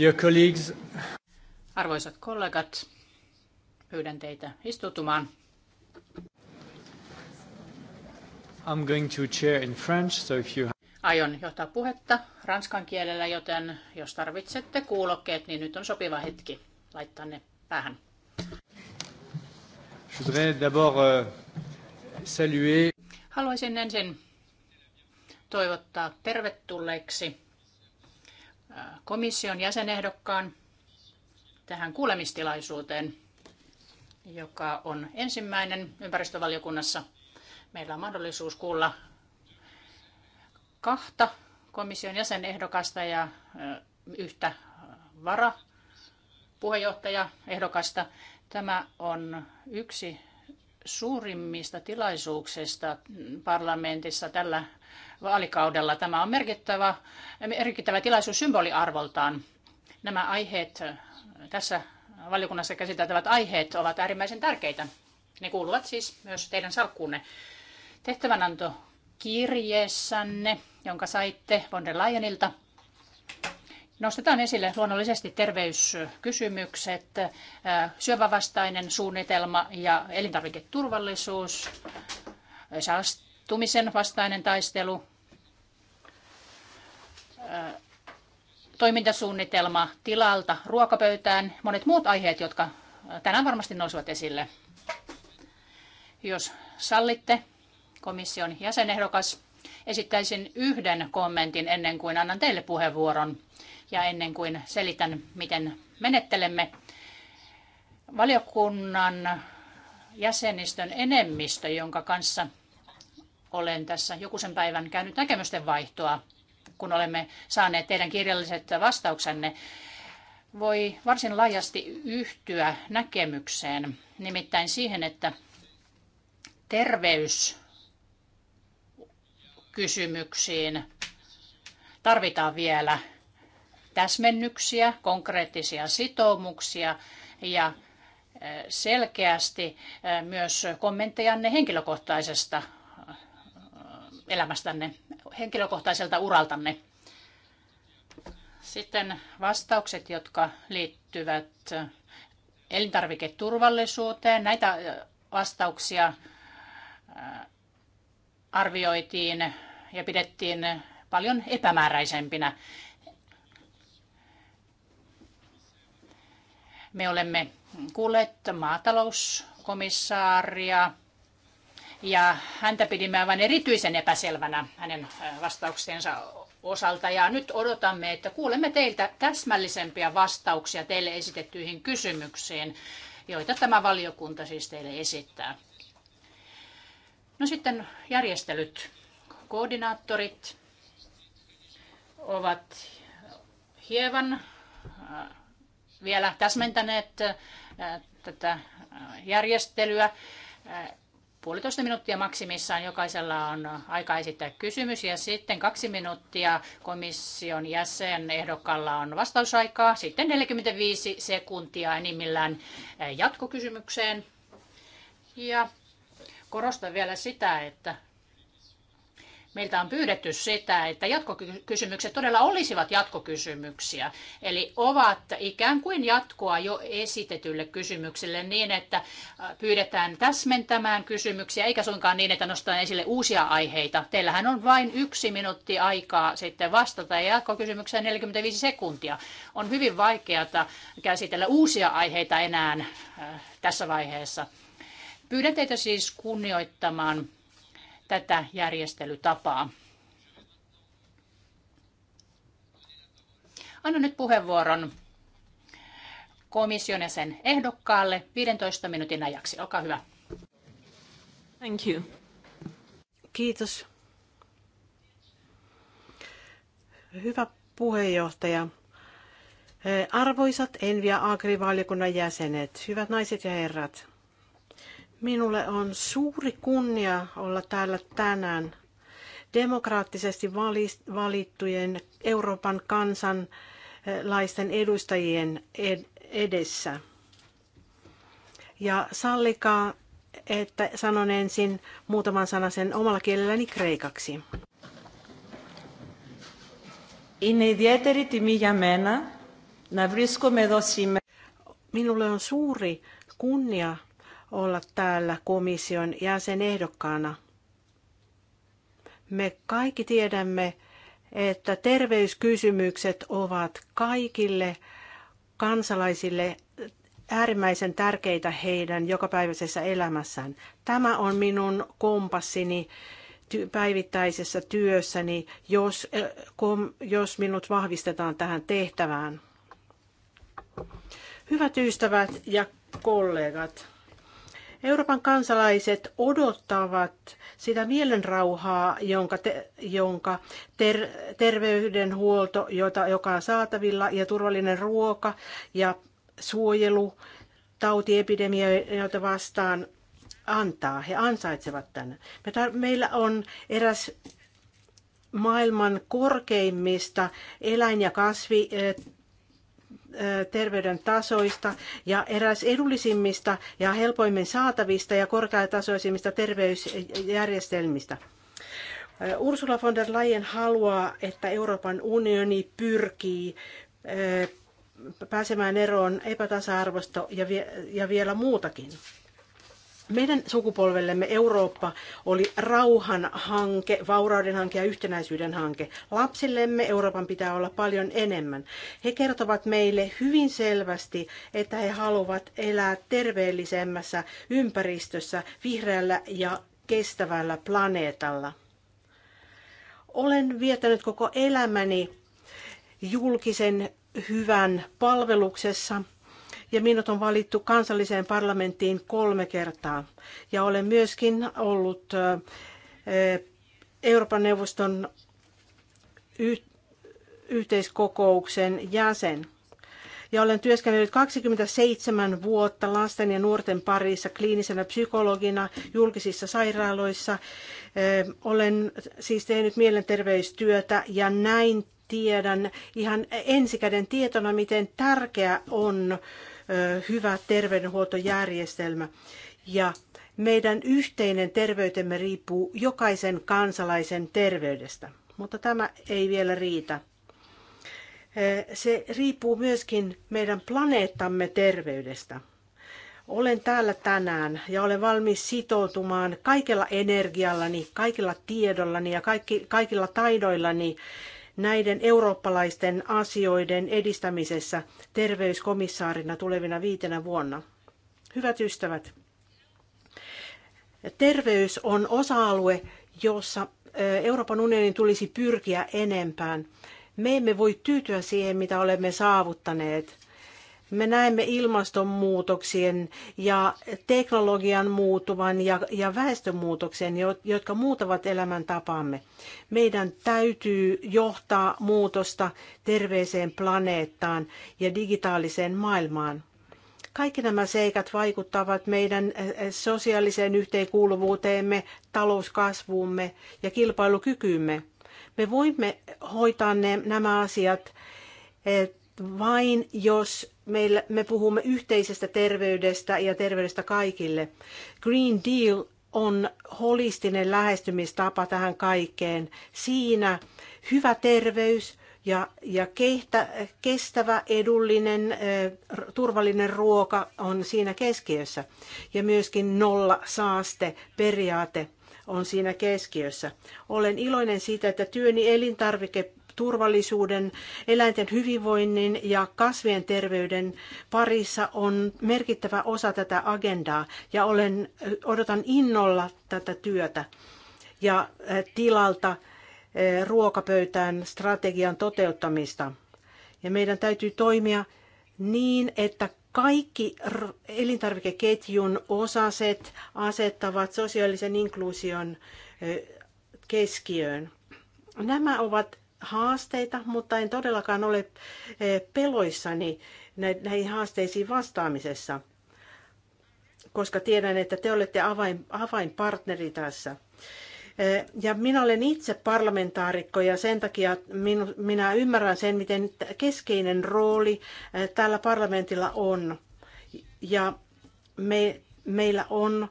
Dear colleagues. Arvoisat kollegat, pyydän teitä istutumaan. I'm going to chair in French, so if you... Aion johtaa puhetta ranskan kielellä, joten jos tarvitsette kuulokkeet, niin nyt on sopiva hetki laittaa ne päähän. Je voudrais d'abord euh, saluer... Haluaisin ensin toivottaa tervetulleeksi komission jäsenehdokkaan tähän kuulemistilaisuuteen, joka on ensimmäinen ympäristövaliokunnassa. Meillä on mahdollisuus kuulla kahta komission jäsenehdokasta ja yhtä vara ehdokasta. Tämä on yksi suurimmista tilaisuuksista parlamentissa tällä vaalikaudella. Tämä on merkittävä, merkittävä tilaisuus symboliarvoltaan. Nämä aiheet tässä valiokunnassa käsiteltävät aiheet ovat äärimmäisen tärkeitä. Ne kuuluvat siis myös teidän salkkuunne. Tehtävänanto kirjeessänne, jonka saitte von der Leyenilta, Nostetaan esille luonnollisesti terveyskysymykset, syövävastainen suunnitelma ja elintarviketurvallisuus, syrjäytymisen vastainen taistelu, toimintasuunnitelma tilalta ruokapöytään, monet muut aiheet, jotka tänään varmasti nousevat esille. Jos sallitte, komission jäsenehdokas, esittäisin yhden kommentin ennen kuin annan teille puheenvuoron ja ennen kuin selitän, miten menettelemme. Valiokunnan jäsenistön enemmistö, jonka kanssa olen tässä jokuisen päivän käynyt näkemysten vaihtoa, kun olemme saaneet teidän kirjalliset vastauksenne, voi varsin laajasti yhtyä näkemykseen, nimittäin siihen, että terveyskysymyksiin tarvitaan vielä täsmennyksiä, konkreettisia sitoumuksia ja äh, selkeästi äh, myös kommenttejanne henkilökohtaisesta elämästänne, henkilökohtaiselta uraltanne. Sitten vastaukset, jotka liittyvät elintarviketurvallisuuteen. Näitä vastauksia äh, arvioitiin ja pidettiin paljon epämääräisempinä. Me olemme kuulleet maatalouskomissaaria, ja häntä pidimme aivan erityisen epäselvänä hänen vastauksensa osalta ja nyt odotamme, että kuulemme teiltä täsmällisempiä vastauksia teille esitettyihin kysymyksiin, joita tämä valiokunta siis teille esittää. No sitten järjestelyt. Koordinaattorit ovat hieman vielä täsmentäneet tätä järjestelyä puolitoista minuuttia maksimissaan. Jokaisella on aika esittää kysymys ja sitten kaksi minuuttia komission jäsen ehdokkaalla on vastausaikaa. Sitten 45 sekuntia enimmillään eh, jatkokysymykseen. Ja korostan vielä sitä, että meiltä on pyydetty sitä, että jatkokysymykset todella olisivat jatkokysymyksiä. Eli ovat ikään kuin jatkoa jo esitetylle kysymykselle niin, että äh, pyydetään täsmentämään kysymyksiä, eikä suinkaan niin, että nostetaan esille uusia aiheita. Teillähän on vain yksi minuutti aikaa sitten vastata ja jatkokysymykseen 45 sekuntia. On hyvin vaikeata käsitellä uusia aiheita enää äh, tässä vaiheessa. Pyydän teitä siis kunnioittamaan tätä järjestelytapaa. Anna nyt puheenvuoron komission ja sen ehdokkaalle 15 minuutin ajaksi. Olkaa hyvä. Thank you. Kiitos. Hyvä puheenjohtaja. Arvoisat Envia Agri-valiokunnan jäsenet, hyvät naiset ja herrat. Minulle on suuri kunnia olla täällä tänään demokraattisesti valittujen Euroopan kansanlaisten edustajien edessä. Ja sallikaa, että sanon ensin muutaman sanan sen omalla kielelläni kreikaksi. να Minulle on suuri kunnia olla täällä komission jäsenehdokkaana. Me kaikki tiedämme, että terveyskysymykset ovat kaikille kansalaisille äärimmäisen tärkeitä heidän jokapäiväisessä elämässään. Tämä on minun kompassini päivittäisessä työssäni, jos, eh, jos minut vahvistetaan tähän tehtävään. Hyvät ystävät ja kollegat, Euroopan kansalaiset odottavat sitä mielenrauhaa, jonka, te, jonka ter, terveydenhuolto, jota, joka on saatavilla, ja turvallinen ruoka ja suojelu tautiepidemioita vastaan antaa. He ansaitsevat tämän. Me tar- meillä on eräs maailman korkeimmista eläin- ja kasvi eh, terveyden tasoista ja eräs edullisimmista ja helpoimmin saatavista ja korkeatasoisimmista terveysjärjestelmistä. Ursula von der Leyen haluaa, että Euroopan unioni pyrkii pääsemään eroon epätasa-arvosta ja, vielä muutakin. Meidän sukupolvellemme Eurooppa oli rauhan hanke, vaurauden hanke ja yhtenäisyyden hanke. Lapsillemme Euroopan pitää olla paljon enemmän. He kertovat meille hyvin selvästi, että he haluavat elää terveellisemmässä ympäristössä, vihreällä ja kestävällä planeetalla. Olen viettänyt koko elämäni julkisen hyvän palveluksessa – ja minut on valittu kansalliseen parlamenttiin kolme kertaa. Ja olen myöskin ollut Euroopan neuvoston yhteiskokouksen jäsen ja olen työskennellyt 27 vuotta lasten ja nuorten parissa kliinisenä psykologina julkisissa sairaaloissa. Olen siis tehnyt mielenterveystyötä ja näin tiedän ihan ensikäden tietona, miten tärkeä on hyvä terveydenhuoltojärjestelmä. Ja meidän yhteinen terveytemme riippuu jokaisen kansalaisen terveydestä. Mutta tämä ei vielä riitä. Se riippuu myöskin meidän planeettamme terveydestä. Olen täällä tänään ja olen valmis sitoutumaan kaikella energiallani, kaikilla tiedollani ja kaikki, kaikilla taidoillani näiden eurooppalaisten asioiden edistämisessä terveyskomissaarina tulevina viitenä vuonna. Hyvät ystävät, terveys on osa-alue, jossa Euroopan unionin tulisi pyrkiä enempään. Me emme voi tyytyä siihen, mitä olemme saavuttaneet. Me näemme ilmastonmuutoksien ja teknologian muuttuvan ja, ja väestönmuutoksen, jotka muutavat elämäntapaamme. Meidän täytyy johtaa muutosta terveeseen planeettaan ja digitaaliseen maailmaan. Kaikki nämä seikat vaikuttavat meidän eh, eh, sosiaaliseen yhteenkuuluvuuteemme, talouskasvuumme ja kilpailukykyymme. Me voimme hoitaa ne, nämä asiat eh, vain, jos Meillä, me puhumme yhteisestä terveydestä ja terveydestä kaikille. Green Deal on holistinen lähestymistapa tähän kaikkeen. Siinä hyvä terveys ja, ja kehtä, kestävä, edullinen, turvallinen ruoka on siinä keskiössä. Ja myöskin nolla saaste periaate on siinä keskiössä. Olen iloinen siitä, että työni elintarvike turvallisuuden, eläinten hyvinvoinnin ja kasvien terveyden parissa on merkittävä osa tätä agendaa ja olen, odotan innolla tätä työtä ja eh, tilalta eh, ruokapöytään strategian toteuttamista. Ja meidän täytyy toimia niin, että kaikki elintarvikeketjun osaset asettavat sosiaalisen inkluusion eh, keskiöön. Nämä ovat haasteita, mutta en todellakaan ole eh, peloissani näihin haasteisiin vastaamisessa, koska tiedän, että te olette avain, avainpartneri tässä. Eh, ja minä olen itse parlamentaarikko ja sen takia minu, minä ymmärrän sen, miten keskeinen rooli eh, tällä parlamentilla on. Ja me, meillä on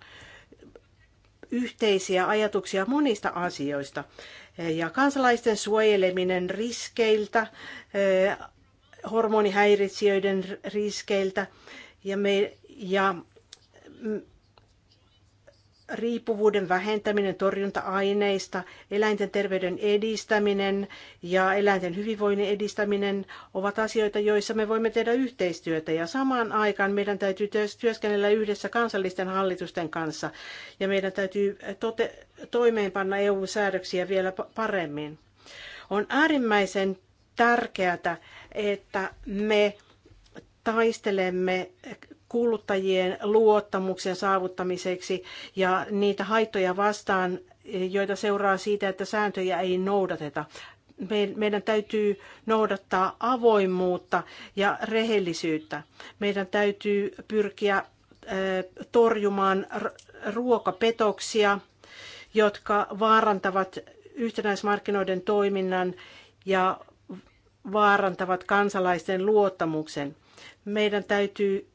yhteisiä ajatuksia monista asioista ja kansalaisten suojeleminen riskeiltä, eh, hormonihäiritsijöiden riskeiltä ja, me, ja riippuvuuden vähentäminen torjunta-aineista, eläinten terveyden edistäminen ja eläinten hyvinvoinnin edistäminen ovat asioita, joissa me voimme tehdä yhteistyötä ja samaan aikaan meidän täytyy työskennellä yhdessä kansallisten hallitusten kanssa ja meidän täytyy tote- toimeenpanna EU-säädöksiä vielä paremmin. On äärimmäisen tärkeää, että me taistelemme kuluttajien luottamuksen saavuttamiseksi ja niitä haittoja vastaan, joita seuraa siitä, että sääntöjä ei noudateta. Meidän täytyy noudattaa avoimuutta ja rehellisyyttä. Meidän täytyy pyrkiä torjumaan ruokapetoksia, jotka vaarantavat yhtenäismarkkinoiden toiminnan ja vaarantavat kansalaisten luottamuksen. Meidän täytyy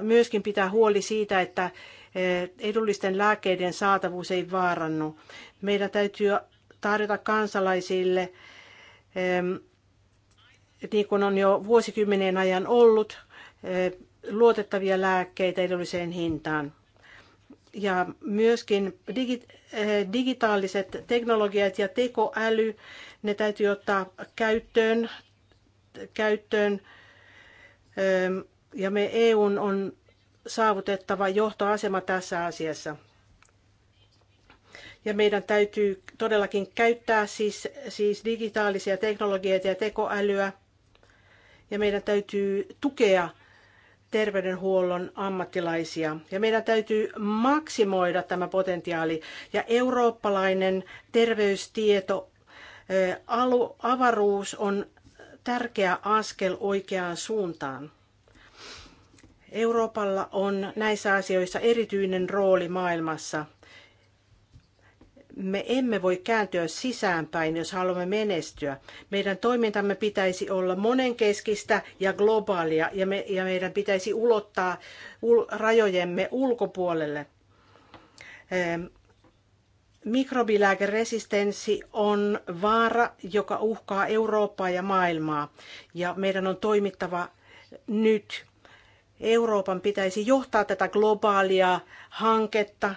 myöskin pitää huoli siitä, että eh, edullisten lääkkeiden saatavuus ei vaarannu. Meidän täytyy tarjota kansalaisille, niin kuin on jo vuosikymmenien ajan ollut, eh, luotettavia lääkkeitä edulliseen hintaan. Ja myöskin digi, eh, digitaaliset teknologiat ja tekoäly, ne täytyy ottaa käyttöön, käyttöön ja me EUn on saavutettava johtoasema tässä asiassa. Ja meidän täytyy todellakin käyttää siis, siis digitaalisia teknologioita ja tekoälyä. Ja meidän täytyy tukea terveydenhuollon ammattilaisia. Ja meidän täytyy maksimoida tämä potentiaali. Ja eurooppalainen terveystieto, avaruus on tärkeä askel oikeaan suuntaan. Euroopalla on näissä asioissa erityinen rooli maailmassa. Me emme voi kääntyä sisäänpäin, jos haluamme menestyä. Meidän toimintamme pitäisi olla monenkeskistä ja globaalia, ja, me, ja meidän pitäisi ulottaa ul, rajojemme ulkopuolelle. Ähm, Mikrobilääkeresistenssi on vaara, joka uhkaa Eurooppaa ja maailmaa, ja meidän on toimittava nyt Euroopan pitäisi johtaa tätä globaalia hanketta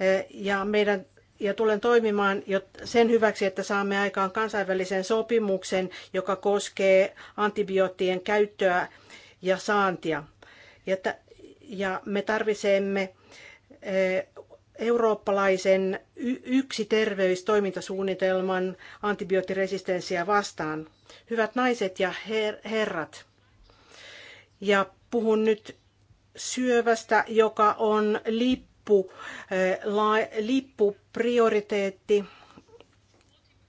eh, ja meidän ja tulen toimimaan sen hyväksi, että saamme aikaan kansainvälisen sopimuksen, joka koskee antibioottien käyttöä ja saantia. Ja, ja me tarvitsemme eh, eurooppalaisen yksi terveystoimintasuunnitelman antibioottiresistenssiä vastaan. Hyvät naiset ja herrat, ja Puhun nyt syövästä, joka on lippu, eh, la, lippuprioriteetti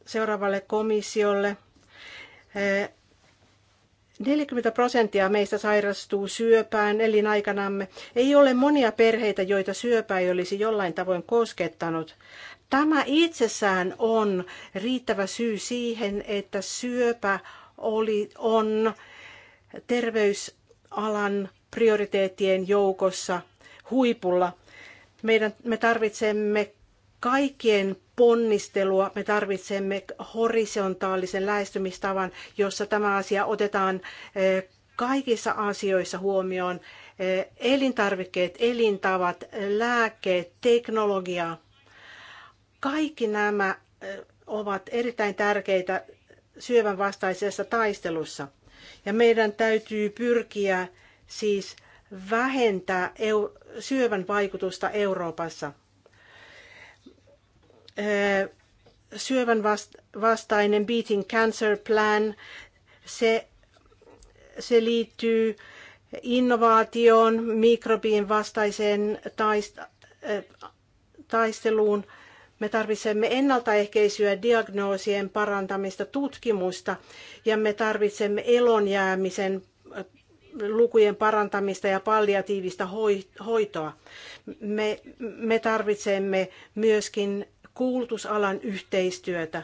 seuraavalle komissiolle. 40 eh, prosenttia meistä sairastuu syöpään elinaikanamme. Ei ole monia perheitä, joita syöpä ei olisi jollain tavoin koskettanut. Tämä itsessään on riittävä syy siihen, että syöpä oli, on terveys alan prioriteettien joukossa huipulla. Meidän, me tarvitsemme kaikkien ponnistelua, me tarvitsemme horisontaalisen lähestymistavan, jossa tämä asia otetaan eh, kaikissa asioissa huomioon. Eh, elintarvikkeet, elintavat, lääkkeet, teknologia, kaikki nämä eh, ovat erittäin tärkeitä syövän vastaisessa taistelussa. Ja meidän täytyy pyrkiä siis vähentää syövän vaikutusta Euroopassa. Syövän vastainen Beating Cancer Plan, se, se liittyy innovaatioon, mikrobien vastaiseen taisteluun – me tarvitsemme ennaltaehkäisyä, diagnoosien parantamista, tutkimusta ja me tarvitsemme elonjäämisen lukujen parantamista ja palliatiivista hoitoa. Me, me tarvitsemme myöskin koulutusalan yhteistyötä.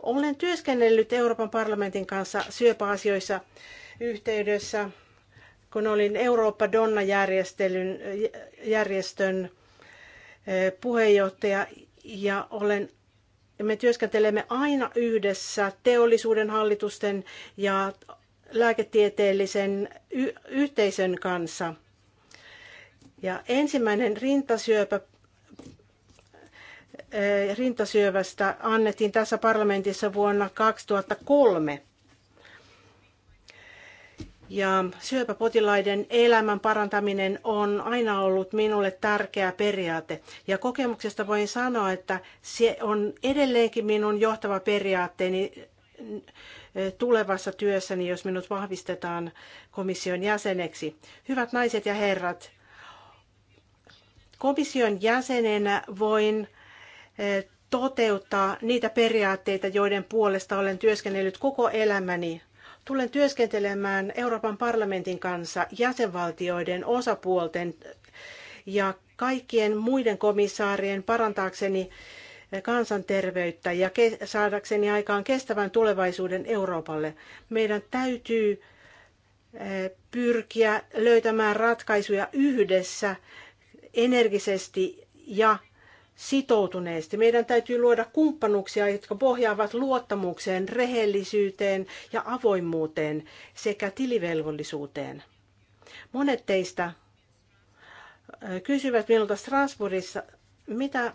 Olen työskennellyt Euroopan parlamentin kanssa syöpäasioissa yhteydessä, kun olin Eurooppa Donna-järjestön eh, puheenjohtaja ja olen me työskentelemme aina yhdessä teollisuuden hallitusten ja lääketieteellisen y- yhteisön kanssa. Ja ensimmäinen rintasyöpä, eh, rintasyövästä annettiin tässä parlamentissa vuonna 2003. Ja syöpäpotilaiden elämän parantaminen on aina ollut minulle tärkeä periaate. Ja kokemuksesta voin sanoa, että se on edelleenkin minun johtava periaatteeni eh, tulevassa työssäni, jos minut vahvistetaan komission jäseneksi. Hyvät naiset ja herrat, komission jäsenenä voin eh, toteuttaa niitä periaatteita, joiden puolesta olen työskennellyt koko elämäni Tulen työskentelemään Euroopan parlamentin kanssa jäsenvaltioiden osapuolten ja kaikkien muiden komissaarien parantaakseni kansanterveyttä ja saadakseni aikaan kestävän tulevaisuuden Euroopalle. Meidän täytyy eh, pyrkiä löytämään ratkaisuja yhdessä energisesti ja sitoutuneesti. Meidän täytyy luoda kumppanuuksia, jotka pohjaavat luottamukseen, rehellisyyteen ja avoimuuteen sekä tilivelvollisuuteen. Monet teistä kysyvät minulta Strasbourgissa, mitä,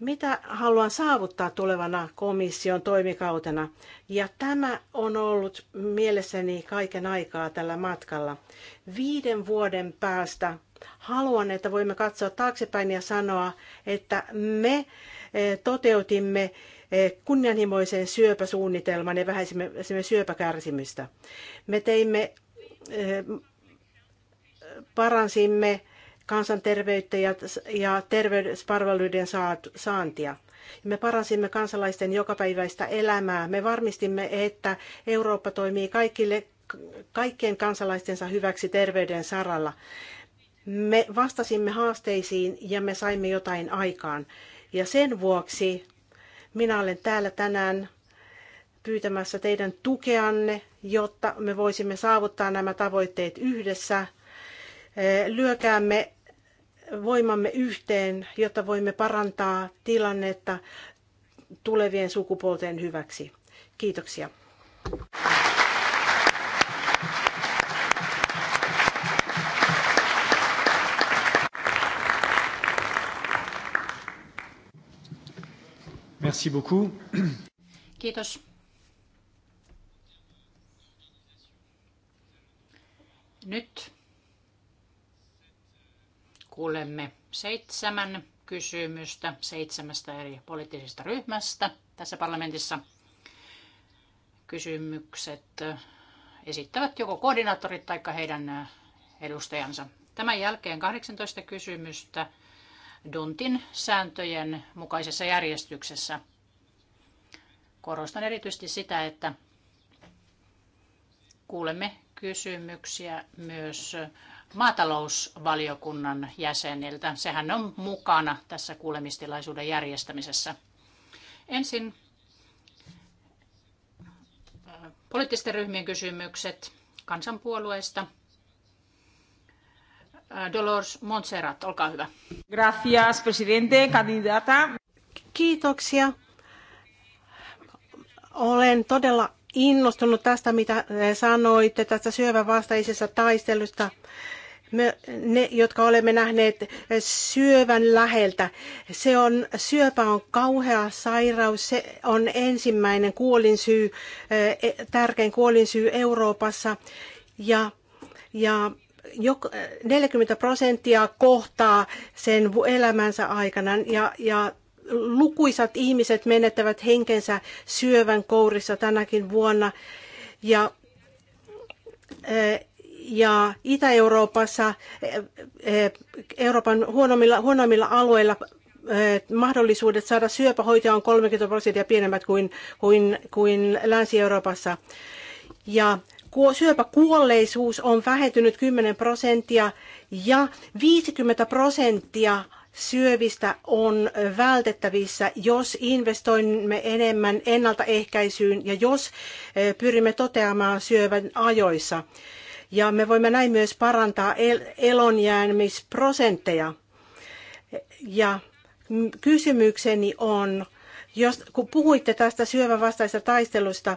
mitä haluan saavuttaa tulevana komission toimikautena. Ja tämä on ollut mielessäni kaiken aikaa tällä matkalla. Viiden vuoden päästä haluan, että voimme katsoa taaksepäin ja sanoa, että me eh, toteutimme eh, kunnianhimoisen syöpäsuunnitelman ja vähäisimme syöpäkärsimystä. Me teimme, eh, paransimme kansanterveyttä ja terveyspalveluiden saantia. Me paransimme kansalaisten jokapäiväistä elämää. Me varmistimme, että Eurooppa toimii kaikille, kaikkien kansalaistensa hyväksi terveyden saralla. Me vastasimme haasteisiin ja me saimme jotain aikaan. Ja sen vuoksi minä olen täällä tänään pyytämässä teidän tukeanne, jotta me voisimme saavuttaa nämä tavoitteet yhdessä. Eh, lyökäämme voimamme yhteen, jotta voimme parantaa tilannetta tulevien sukupolven hyväksi. Kiitoksia. Merci beaucoup. Kiitos. Nyt kuulemme seitsemän kysymystä seitsemästä eri poliittisesta ryhmästä tässä parlamentissa. Kysymykset esittävät joko koordinaattorit tai heidän edustajansa. Tämän jälkeen 18 kysymystä Duntin sääntöjen mukaisessa järjestyksessä. Korostan erityisesti sitä, että kuulemme kysymyksiä myös maatalousvaliokunnan jäseniltä. Sehän on mukana tässä kuulemistilaisuuden järjestämisessä. Ensin äh, poliittisten ryhmien kysymykset kansanpuolueista – Dolores Montserrat, olkaa hyvä. Gracias, presidente, candidata. Kiitoksia. Olen todella innostunut tästä, mitä sanoitte tästä syövänvastaisesta taistelusta. Me, ne, jotka olemme nähneet syövän läheltä, se on, syöpä on kauhea sairaus, se on ensimmäinen kuolinsyy, e, tärkein kuolinsyy Euroopassa. Ja, ja 40 prosenttia kohtaa sen elämänsä aikana ja, ja lukuisat ihmiset menettävät henkensä syövän kourissa tänäkin vuonna. Ja, eh, ja Itä-Euroopassa, eh, eh, Euroopan huonommilla, huonommilla alueilla mahdollisuudet saada syöpähoitoa on 30 prosenttia pienemmät kuin, kuin, kuin Länsi-Euroopassa. Ja syöpäkuolleisuus on vähentynyt 10 prosenttia ja 50 prosenttia syövistä on vältettävissä, jos investoimme enemmän ennaltaehkäisyyn ja jos e, pyrimme toteamaan syövän ajoissa. Ja me voimme näin myös parantaa el- elonjäämisprosentteja. Ja kysymykseni on, jos, kun puhuitte tästä syövän vastaisesta taistelusta,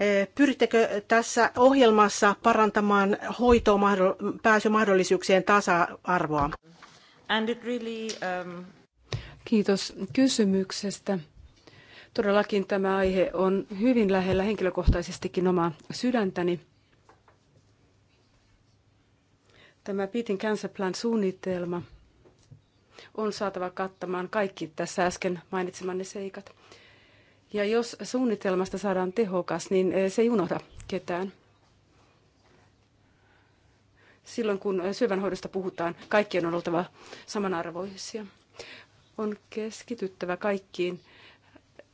Eh, pyrittekö tässä ohjelmassa parantamaan hoitoon pääsymahdollisuuksien tasa-arvoa? Really, um... Kiitos kysymyksestä. Todellakin tämä aihe on hyvin lähellä henkilökohtaisestikin omaa sydäntäni. Tämä Pitin Cancer Plan-suunnitelma on saatava kattamaan kaikki tässä äsken mainitsemanne seikat. Ja jos suunnitelmasta saadaan tehokas, niin eh, se ei unohda ketään. Silloin kun eh, syövänhoidosta puhutaan, kaikkien on oltava samanarvoisia. On keskityttävä kaikkiin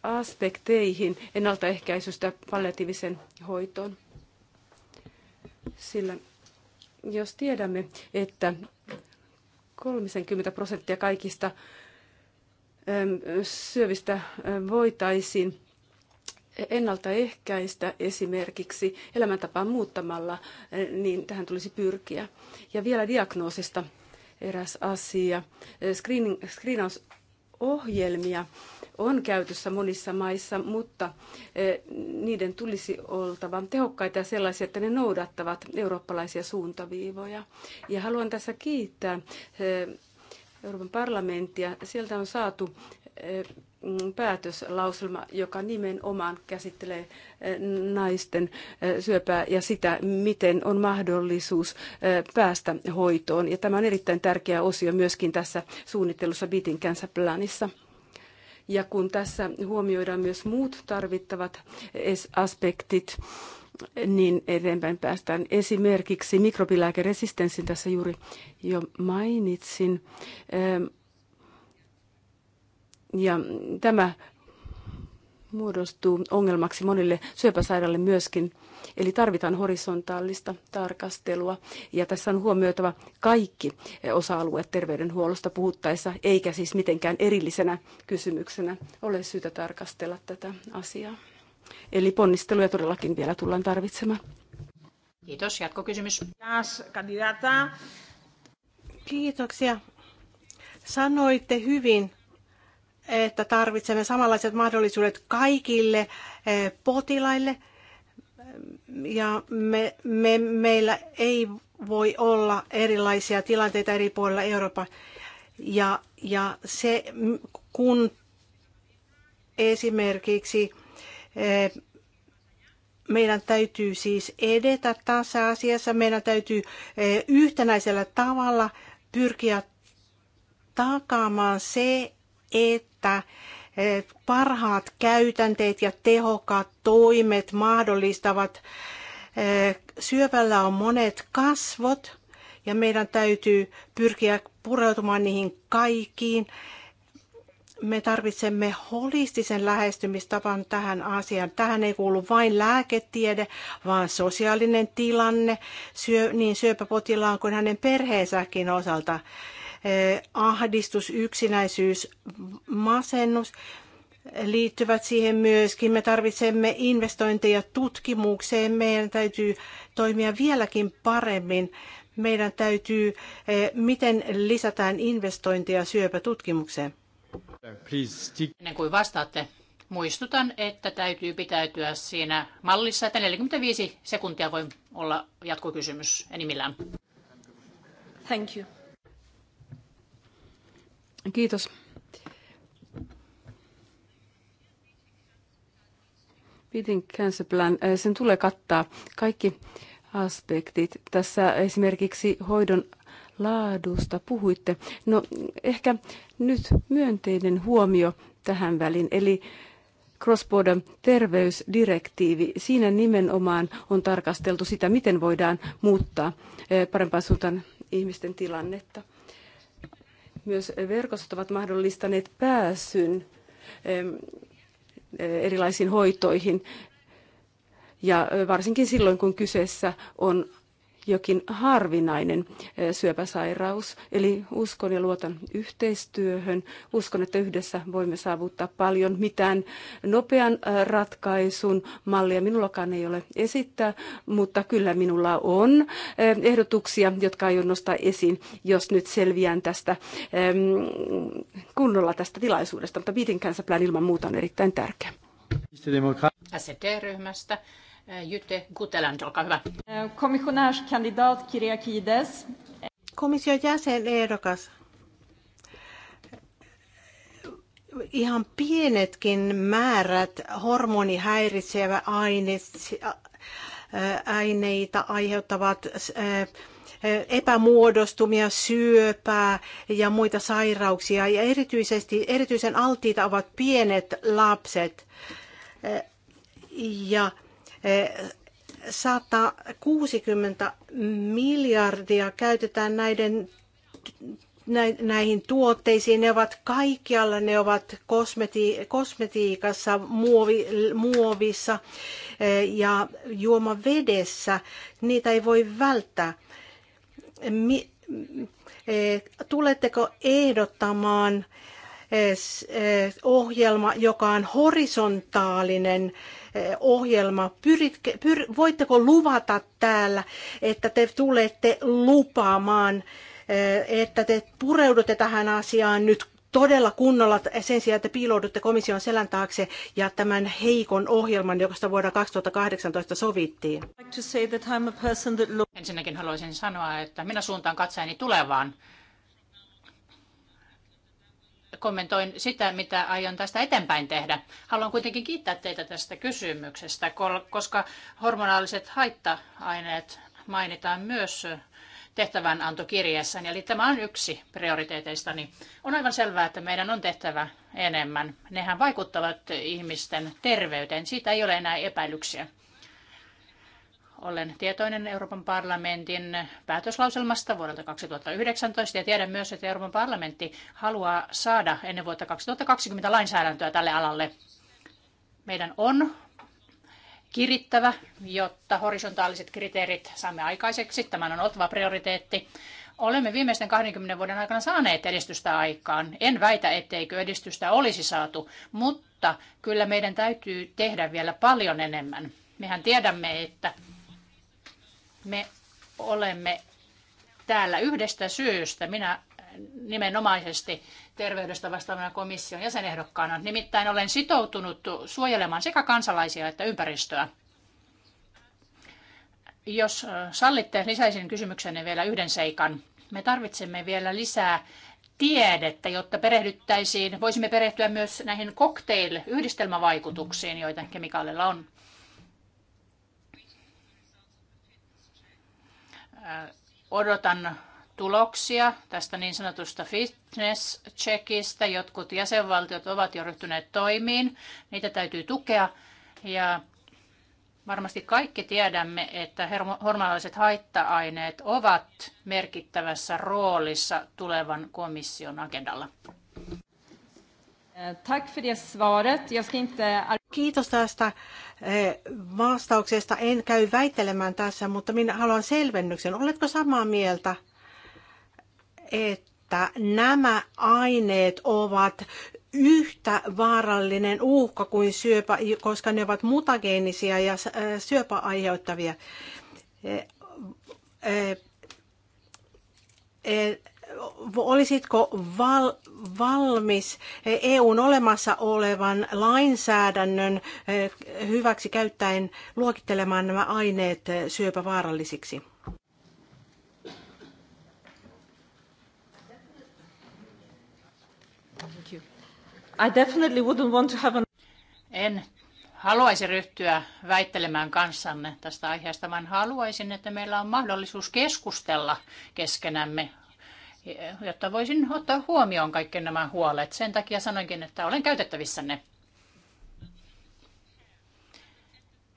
aspekteihin ennaltaehkäisystä palliatiivisen hoitoon. Sillä jos tiedämme, että 30 prosenttia kaikista syövistä voitaisiin ennaltaehkäistä esimerkiksi elämäntapaa muuttamalla, niin tähän tulisi pyrkiä. Ja vielä diagnoosista eräs asia. Screening, screenausohjelmia on käytössä monissa maissa, mutta niiden tulisi oltava tehokkaita ja sellaisia, että ne noudattavat eurooppalaisia suuntaviivoja. Ja haluan tässä kiittää Euroopan parlamenttia. Sieltä on saatu eh, mm, päätöslauselma, joka nimenomaan käsittelee eh, naisten eh, syöpää ja sitä, miten on mahdollisuus päästä hoitoon. Ja tämä on erittäin tärkeä osio myöskin tässä suunnittelussa Beating Cancer Planissa. Ja kun tässä huomioidaan myös muut tarvittavat aspektit, niin eteenpäin päästään. Esimerkiksi mikrobilääkeresistenssin tässä juuri jo mainitsin. Ehm, ja tämä muodostuu ongelmaksi monille syöpäsairaille myöskin. Eli tarvitaan horisontaalista tarkastelua. Ja tässä on huomioitava kaikki osa-alueet terveydenhuollosta puhuttaessa, eikä siis mitenkään erillisenä kysymyksenä ole syytä tarkastella tätä asiaa. Eli ponnisteluja todellakin vielä tullaan tarvitsemaan. Kiitos. Jatkokysymys. Kiitoksia. Sanoitte hyvin, että tarvitsemme samanlaiset mahdollisuudet kaikille eh, potilaille. Ja me, me, meillä ei voi olla erilaisia tilanteita eri puolilla Euroopan. Ja, ja se, kun esimerkiksi Eh, meidän täytyy siis edetä tässä asiassa. Meidän täytyy eh, yhtenäisellä tavalla pyrkiä takaamaan se, että eh, parhaat käytänteet ja tehokkaat toimet mahdollistavat. Syövällä on monet kasvot ja meidän täytyy pyrkiä pureutumaan niihin kaikkiin me tarvitsemme holistisen lähestymistavan tähän asiaan. Tähän ei kuulu vain lääketiede, vaan sosiaalinen tilanne syö, niin syöpäpotilaan kuin hänen perheensäkin osalta. Eh, ahdistus, yksinäisyys, masennus liittyvät siihen myöskin. Me tarvitsemme investointeja tutkimukseen. Meidän täytyy toimia vieläkin paremmin. Meidän täytyy, eh, miten lisätään investointeja syöpätutkimukseen. Ennen kuin vastaatte, muistutan, että täytyy pitäytyä siinä mallissa, että 45 sekuntia voi olla jatkokysymys enimmillään. Thank you. Kiitos. Beating Cancer Plan, eh, sen tulee kattaa kaikki aspektit. Tässä esimerkiksi hoidon laadusta puhuitte. No ehkä nyt myönteinen huomio tähän väliin, eli cross-border terveysdirektiivi. Siinä nimenomaan on tarkasteltu sitä, miten voidaan muuttaa eh, parempaan suuntaan ihmisten tilannetta. Myös verkostot ovat mahdollistaneet pääsyn eh, erilaisiin hoitoihin ja eh, varsinkin silloin, kun kyseessä on jokin harvinainen syöpäsairaus. Eli uskon ja luotan yhteistyöhön. Uskon, että yhdessä voimme saavuttaa paljon. Mitään nopean ratkaisun mallia minullakaan ei ole esittää, mutta kyllä minulla on ehdotuksia, jotka aion nostaa esiin, jos nyt selviän tästä kunnolla tästä tilaisuudesta. Mutta Beating Plan ilman muuta on erittäin tärkeä. SD-ryhmästä Eh, Jytte Guteland, olkaa hyvä. Eh, Komissionärskandidaat Kiriakides. Komission jäsenehdokas. Ihan pienetkin määrät hormonihäiritsevä eh, aineita aiheuttavat epämuodostumia, syöpää ja muita sairauksia. Ja erityisesti, erityisen altiita ovat pienet lapset. Ja 160 miljardia käytetään näiden näihin tuotteisiin. Ne ovat kaikkialla, ne ovat kosmeti- kosmetiikassa, muovi, muovissa eh, ja juomavedessä. Niitä ei voi välttää. Mi- eh, tuletteko ehdottamaan eh, ohjelma, joka on horisontaalinen ohjelma. Pyritke, pyr, voitteko luvata täällä, että te tulette lupaamaan, eh, että te pureudutte tähän asiaan nyt todella kunnolla sen sijaan, että piiloudutte komission selän taakse ja tämän heikon ohjelman, josta vuonna 2018 sovittiin? Ensinnäkin haluaisin sanoa, että minä suuntaan katseeni tulevaan kommentoin sitä, mitä aion tästä eteenpäin tehdä. Haluan kuitenkin kiittää teitä tästä kysymyksestä, koska hormonaaliset haitta-aineet mainitaan myös tehtävänantokirjeessäni, eli tämä on yksi prioriteeteistani. On aivan selvää, että meidän on tehtävä enemmän. Nehän vaikuttavat ihmisten terveyteen, siitä ei ole enää epäilyksiä. Olen tietoinen Euroopan parlamentin päätöslauselmasta vuodelta 2019 ja tiedän myös, että Euroopan parlamentti haluaa saada ennen vuotta 2020 lainsäädäntöä tälle alalle. Meidän on kirittävä, jotta horisontaaliset kriteerit saamme aikaiseksi. Tämä on oltava prioriteetti. Olemme viimeisten 20 vuoden aikana saaneet edistystä aikaan. En väitä, etteikö edistystä olisi saatu, mutta kyllä meidän täytyy tehdä vielä paljon enemmän. Mehän tiedämme, että me olemme täällä yhdestä syystä. Minä nimenomaisesti terveydestä vastaavana komission jäsenehdokkaana. Nimittäin olen sitoutunut suojelemaan sekä kansalaisia että ympäristöä. Jos sallitte, lisäisin kysymyksenne vielä yhden seikan. Me tarvitsemme vielä lisää tiedettä, jotta perehdyttäisiin, voisimme perehtyä myös näihin cocktail-yhdistelmävaikutuksiin, joita kemikaaleilla on. odotan tuloksia tästä niin sanotusta fitness checkistä. Jotkut jäsenvaltiot ovat jo ryhtyneet toimiin. Niitä täytyy tukea. Ja varmasti kaikki tiedämme, että hormonalliset haitta-aineet ovat merkittävässä roolissa tulevan komission agendalla. Eh, tack för det svaret. Jag ska inte... Kiitos tästä eh, vastauksesta. En käy väittelemään tässä, mutta minä haluan selvennyksen. Oletko samaa mieltä, että nämä aineet ovat yhtä vaarallinen uhka kuin syöpä, koska ne ovat mutageenisia ja eh, syöpäaiheuttavia? aiheuttavia? Eh, olisitko val, valmis EUn olemassa olevan lainsäädännön eh, hyväksi käyttäen luokittelemaan nämä aineet eh, syöpävaarallisiksi? I definitely wouldn't want to have an... En haluaisi ryhtyä väittelemään kanssanne tästä aiheesta, vaan haluaisin, että meillä on mahdollisuus keskustella keskenämme jotta voisin ottaa huomioon kaikki nämä huolet. Sen takia sanoinkin, että olen käytettävissänne.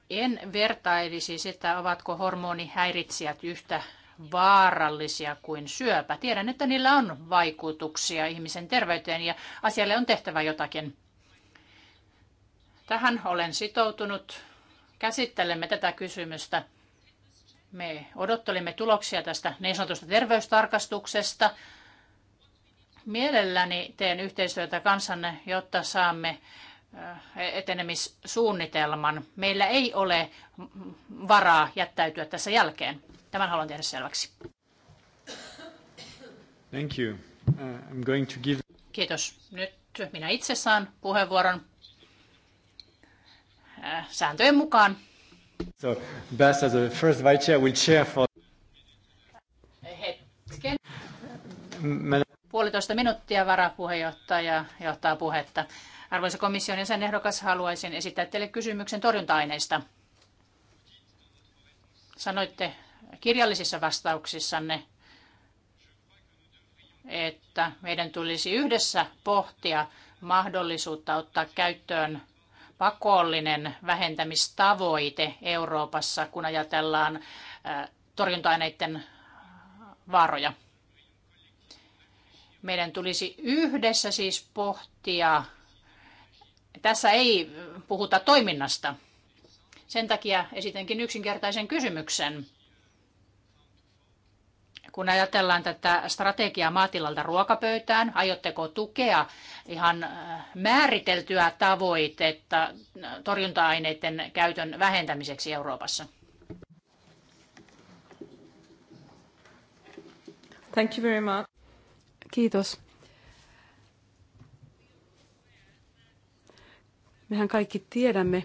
En vertailisi sitä, ovatko hormonihäiritsijät yhtä vaarallisia kuin syöpä. Tiedän, että niillä on vaikutuksia ihmisen terveyteen ja asialle on tehtävä jotakin. Tähän olen sitoutunut. Käsittelemme tätä kysymystä me odottelimme tuloksia tästä niin sanotusta terveystarkastuksesta. Mielelläni teen yhteistyötä kanssanne, jotta saamme äh, etenemissuunnitelman. Meillä ei ole varaa jättäytyä tässä jälkeen. Tämän haluan tehdä selväksi. Thank you. Uh, I'm going to give... Kiitos. Nyt minä itse saan puheenvuoron äh, sääntöjen mukaan So, Bess, as a first vice chair will chair for... Hetken. Puolitoista minuuttia varapuheenjohtaja johtaa puhetta. Arvoisa komission ehdokas, haluaisin esittää teille kysymyksen torjunta-aineista. Sanoitte kirjallisissa vastauksissanne, että meidän tulisi yhdessä pohtia mahdollisuutta ottaa käyttöön pakollinen vähentämistavoite Euroopassa, kun ajatellaan torjunta-aineiden vaaroja. Meidän tulisi yhdessä siis pohtia, tässä ei puhuta toiminnasta. Sen takia esitänkin yksinkertaisen kysymyksen kun ajatellaan tätä strategiaa maatilalta ruokapöytään, aiotteko tukea ihan äh, määriteltyä tavoitetta äh, torjunta-aineiden käytön vähentämiseksi Euroopassa? Thank you very much. Kiitos. Mehän kaikki tiedämme,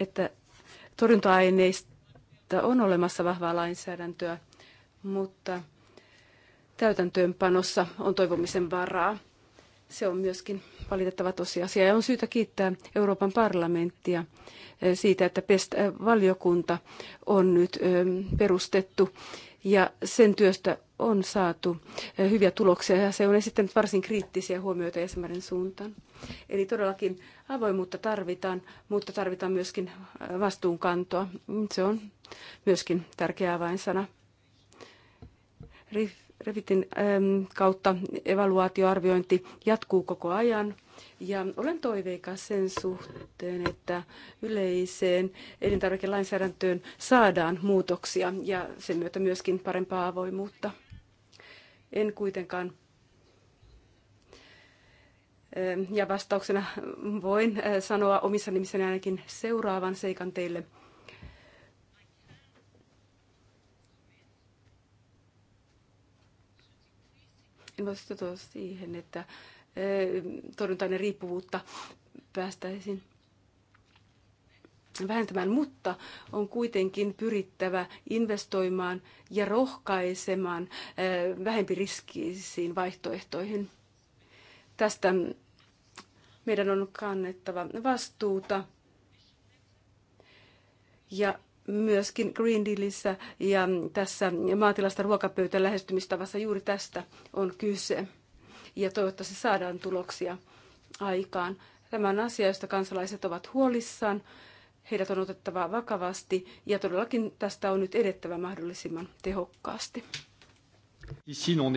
että torjunta-aineista että on olemassa vahvaa lainsäädäntöä, mutta täytäntöönpanossa on toivomisen varaa. Se on myöskin valitettava tosiasia. Ja on syytä kiittää Euroopan parlamenttia eh, siitä, että PEST-valiokunta eh, on nyt eh, perustettu ja sen työstä on saatu eh, hyviä tuloksia ja se on esittänyt varsin kriittisiä huomioita jäsenmaiden suuntaan. Eli todellakin avoimuutta tarvitaan, mutta tarvitaan myöskin eh, vastuunkantoa. Se on myöskin tärkeä avainsana. Revitin kautta evaluaatioarviointi jatkuu koko ajan ja olen toiveikas sen suhteen, että yleiseen elintarvikelainsäädäntöön saadaan muutoksia ja sen myötä myöskin parempaa avoimuutta. En kuitenkaan eh, ja vastauksena voin eh, sanoa omissa nimissäni ainakin seuraavan seikan teille. En voi siihen, että torjuntainen riippuvuutta päästäisiin vähentämään, mutta on kuitenkin pyrittävä investoimaan ja rohkaisemaan vähempiriskisiin vaihtoehtoihin. Tästä meidän on kannettava vastuuta ja myöskin Green Dealissä ja tässä maatilasta ruokapöytän lähestymistavassa juuri tästä on kyse ja toivottavasti saadaan tuloksia aikaan. Tämä on asia, josta kansalaiset ovat huolissaan. Heidät on otettava vakavasti ja todellakin tästä on nyt edettävä mahdollisimman tehokkaasti. Ici, on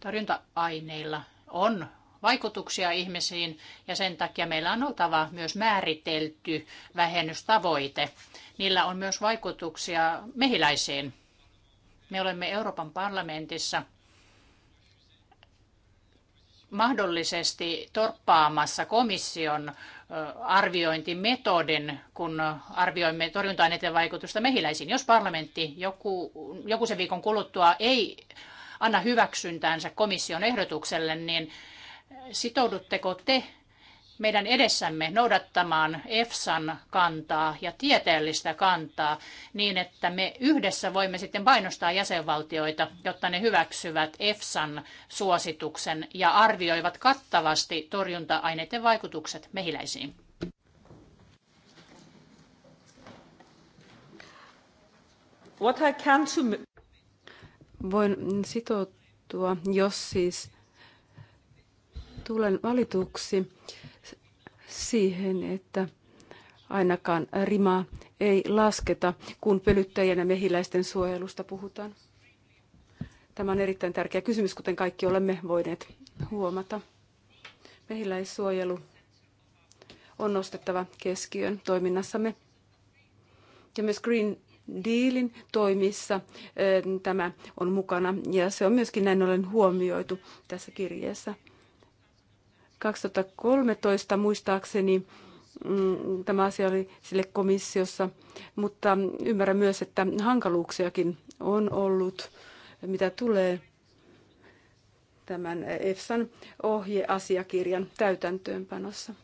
Torjunta-aineilla on vaikutuksia ihmisiin ja sen takia meillä on oltava myös määritelty vähennystavoite. Niillä on myös vaikutuksia mehiläisiin. Me olemme Euroopan parlamentissa mahdollisesti torppaamassa komission arviointimetodin, kun arvioimme torjunta-aineiden vaikutusta mehiläisiin. Jos parlamentti joku, joku sen viikon kuluttua ei anna hyväksyntäänsä komission ehdotukselle, niin sitoudutteko te meidän edessämme noudattamaan EFSAn kantaa ja tieteellistä kantaa niin, että me yhdessä voimme sitten painostaa jäsenvaltioita, jotta ne hyväksyvät EFSAn suosituksen ja arvioivat kattavasti torjunta-aineiden vaikutukset mehiläisiin. What I can to... Voin sitoutua, jos siis tulen valituksi siihen, että ainakaan rimaa ei lasketa, kun pölyttäjien ja mehiläisten suojelusta puhutaan. Tämä on erittäin tärkeä kysymys, kuten kaikki olemme voineet huomata. Mehiläissuojelu on nostettava keskiön toiminnassamme. Ja myös Green Dealin toimissa eh, tämä on mukana ja se on myöskin näin ollen huomioitu tässä kirjeessä. 2013 muistaakseni mm, tämä asia oli sille komissiossa, mutta ymmärrän myös, että hankaluuksiakin on ollut, mitä tulee tämän EFSAn ohjeasiakirjan täytäntöönpanossa.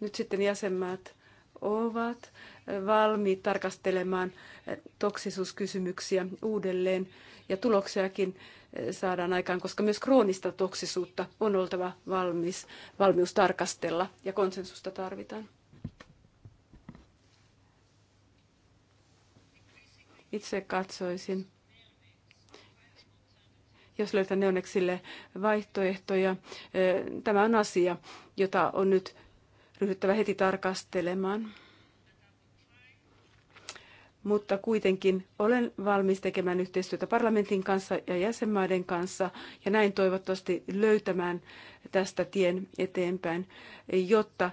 Nyt sitten jäsenmaat ovat valmiit tarkastelemaan toksisuuskysymyksiä uudelleen ja tuloksiakin saadaan aikaan, koska myös kroonista toksisuutta on oltava valmis, valmius tarkastella ja konsensusta tarvitaan. Itse katsoisin, jos löytän neoneksille vaihtoehtoja. Tämä on asia, jota on nyt ryhdyttävä heti tarkastelemaan. Mutta kuitenkin olen valmis tekemään yhteistyötä parlamentin kanssa ja jäsenmaiden kanssa ja näin toivottavasti löytämään tästä tien eteenpäin, jotta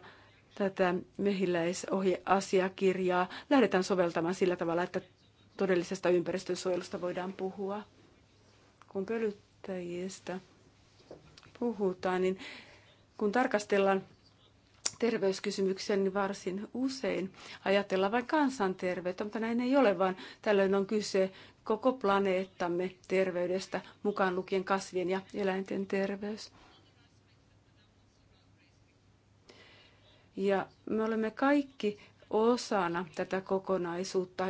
tätä mehiläisohjeasiakirjaa lähdetään soveltamaan sillä tavalla, että todellisesta ympäristönsuojelusta voidaan puhua. Kun pölyttäjistä puhutaan, niin kun tarkastellaan terveyskysymyksen niin varsin usein ajatellaan vain kansanterveyttä, mutta näin ei ole, vaan tällöin on kyse koko planeettamme terveydestä, mukaan lukien kasvien ja eläinten terveys. Ja me olemme kaikki osana tätä kokonaisuutta.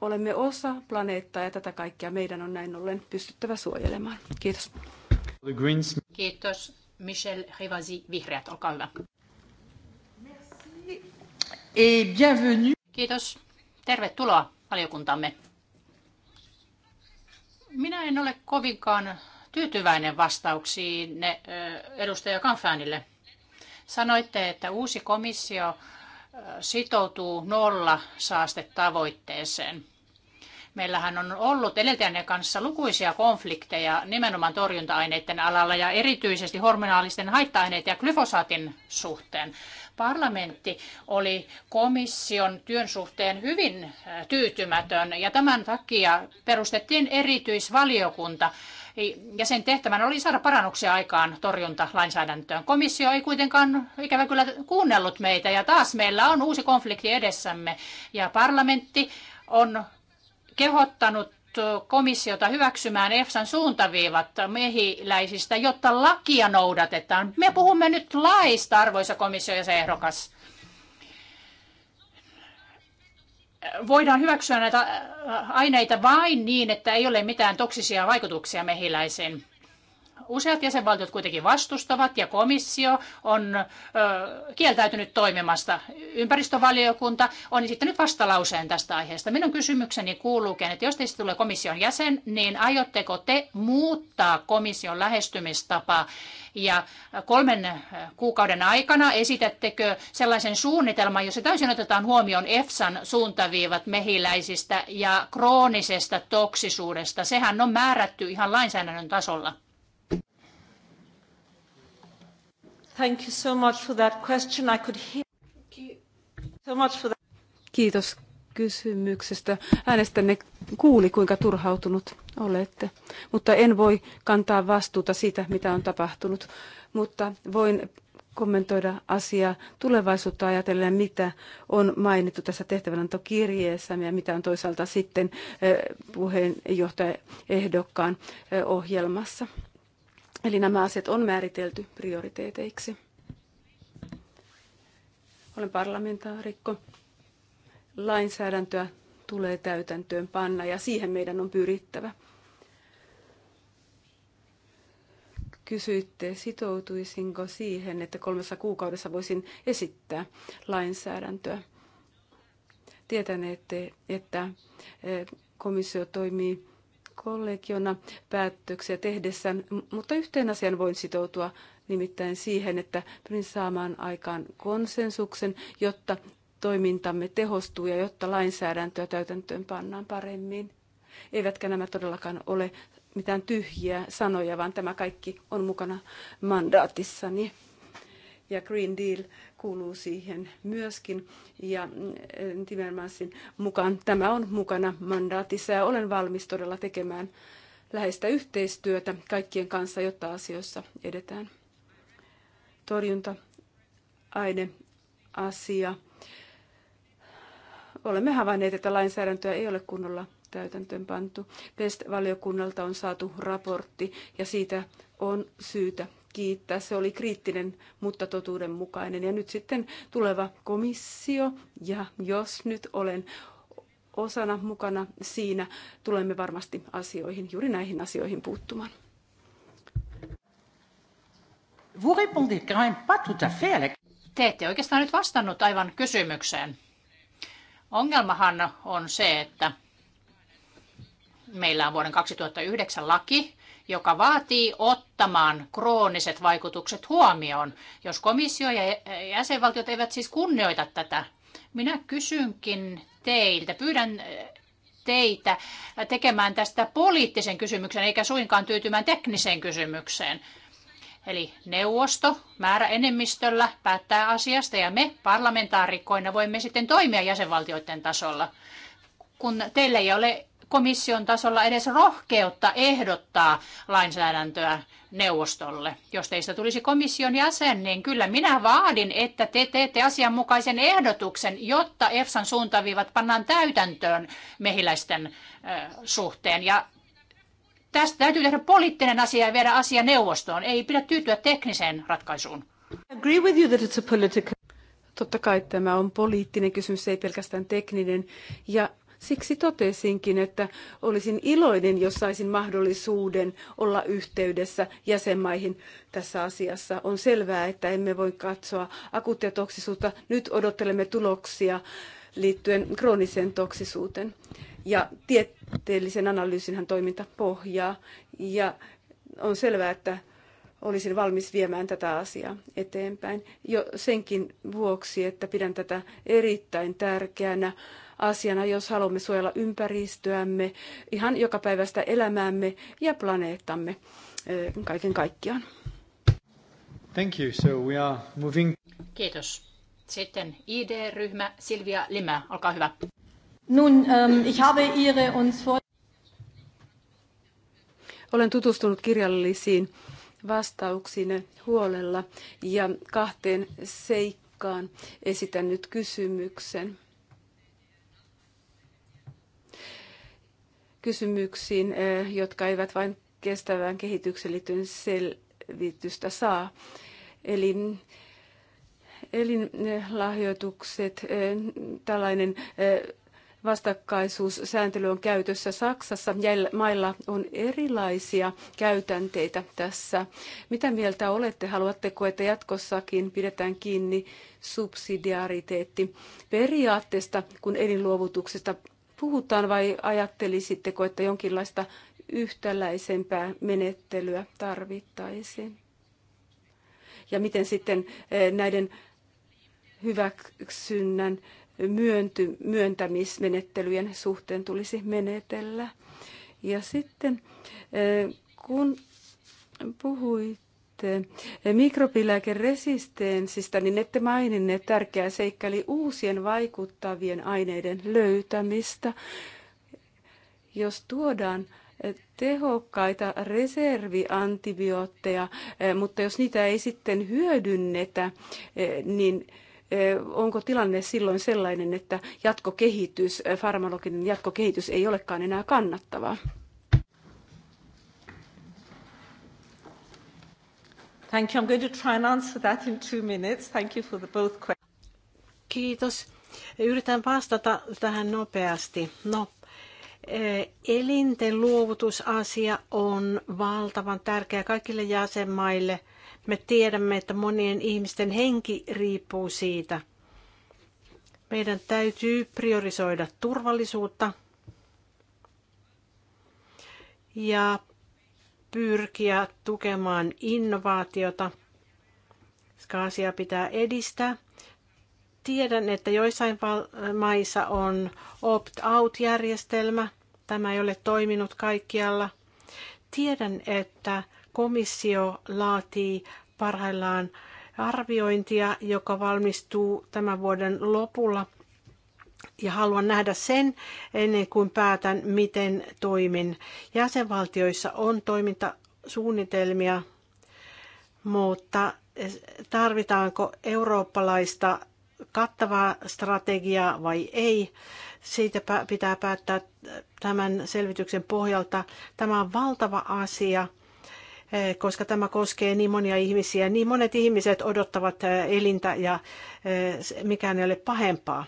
Olemme osa planeettaa ja tätä kaikkea meidän on näin ollen pystyttävä suojelemaan. Kiitos. Kiitos. Michel Rivasi, Vihreät, olkaa hyvä et bienvenue. Kiitos. Tervetuloa valiokuntamme. Minä en ole kovinkaan tyytyväinen vastauksiin edustaja Kanfäänille. Sanoitte, että uusi komissio sitoutuu nolla saastetavoitteeseen. Meillähän on ollut edeltäjänne kanssa lukuisia konflikteja nimenomaan torjunta-aineiden alalla ja erityisesti hormonaalisten haitta-aineiden ja glyfosaatin suhteen. Parlamentti oli komission työn suhteen hyvin äh, tyytymätön ja tämän takia perustettiin erityisvaliokunta, ja sen tehtävänä oli saada parannuksia aikaan torjuntalainsäädäntöön. Komissio ei kuitenkaan ikävä kyllä kuunnellut meitä ja taas meillä on uusi konflikti edessämme ja parlamentti on kehottanut komissiota hyväksymään EFSAn suuntaviivat mehiläisistä, jotta lakia noudatetaan. Me puhumme nyt laista, arvoisa komissio ja se ehdokas. Voidaan hyväksyä näitä aineita vain niin, että ei ole mitään toksisia vaikutuksia mehiläiseen. Useat jäsenvaltiot kuitenkin vastustavat ja komissio on ö, kieltäytynyt toimimasta. Ympäristövaliokunta on esittänyt vastalauseen tästä aiheesta. Minun kysymykseni kuuluukin, että jos teistä tulee komission jäsen, niin aiotteko te muuttaa komission lähestymistapaa ja kolmen kuukauden aikana esitättekö sellaisen suunnitelman, jossa täysin otetaan huomioon EFSAn suuntaviivat mehiläisistä ja kroonisesta toksisuudesta? Sehän on määrätty ihan lainsäädännön tasolla. Thank you so much for that question. I could hear so much for that. Kiitos kysymyksestä. Äänestänne kuuli, kuinka turhautunut olette, mutta en voi kantaa vastuuta siitä, mitä on tapahtunut. Mutta voin kommentoida asiaa tulevaisuutta ajatellen, mitä on mainittu tässä tehtävänantokirjeessä ja mitä on toisaalta sitten eh, puheenjohtajaehdokkaan eh, ohjelmassa. Eli nämä asiat on määritelty prioriteeteiksi. Olen parlamentaarikko. Lainsäädäntöä tulee täytäntöön panna ja siihen meidän on pyrittävä. Kysyitte, sitoutuisinko siihen, että kolmessa kuukaudessa voisin esittää lainsäädäntöä. Tietänette, että eh, komissio toimii kollegiona päätöksiä tehdessä, mutta yhteen asian voin sitoutua nimittäin siihen, että pyrin saamaan aikaan konsensuksen, jotta toimintamme tehostuu ja jotta lainsäädäntöä täytäntöön pannaan paremmin. Eivätkä nämä todellakaan ole mitään tyhjiä sanoja, vaan tämä kaikki on mukana mandaatissani. Ja Green Deal kuuluu siihen myöskin. Ja mm, Timmermansin mukaan tämä on mukana mandaatissa ja olen valmis todella tekemään läheistä yhteistyötä kaikkien kanssa, jotta asioissa edetään. Torjunta, aine, asia. Olemme havainneet, että lainsäädäntöä ei ole kunnolla täytäntöönpantu. PEST-valiokunnalta on saatu raportti ja siitä on syytä kiittää. Se oli kriittinen, mutta totuudenmukainen. Ja nyt sitten tuleva komissio, ja jos nyt olen osana mukana siinä, tulemme varmasti asioihin, juuri näihin asioihin puuttumaan. Vous répondez quand même pas tout à fait Te ette oikeastaan nyt vastannut aivan kysymykseen. Ongelmahan on se, että meillä on vuoden 2009 laki, joka vaatii ottamaan krooniset vaikutukset huomioon. Jos komissio ja jäsenvaltiot eivät siis kunnioita tätä, minä kysynkin teiltä, pyydän äh, teitä tekemään tästä poliittisen kysymyksen eikä suinkaan tyytymään tekniseen kysymykseen. Eli neuvosto määräenemmistöllä päättää asiasta ja me parlamentaarikkoina voimme sitten toimia jäsenvaltioiden tasolla. Kun teillä ei ole komission tasolla edes rohkeutta ehdottaa lainsäädäntöä neuvostolle. Jos teistä tulisi komission jäsen, niin kyllä minä vaadin, että te teette asianmukaisen ehdotuksen, jotta EFSAn suuntaviivat pannaan täytäntöön mehiläisten suhteen. Ja tästä täytyy tehdä poliittinen asia ja viedä asia neuvostoon. Ei pidä tyytyä tekniseen ratkaisuun. Agree with you that it's a political... Totta kai tämä on poliittinen kysymys, ei pelkästään tekninen. Ja Siksi totesinkin, että olisin iloinen, jos saisin mahdollisuuden olla yhteydessä jäsenmaihin tässä asiassa. On selvää, että emme voi katsoa akuuttia toksisuutta. Nyt odottelemme tuloksia liittyen krooniseen toksisuuteen. Ja tieteellisen analyysinhän toiminta pohjaa. Ja on selvää, että olisin valmis viemään tätä asiaa eteenpäin jo senkin vuoksi, että pidän tätä erittäin tärkeänä asiana, jos haluamme suojella ympäristöämme, ihan jokapäiväistä elämäämme ja planeettamme kaiken kaikkiaan. Thank you. So we are moving... Kiitos. Sitten ID-ryhmä Silvia Limä, olkaa hyvä. Nun, um, ich habe Ihre uns vor... Olen tutustunut kirjallisiin vastauksiin huolella ja kahteen seikkaan esitän nyt kysymyksen. kysymyksiin, eh, jotka eivät vain kestävään kehitykseen liittyen selvitystä saa. Eli elinlahjoitukset, eh, tällainen eh, vastakkaisuussääntely on käytössä Saksassa. Mailla on erilaisia käytänteitä tässä. Mitä mieltä olette? Haluatteko, että jatkossakin pidetään kiinni subsidiariteetti periaatteesta, kun elinluovutuksesta puhutaan vai ajattelisitteko, että jonkinlaista yhtäläisempää menettelyä tarvittaisiin? Ja miten sitten eh, näiden hyväksynnän myönty, myöntämismenettelyjen suhteen tulisi menetellä? Ja sitten eh, kun puhuit puhuitte mikrobilääkeresistenssistä, niin ette maininneet tärkeää seikka, eli uusien vaikuttavien aineiden löytämistä. Jos tuodaan tehokkaita reserviantibiootteja, mutta jos niitä ei sitten hyödynnetä, niin onko tilanne silloin sellainen, että jatkokehitys, farmakologinen jatkokehitys ei olekaan enää kannattavaa? Thank you. I'm going to try and answer that in two minutes. Thank you for the both Kiitos. Yritän vastata tähän nopeasti. No, eh, elinten luovutusasia on valtavan tärkeä kaikille jäsenmaille. Me tiedämme, että monien ihmisten henki riippuu siitä. Meidän täytyy priorisoida turvallisuutta ja pyrkiä tukemaan innovaatiota. Skaasia pitää edistää. Tiedän, että joissain maissa on opt-out-järjestelmä. Tämä ei ole toiminut kaikkialla. Tiedän, että komissio laatii parhaillaan arviointia, joka valmistuu tämän vuoden lopulla – ja haluan nähdä sen ennen kuin päätän, miten toimin. Jäsenvaltioissa on toimintasuunnitelmia, mutta tarvitaanko eurooppalaista kattavaa strategiaa vai ei, siitä pitää päättää tämän selvityksen pohjalta. Tämä on valtava asia, eh, koska tämä koskee niin monia ihmisiä. Niin monet ihmiset odottavat eh, elintä ja eh, mikään ei ole pahempaa.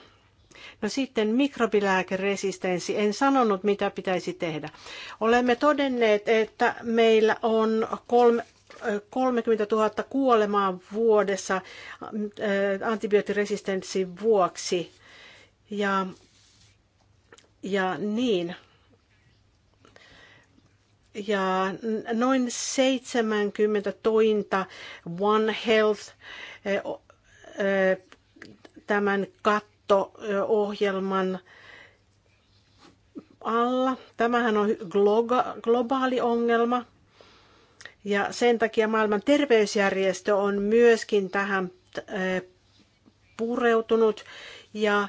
No sitten mikrobilääkeresistenssi. En sanonut, mitä pitäisi tehdä. Olemme todenneet, että meillä on kolme, 30 000 kuolemaa vuodessa äh, antibioottiresistenssin vuoksi. Ja, ja niin. Ja noin 70 tointa One Health äh, tämän kat, muuttoohjelman alla. Tämähän on globaali ongelma. Ja sen takia maailman terveysjärjestö on myöskin tähän eh, pureutunut ja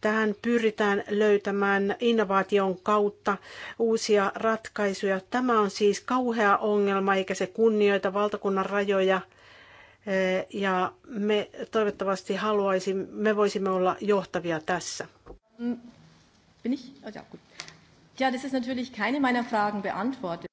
tähän pyritään löytämään innovaation kautta uusia ratkaisuja. Tämä on siis kauhea ongelma eikä se kunnioita valtakunnan rajoja – Eh, ja me toivottavasti haluaisimme, me voisimme olla johtavia tässä. Mm, bin ich? Oh, ja, gut. Ja, das ist natürlich keine meiner Fragen beantwortet.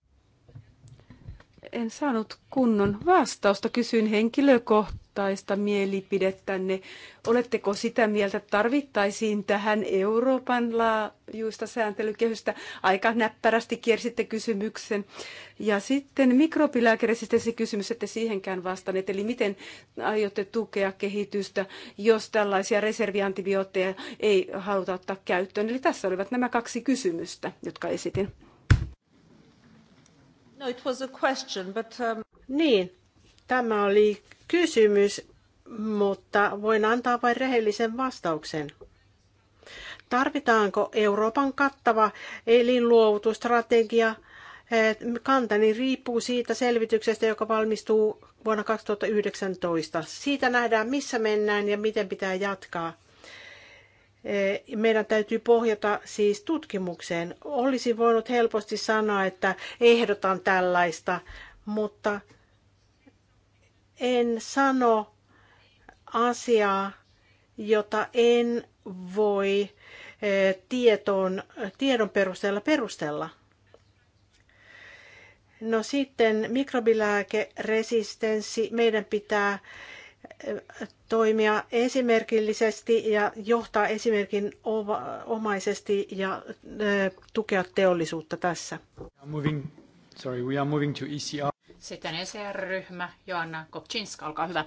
En saanut kunnon vastausta. Kysyin henkilökohtaista mielipidettänne. Oletteko sitä mieltä, että tarvittaisiin tähän Euroopan laajuista sääntelykehystä? Aika näppärästi kiersitte kysymyksen. Ja sitten mikrobilääkäresistenssi kysymys, että siihenkään vastanneet. Eli miten aiotte tukea kehitystä, jos tällaisia reserviantibiootteja ei haluta ottaa käyttöön? Eli tässä olivat nämä kaksi kysymystä, jotka esitin. No, it was a question, but... Um... Niin, tämä oli kysymys, mutta voin antaa vain rehellisen vastauksen. Tarvitaanko Euroopan kattava elinluovutusstrategia? Kantani niin riippuu siitä selvityksestä, joka valmistuu vuonna 2019. Siitä nähdään, missä mennään ja miten pitää jatkaa. Eh, meidän täytyy pohjata siis tutkimukseen. Olisi voinut helposti sanoa, että ehdotan tällaista, mutta en sano asiaa, jota en voi eh, tietoon, tiedon perusteella perustella. No sitten mikrobilääkeresistenssi. Meidän pitää toimia esimerkillisesti ja johtaa esimerkin omaisesti ja tukea teollisuutta tässä. E Sitten ECR-ryhmä, Joanna Kopczynska, olkaa hyvä.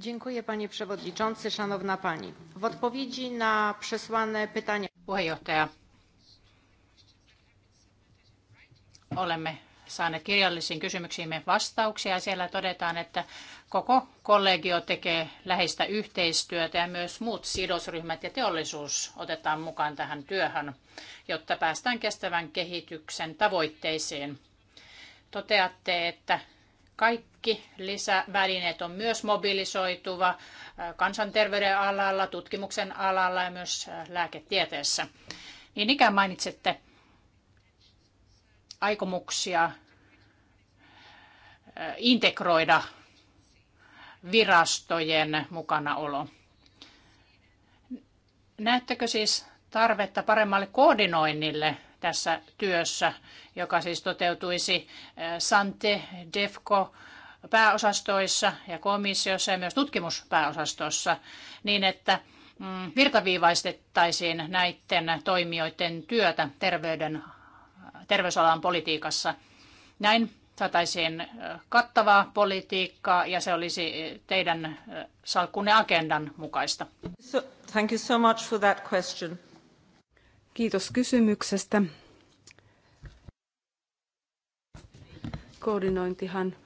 Dziękuję panie przewodniczący, szanowna pani. W odpowiedzi na przesłane pytania... Puheenjohtaja, olemme saaneet kirjallisiin kysymyksiimme vastauksia siellä todetaan, että koko kollegio tekee läheistä yhteistyötä ja myös muut sidosryhmät ja teollisuus otetaan mukaan tähän työhön, jotta päästään kestävän kehityksen tavoitteisiin. Toteatte, että kaikki lisävälineet on myös mobilisoituva kansanterveyden alalla, tutkimuksen alalla ja myös lääketieteessä. Niin ikään mainitsette aikomuksia äh, integroida virastojen mukanaolo. Näettekö siis tarvetta paremmalle koordinoinnille tässä työssä, joka siis toteutuisi äh, Sante, Defco, pääosastoissa ja komissiossa ja myös tutkimuspääosastossa niin, että mm, virtaviivaistettaisiin näiden toimijoiden työtä terveyden terveysalan politiikassa. Näin saataisiin kattavaa politiikkaa ja se olisi teidän salkkunne agendan mukaista. So, thank you so much for that question. Kiitos kysymyksestä. Koordinointihan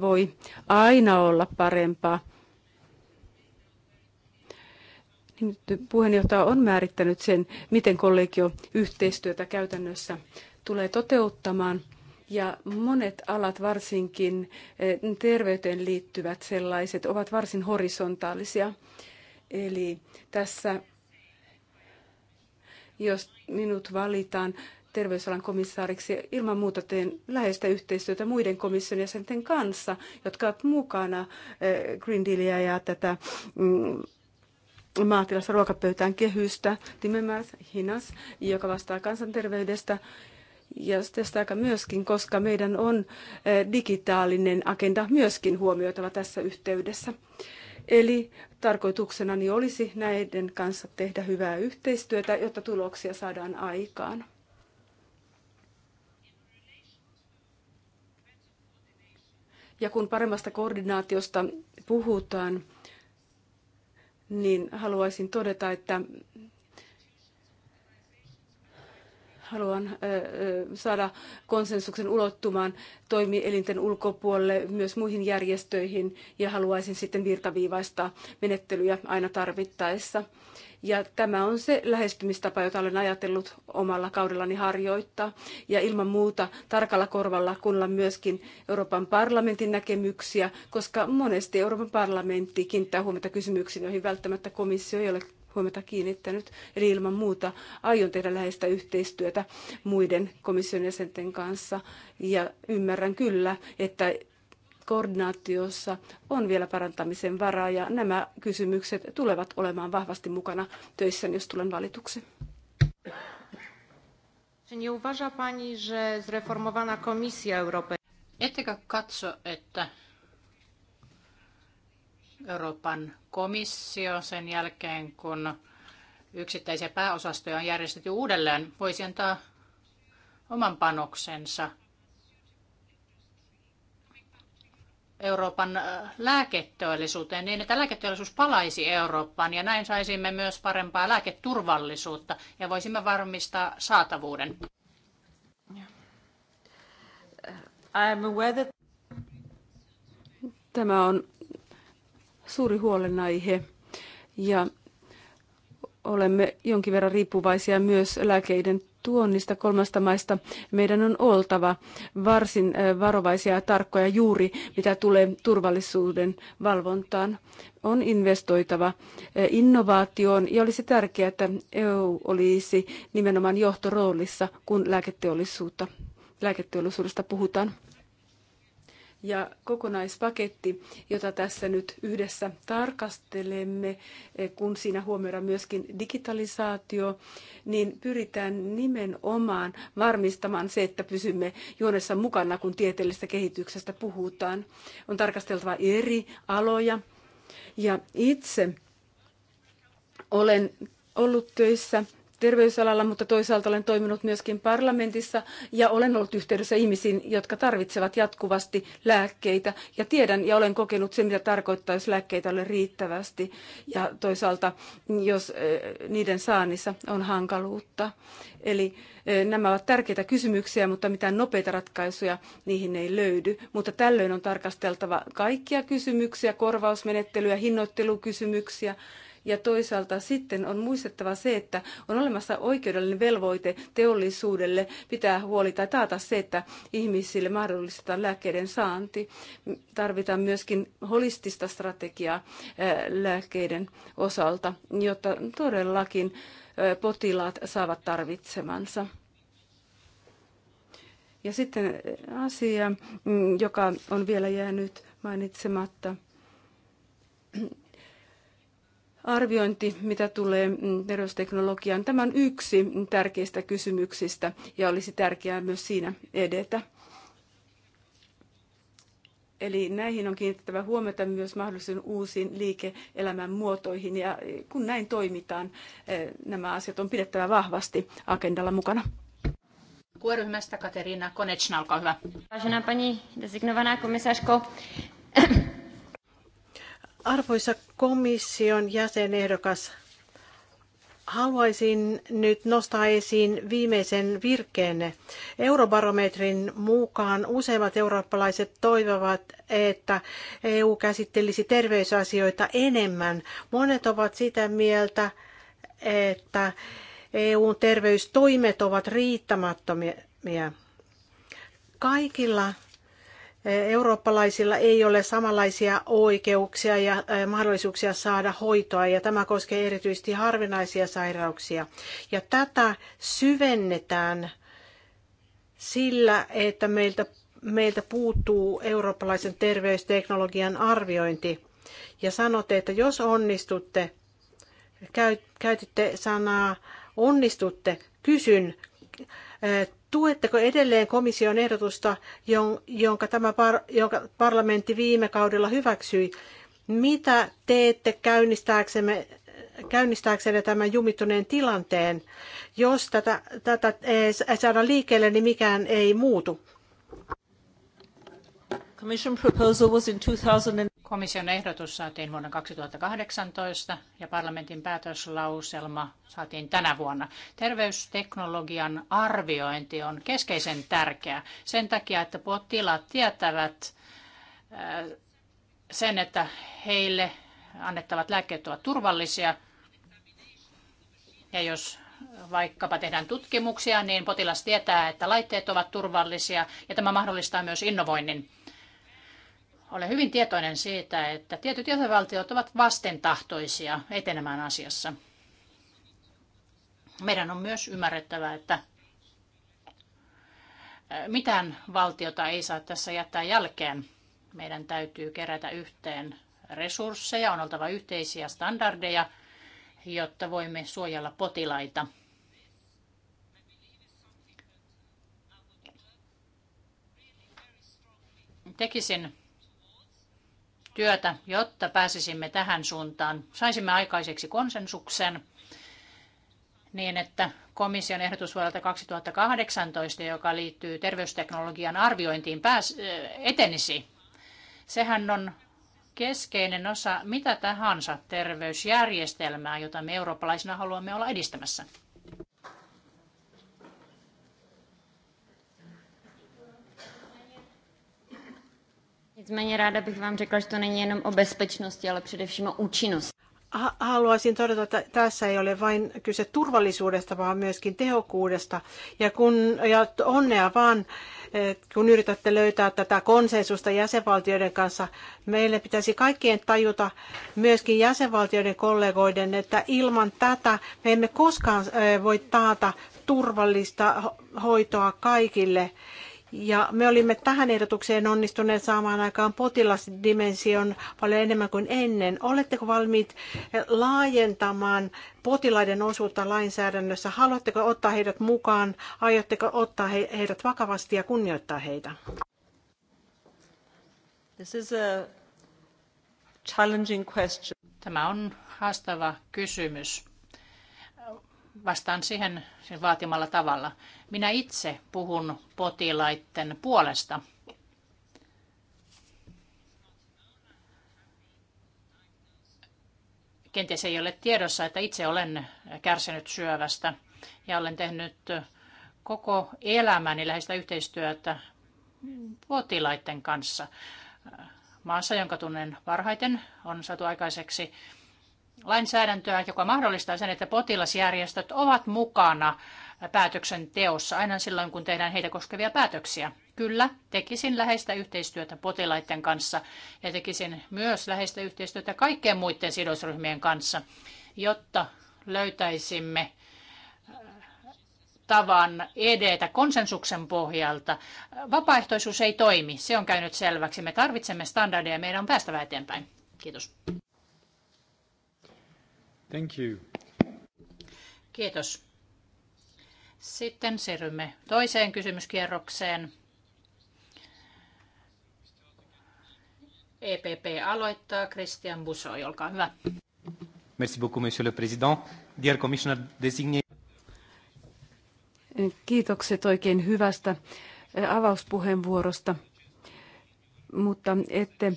voi aina olla parempaa. Niin, puheenjohtaja on määrittänyt sen, miten kollegio yhteistyötä käytännössä tulee toteuttamaan. Ja monet alat, varsinkin eh, terveyteen liittyvät sellaiset, ovat varsin horisontaalisia. Eli tässä, jos minut valitaan terveysalan komissaariksi, ilman muuta teen läheistä yhteistyötä muiden komission jäsenten kanssa, jotka ovat mukana eh, Green Dealia ja tätä mm, maatilassa ruokapöytään kehystä, Timmermans Hinas, joka vastaa kansanterveydestä, ja tästä aika myöskin, koska meidän on eh, digitaalinen agenda myöskin huomioitava tässä yhteydessä. Eli tarkoituksenani olisi näiden kanssa tehdä hyvää yhteistyötä, jotta tuloksia saadaan aikaan. Ja kun paremmasta koordinaatiosta puhutaan, niin haluaisin todeta, että haluan saada konsensuksen ulottumaan toimielinten ulkopuolelle myös muihin järjestöihin ja haluaisin sitten virtaviivaistaa menettelyjä aina tarvittaessa. Ja tämä on se lähestymistapa, jota olen ajatellut omalla kaudellani harjoittaa. Ja ilman muuta tarkalla korvalla kuunnella myöskin Euroopan parlamentin näkemyksiä, koska monesti Euroopan parlamentti kiinnittää huomiota kysymyksiin, joihin välttämättä komissio ei ole huomiota kiinnittänyt. Eli ilman muuta aion tehdä läheistä yhteistyötä muiden komission jäsenten kanssa. Ja ymmärrän kyllä, että koordinaatiossa on vielä parantamisen varaa ja nämä kysymykset tulevat olemaan vahvasti mukana töissä, jos tulen valituksi. Ettekö katso, että Euroopan komissio sen jälkeen, kun yksittäisiä pääosastoja on järjestetty uudelleen, voisi antaa oman panoksensa Euroopan äh, lääketeollisuuteen niin, että lääketeollisuus palaisi Eurooppaan ja näin saisimme myös parempaa lääketurvallisuutta ja voisimme varmistaa saatavuuden. Tämä on suuri huolenaihe ja olemme jonkin verran riippuvaisia myös lääkeiden tuonnista kolmasta maista. Meidän on oltava varsin varovaisia ja tarkkoja juuri, mitä tulee turvallisuuden valvontaan. On investoitava innovaatioon ja olisi tärkeää, että EU olisi nimenomaan johtoroolissa, kun lääketeollisuutta, lääketeollisuudesta puhutaan ja kokonaispaketti, jota tässä nyt yhdessä tarkastelemme, eh, kun siinä huomioidaan myöskin digitalisaatio, niin pyritään nimenomaan varmistamaan se, että pysymme juonessa mukana, kun tieteellisestä kehityksestä puhutaan. On tarkasteltava eri aloja ja itse olen ollut töissä terveysalalla, mutta toisaalta olen toiminut myöskin parlamentissa ja olen ollut yhteydessä ihmisiin, jotka tarvitsevat jatkuvasti lääkkeitä. Ja tiedän ja olen kokenut sen, mitä tarkoittaa, jos lääkkeitä ole riittävästi ja toisaalta, jos eh, niiden saannissa on hankaluutta. Eli eh, nämä ovat tärkeitä kysymyksiä, mutta mitään nopeita ratkaisuja niihin ei löydy. Mutta tällöin on tarkasteltava kaikkia kysymyksiä, korvausmenettelyä, hinnoittelukysymyksiä ja toisaalta sitten on muistettava se, että on olemassa oikeudellinen velvoite teollisuudelle pitää huoli tai taata se, että ihmisille mahdollistetaan lääkkeiden saanti. Tarvitaan myöskin holistista strategiaa lääkkeiden osalta, jotta todellakin potilaat saavat tarvitsemansa. Ja sitten asia, mm, joka on vielä jäänyt mainitsematta, arviointi, mitä tulee mm, terveysteknologiaan, tämä on yksi tärkeistä kysymyksistä ja olisi tärkeää myös siinä edetä. Eli näihin on kiinnitettävä huomiota myös mahdollisen uusiin liike-elämän muotoihin ja e, kun näin toimitaan, e, nämä asiat on pidettävä vahvasti agendalla mukana. Kuoryhmästä Katerina Konechna, olkaa hyvä. Pani paní designovaná Arvoisa komission jäsenehdokas, haluaisin nyt nostaa esiin viimeisen virkeenne. Eurobarometrin mukaan useimmat eurooppalaiset toivovat, että EU käsittelisi terveysasioita enemmän. Monet ovat sitä mieltä, että EUn terveystoimet ovat riittämättömiä. Kaikilla eurooppalaisilla ei ole samanlaisia oikeuksia ja äh, mahdollisuuksia saada hoitoa, ja tämä koskee erityisesti harvinaisia sairauksia. Ja tätä syvennetään sillä, että meiltä, meiltä puuttuu eurooppalaisen terveysteknologian arviointi. Ja sanotte, että jos onnistutte, käytitte sanaa onnistutte, kysyn, äh, tuetteko edelleen komission ehdotusta, jonka, tämä par, jonka parlamentti viime kaudella hyväksyi? Mitä teette käynnistääksemme käynnistääksenne tämän jumittuneen tilanteen? Jos tätä, tätä ei saada liikkeelle, niin mikään ei muutu. Commission proposal was in 2000 Komission ehdotus saatiin vuonna 2018 ja parlamentin päätöslauselma saatiin tänä vuonna. Terveysteknologian arviointi on keskeisen tärkeä sen takia, että potilaat tietävät äh, sen, että heille annettavat lääkkeet ovat turvallisia. Ja jos vaikkapa tehdään tutkimuksia, niin potilas tietää, että laitteet ovat turvallisia ja tämä mahdollistaa myös innovoinnin. Olen hyvin tietoinen siitä, että tietyt jäsenvaltiot ovat vastentahtoisia etenemään asiassa. Meidän on myös ymmärrettävä, että mitään valtiota ei saa tässä jättää jälkeen. Meidän täytyy kerätä yhteen resursseja, on oltava yhteisiä standardeja, jotta voimme suojella potilaita. Tekisin työtä, jotta pääsisimme tähän suuntaan. Saisimme aikaiseksi konsensuksen niin, että komission ehdotus vuodelta 2018, joka liittyy terveysteknologian arviointiin, pääs, etenisi. Sehän on keskeinen osa mitä tahansa terveysjärjestelmää, jota me eurooppalaisina haluamme olla edistämässä. Nicméně ráda bych vám řekla, že to není jenom o bezpečnosti, ale především o účinnosti. Haluaisin todeta, että tässä ei ole vain kyse turvallisuudesta, vaan myöskin tehokkuudesta. Ja, kun, ja onnea vaan, eh, kun yritätte löytää tätä konsensusta jäsenvaltioiden kanssa, meille pitäisi kaikkien tajuta myöskin jäsenvaltioiden kollegoiden, että ilman tätä me emme koskaan eh, voi taata turvallista hoitoa kaikille. Ja me olimme tähän ehdotukseen onnistuneet saamaan aikaan potilasdimension paljon enemmän kuin ennen. Oletteko valmiit eh, laajentamaan potilaiden osuutta lainsäädännössä? Haluatteko ottaa heidät mukaan? Aiotteko ottaa heidät vakavasti ja kunnioittaa heitä? This is a challenging question. Tämä on haastava kysymys vastaan siihen sen vaatimalla tavalla. Minä itse puhun potilaiden puolesta. Kenties ei ole tiedossa, että itse olen kärsinyt syövästä ja olen tehnyt koko elämäni läheistä yhteistyötä potilaiden kanssa. Maassa, jonka tunnen parhaiten, on saatu aikaiseksi lainsäädäntöä, joka mahdollistaa sen, että potilasjärjestöt ovat mukana päätöksenteossa aina silloin, kun tehdään heitä koskevia päätöksiä. Kyllä, tekisin läheistä yhteistyötä potilaiden kanssa ja tekisin myös läheistä yhteistyötä kaikkien muiden sidosryhmien kanssa, jotta löytäisimme äh, tavan edetä konsensuksen pohjalta. Vapaaehtoisuus ei toimi, se on käynyt selväksi. Me tarvitsemme standardeja ja meidän on päästävä eteenpäin. Kiitos. Thank you. Kiitos. Sitten siirrymme toiseen kysymyskierrokseen. EPP aloittaa. Christian Busoi, olkaa hyvä. Merci beaucoup, monsieur le président. Dear commissioner designé. Kiitokset oikein hyvästä avauspuheenvuorosta, mutta ette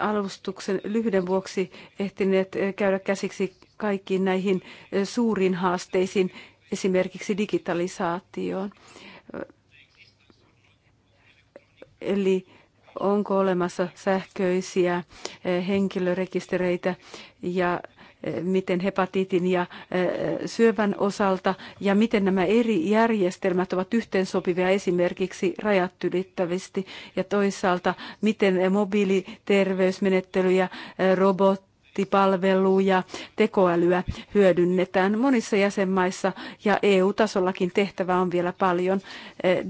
alustuksen lyhyden vuoksi ehtineet eh, käydä käsiksi kaikkiin näihin eh, suuriin haasteisiin, esimerkiksi digitalisaatioon. Eh, eli onko olemassa sähköisiä henkilörekistereitä ja miten hepatiitin ja syövän osalta ja miten nämä eri järjestelmät ovat yhteensopivia esimerkiksi rajat ylittävästi ja toisaalta miten mobiiliterveysmenettelyjä, robot palveluja, tekoälyä hyödynnetään monissa jäsenmaissa ja EU-tasollakin tehtävä on vielä paljon.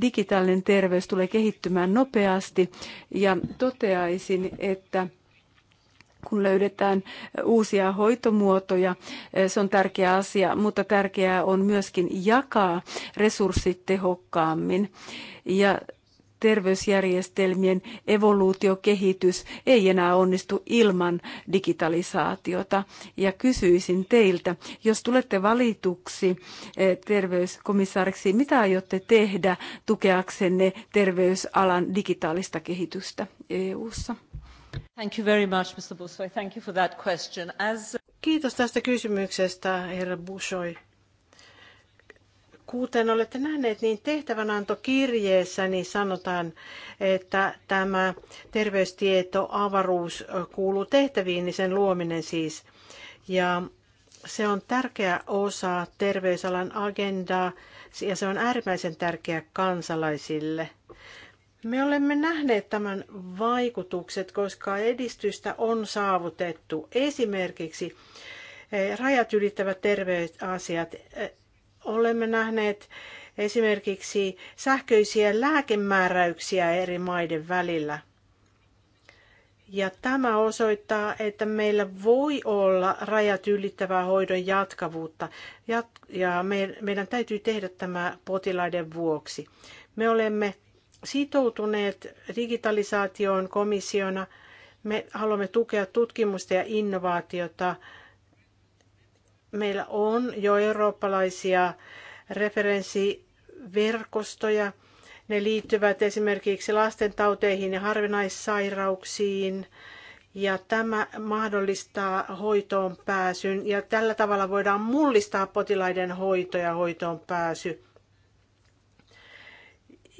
Digitaalinen terveys tulee kehittymään nopeasti ja toteaisin, että kun löydetään uusia hoitomuotoja. Se on tärkeä asia, mutta tärkeää on myöskin jakaa resurssit tehokkaammin. Ja terveysjärjestelmien evoluutiokehitys ei enää onnistu ilman digitalisaatiota. Ja kysyisin teiltä, jos tulette valituksi eh, terveyskomissaariksi, mitä aiotte tehdä tukeaksenne terveysalan digitaalista kehitystä EU:ssa? ssa Thank you very much, Mr. Busoy. Thank you for that question. As... Kiitos tästä kysymyksestä, herra Busoy. Kuten olette nähneet, niin niin sanotaan, että tämä terveystieto avaruus kuuluu tehtäviin, niin sen luominen siis. Ja se on tärkeä osa terveysalan agendaa ja se on äärimmäisen tärkeä kansalaisille. Me olemme nähneet tämän vaikutukset, koska edistystä on saavutettu. Esimerkiksi eh, rajat ylittävät terveysasiat. Eh, olemme nähneet esimerkiksi sähköisiä lääkemääräyksiä eri maiden välillä. Ja tämä osoittaa, että meillä voi olla rajat ylittävää hoidon jatkavuutta ja meidän täytyy tehdä tämä potilaiden vuoksi. Me olemme sitoutuneet digitalisaatioon komissiona. Me haluamme tukea tutkimusta ja innovaatiota. Meillä on jo eurooppalaisia referenssiverkostoja. Ne liittyvät esimerkiksi lastentauteihin ja harvinaissairauksiin. Ja tämä mahdollistaa hoitoon pääsyn ja tällä tavalla voidaan mullistaa potilaiden hoito ja hoitoon pääsy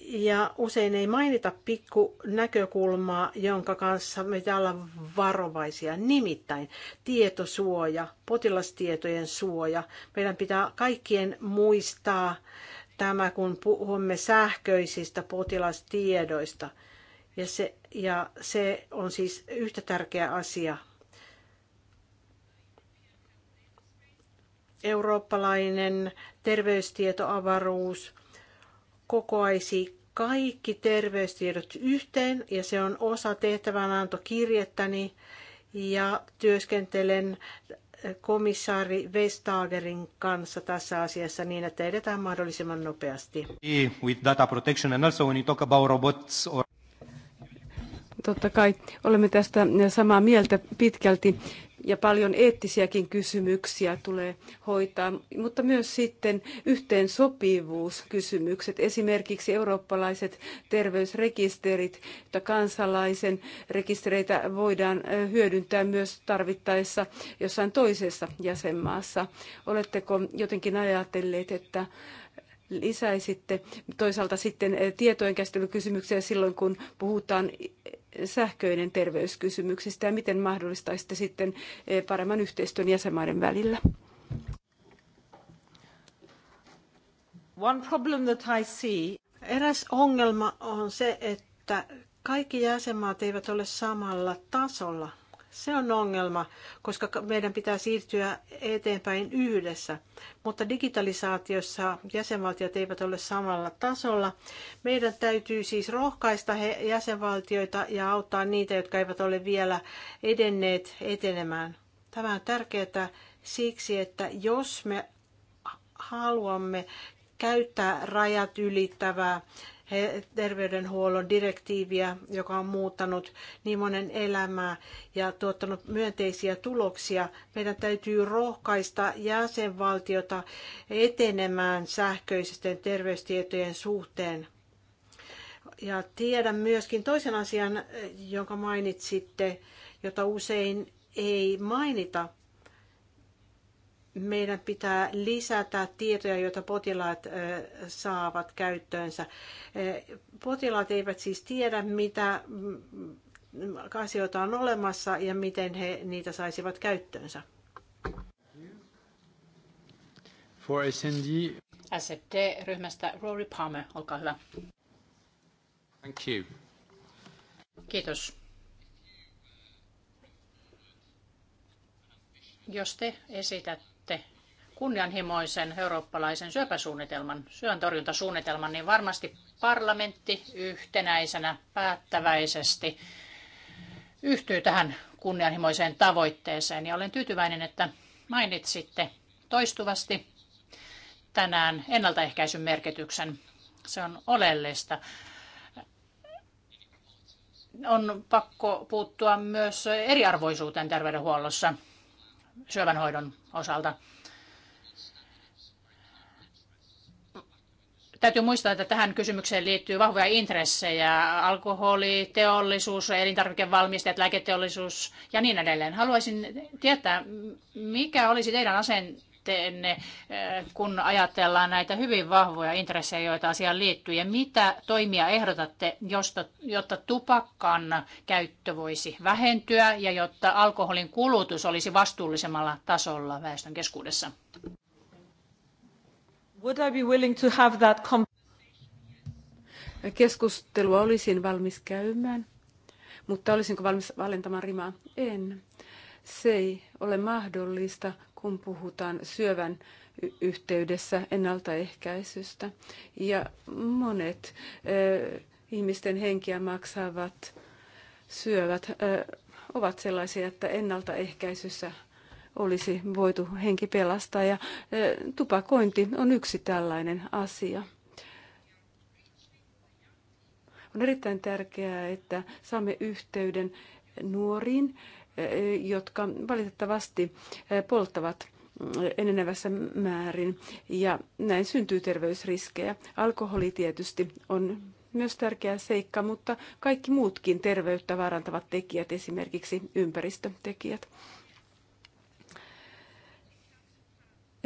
ja usein ei mainita pikku näkökulmaa, jonka kanssa me pitää olla varovaisia, nimittäin tietosuoja, potilastietojen suoja. Meidän pitää kaikkien muistaa tämä, kun puhumme sähköisistä potilastiedoista. Ja se, ja se on siis yhtä tärkeä asia. Eurooppalainen terveystietoavaruus – kokoaisi kaikki terveystiedot yhteen ja se on osa tehtävänantokirjettäni ja työskentelen äh, komissaari Vestagerin kanssa tässä asiassa niin, että edetään mahdollisimman nopeasti. With data protection and also when you talk about robots or... Totta kai olemme tästä samaa mieltä pitkälti ja paljon eettisiäkin kysymyksiä tulee hoitaa, mutta myös sitten yhteensopivuuskysymykset, esimerkiksi eurooppalaiset terveysrekisterit, että kansalaisen rekistereitä voidaan hyödyntää myös tarvittaessa jossain toisessa jäsenmaassa. Oletteko jotenkin ajatelleet, että lisäisitte toisaalta sitten tietojenkäsittelykysymyksiä silloin, kun puhutaan sähköinen terveyskysymyksistä ja miten mahdollistaisitte sitten eh, paremman yhteistyön jäsenmaiden välillä? One problem that I see. Eräs ongelma on se, että kaikki jäsenmaat eivät ole samalla tasolla se on ongelma, koska meidän pitää siirtyä eteenpäin yhdessä. Mutta digitalisaatiossa jäsenvaltiot eivät ole samalla tasolla. Meidän täytyy siis rohkaista he, jäsenvaltioita ja auttaa niitä, jotka eivät ole vielä edenneet etenemään. Tämä on tärkeää siksi, että jos me haluamme käyttää rajat ylittävää terveydenhuollon direktiiviä, joka on muuttanut niin monen elämää ja tuottanut myönteisiä tuloksia. Meidän täytyy rohkaista jäsenvaltiota etenemään sähköisten terveystietojen suhteen. Ja tiedän myöskin toisen asian, jonka mainitsitte, jota usein ei mainita – meidän pitää lisätä tietoja, joita potilaat saavat käyttöönsä. Potilaat eivät siis tiedä, mitä mm, asioita on olemassa ja miten he niitä saisivat käyttöönsä. For SND. SFD-ryhmästä Rory Palmer, olkaa hyvä. Thank you. Kiitos. Jos te esitätte kunnianhimoisen eurooppalaisen syöpäsuunnitelman, syöntorjuntasuunnitelman, niin varmasti parlamentti yhtenäisenä päättäväisesti yhtyy tähän kunnianhimoiseen tavoitteeseen. Ja olen tyytyväinen, että mainitsitte toistuvasti tänään ennaltaehkäisyn merkityksen. Se on oleellista. On pakko puuttua myös eriarvoisuuteen terveydenhuollossa syövänhoidon osalta. Täytyy muistaa, että tähän kysymykseen liittyy vahvoja intressejä. Alkoholi, teollisuus, elintarvikevalmistajat, lääketeollisuus ja niin edelleen. Haluaisin tietää, mikä olisi teidän asenteenne, eh, kun ajatellaan näitä hyvin vahvoja intressejä, joita asiaan liittyy, ja mitä toimia ehdotatte, jotta tupakkan käyttö voisi vähentyä ja jotta alkoholin kulutus olisi vastuullisemmalla tasolla väestön keskuudessa? Would I be willing to have that Keskustelua olisin valmis käymään, mutta olisinko valmis valentamaan rimaa? En. Se ei ole mahdollista, kun puhutaan syövän yhteydessä ennaltaehkäisystä. Ja monet ö, ihmisten henkiä maksavat syövät ö, ovat sellaisia, että ennaltaehkäisyssä olisi voitu henki pelastaa. Ja e, tupakointi on yksi tällainen asia. On erittäin tärkeää, että saamme yhteyden nuoriin, e, jotka valitettavasti e, polttavat mm, enenevässä määrin ja näin syntyy terveysriskejä. Alkoholi tietysti on myös tärkeä seikka, mutta kaikki muutkin terveyttä vaarantavat tekijät, esimerkiksi ympäristötekijät.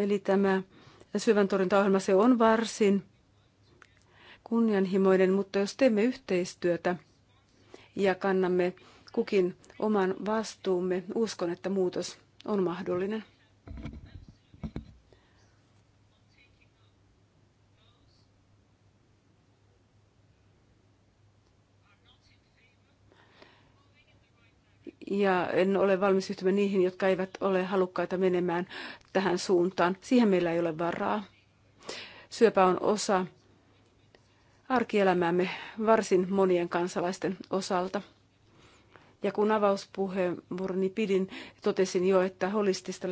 Eli tämä syövän torjuntaohjelma, se on varsin kunnianhimoinen, mutta jos teemme yhteistyötä ja kannamme kukin oman vastuumme, uskon, että muutos on mahdollinen. ja en ole valmis yhtymään niihin, jotka eivät ole halukkaita menemään tähän suuntaan. Siihen meillä ei ole varaa. Syöpä on osa arkielämäämme varsin monien kansalaisten osalta. Ja kun avauspuheenvuoroni pidin, totesin jo, että holistista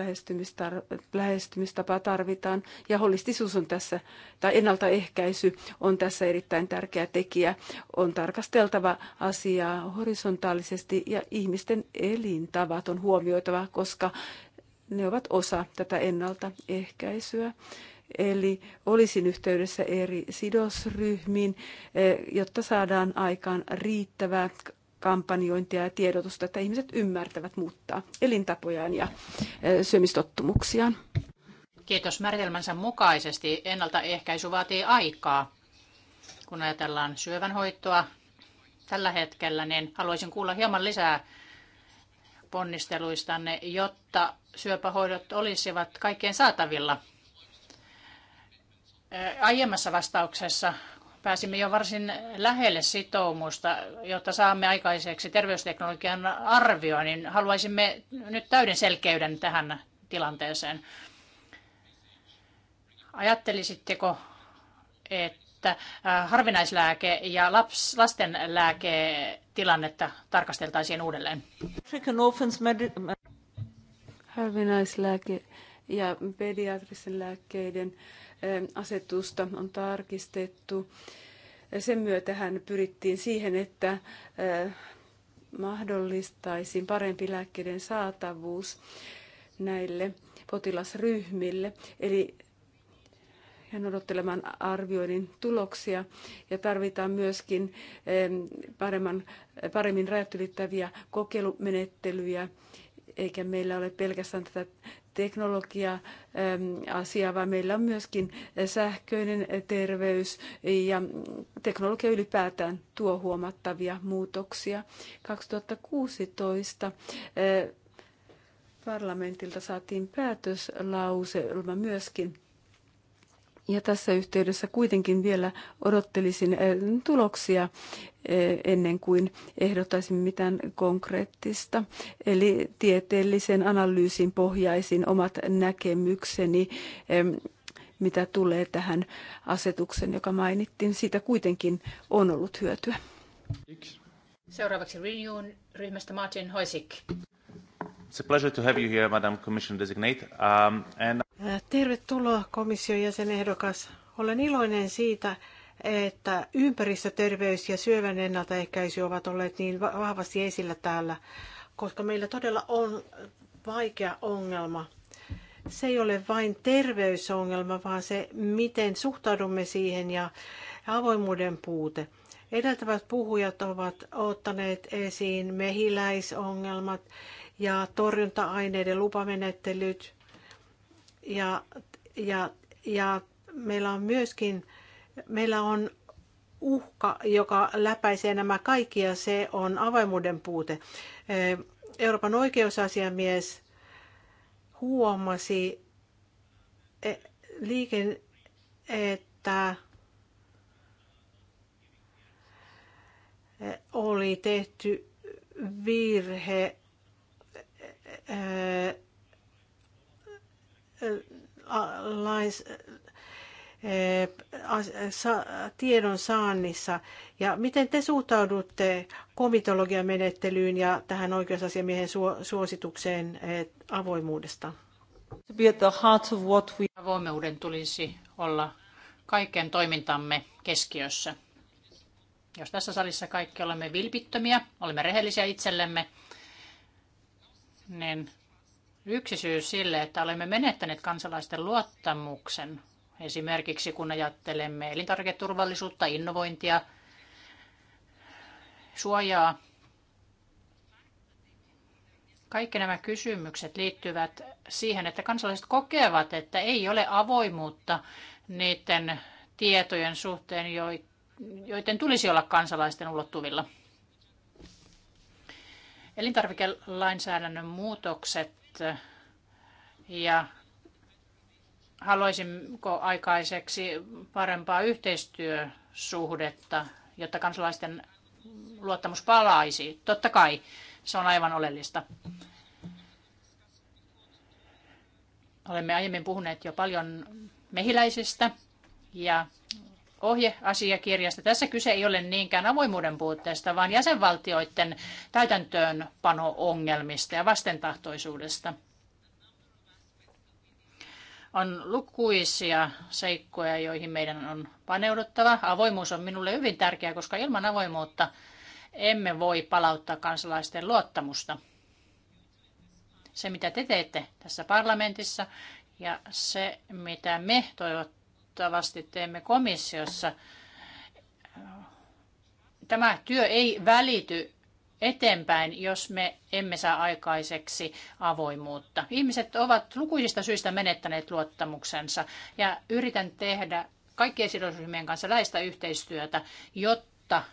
lähestymistapaa tarvitaan. Ja holistisuus on tässä, tai ennaltaehkäisy on tässä erittäin tärkeä tekijä. On tarkasteltava asiaa horisontaalisesti ja ihmisten elintavat on huomioitava, koska ne ovat osa tätä ennaltaehkäisyä. Eli olisin yhteydessä eri sidosryhmiin, eh, jotta saadaan aikaan riittävää kampanjointia ja tiedotusta, että ihmiset ymmärtävät muuttaa elintapojaan ja eh, syömistottumuksiaan. Kiitos määritelmänsä mukaisesti. Ennaltaehkäisy vaatii aikaa. Kun ajatellaan syövänhoitoa tällä hetkellä, niin haluaisin kuulla hieman lisää ponnisteluistanne, jotta syöpähoidot olisivat kaikkien saatavilla. Eh, aiemmassa vastauksessa pääsimme jo varsin lähelle sitoumusta, jotta saamme aikaiseksi terveysteknologian arvio, niin haluaisimme nyt täyden selkeyden tähän tilanteeseen. Ajattelisitteko, että harvinaislääke- ja laps, lasten tilannetta tarkasteltaisiin uudelleen? Harvinaislääke ja pediatrisen lääkkeiden asetusta on tarkistettu. Sen myötähän pyrittiin siihen, että mahdollistaisiin parempi lääkkeiden saatavuus näille potilasryhmille. Eli ja odottelemaan arvioinnin tuloksia ja tarvitaan myöskin paremman, paremmin rajat ylittäviä kokeilumenettelyjä eikä meillä ole pelkästään tätä teknologia-asiaa, vaan meillä on myöskin sähköinen terveys ja teknologia ylipäätään tuo huomattavia muutoksia. 2016 parlamentilta saatiin päätöslauselma myöskin ja tässä yhteydessä kuitenkin vielä odottelisin eh, tuloksia eh, ennen kuin ehdottaisin mitään konkreettista. Eli tieteellisen analyysin pohjaisin omat näkemykseni mitä tulee tähän asetukseen, joka mainittiin. Siitä kuitenkin on ollut hyötyä. Seuraavaksi Renewn ryhmästä Martin Hoisik. It's a pleasure to have you here, Madam Commission Designate. Um, and... Tervetuloa komission jäsenehdokas. Olen iloinen siitä, että ympäristöterveys ja syövän ennaltaehkäisy ovat olleet niin vahvasti esillä täällä, koska meillä todella on vaikea ongelma. Se ei ole vain terveysongelma, vaan se, miten suhtaudumme siihen ja avoimuuden puute. Edeltävät puhujat ovat ottaneet esiin mehiläisongelmat ja torjunta-aineiden lupamenettelyt – ja, ja, ja meillä on myöskin meillä on uhka, joka läpäisee nämä kaikki ja se on avoimuuden puute. Euroopan oikeusasiamies huomasi e, liiken, että oli tehty virhe lains, tiedon saannissa ja miten te suhtaudutte komitologian menettelyyn ja tähän oikeusasiamiehen suositukseen avoimuudesta? Avoimuuden tulisi olla kaiken toimintamme keskiössä. Jos tässä salissa kaikki olemme vilpittömiä, olemme rehellisiä itsellemme, niin yksi syy sille, että olemme menettäneet kansalaisten luottamuksen, esimerkiksi kun ajattelemme elintarviketurvallisuutta, innovointia, suojaa. Kaikki nämä kysymykset liittyvät siihen, että kansalaiset kokevat, että ei ole avoimuutta niiden tietojen suhteen, joiden tulisi olla kansalaisten ulottuvilla. Elintarvikelainsäädännön muutokset ja haluaisinko aikaiseksi parempaa yhteistyösuhdetta, jotta kansalaisten luottamus palaisi. Totta kai se on aivan oleellista. Olemme aiemmin puhuneet jo paljon mehiläisistä ja ohjeasiakirjasta. Tässä kyse ei ole niinkään avoimuuden puutteesta, vaan jäsenvaltioiden täytäntöönpano-ongelmista ja vastentahtoisuudesta. On lukuisia seikkoja, joihin meidän on paneuduttava. Avoimuus on minulle hyvin tärkeää, koska ilman avoimuutta emme voi palauttaa kansalaisten luottamusta. Se, mitä te teette tässä parlamentissa ja se, mitä me toivot, toivottavasti teemme komissiossa. Tämä työ ei välity eteenpäin, jos me emme saa aikaiseksi avoimuutta. Ihmiset ovat lukuisista syistä menettäneet luottamuksensa ja yritän tehdä kaikkien sidosryhmien kanssa läistä yhteistyötä, jotta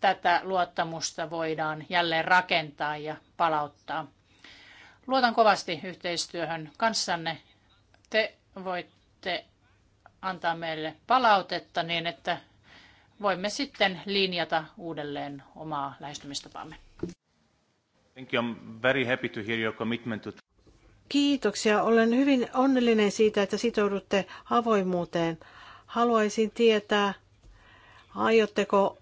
tätä luottamusta voidaan jälleen rakentaa ja palauttaa. Luotan kovasti yhteistyöhön kanssanne. Te voitte voitte antaa meille palautetta niin, että voimme sitten linjata uudelleen omaa lähestymistapaamme. Thank you. I'm very happy to hear your commitment to... Kiitoksia. Olen hyvin onnellinen siitä, että sitoudutte avoimuuteen. Haluaisin tietää, aiotteko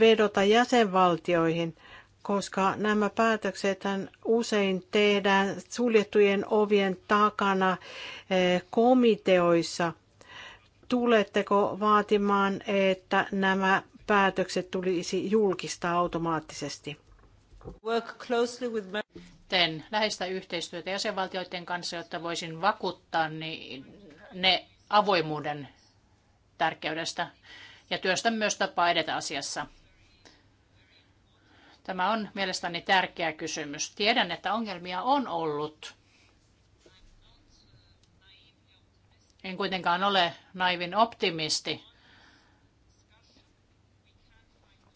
vedota jäsenvaltioihin – koska nämä päätökset usein tehdään suljettujen ovien takana eh, komiteoissa. Tuletteko vaatimaan, että nämä päätökset tulisi julkistaa automaattisesti? Teen läheistä yhteistyötä jäsenvaltioiden kanssa, jotta voisin vakuuttaa niin ne avoimuuden tärkeydestä ja työstä myös tapaa edetä asiassa. Tämä on mielestäni tärkeä kysymys. Tiedän, että ongelmia on ollut. En kuitenkaan ole naivin optimisti,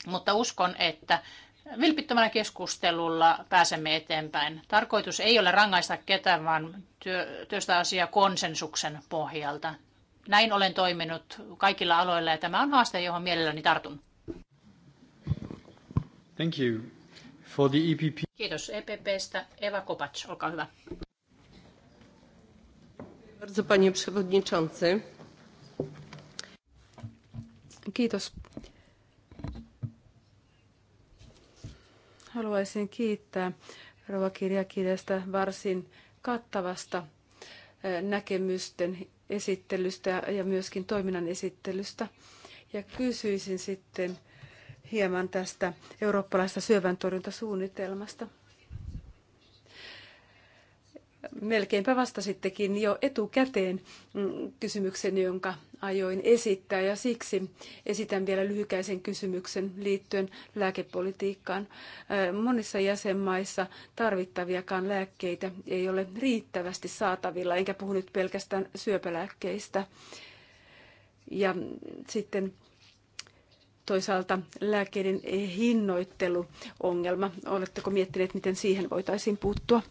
mutta uskon, että vilpittömällä keskustelulla pääsemme eteenpäin. Tarkoitus ei ole rangaista ketään, vaan työ, työstä asiaa konsensuksen pohjalta. Näin olen toiminut kaikilla aloilla ja tämä on haaste, johon mielelläni tartun. Thank you. For the EPP. Kiitos EPPstä. Eva Kopacz, olkaa hyvä. Bardzo panie przewodniczący. Kiitos. Haluaisin kiittää Rova kirjakirjasta varsin kattavasta eh, näkemysten esittelystä ja myöskin toiminnan esittelystä. Ja kysyisin sitten, hieman tästä eurooppalaista syöväntorjuntasuunnitelmasta. Melkeinpä vastasittekin jo etukäteen mm, kysymyksen, jonka ajoin esittää, ja siksi esitän vielä lyhykäisen kysymyksen liittyen lääkepolitiikkaan. Äh, monissa jäsenmaissa tarvittaviakaan lääkkeitä ei ole riittävästi saatavilla, enkä puhu nyt pelkästään syöpälääkkeistä. Ja sitten toisaalta lääkkeiden hinnoitteluongelma. Oletteko miettineet, miten siihen voitaisiin puuttua?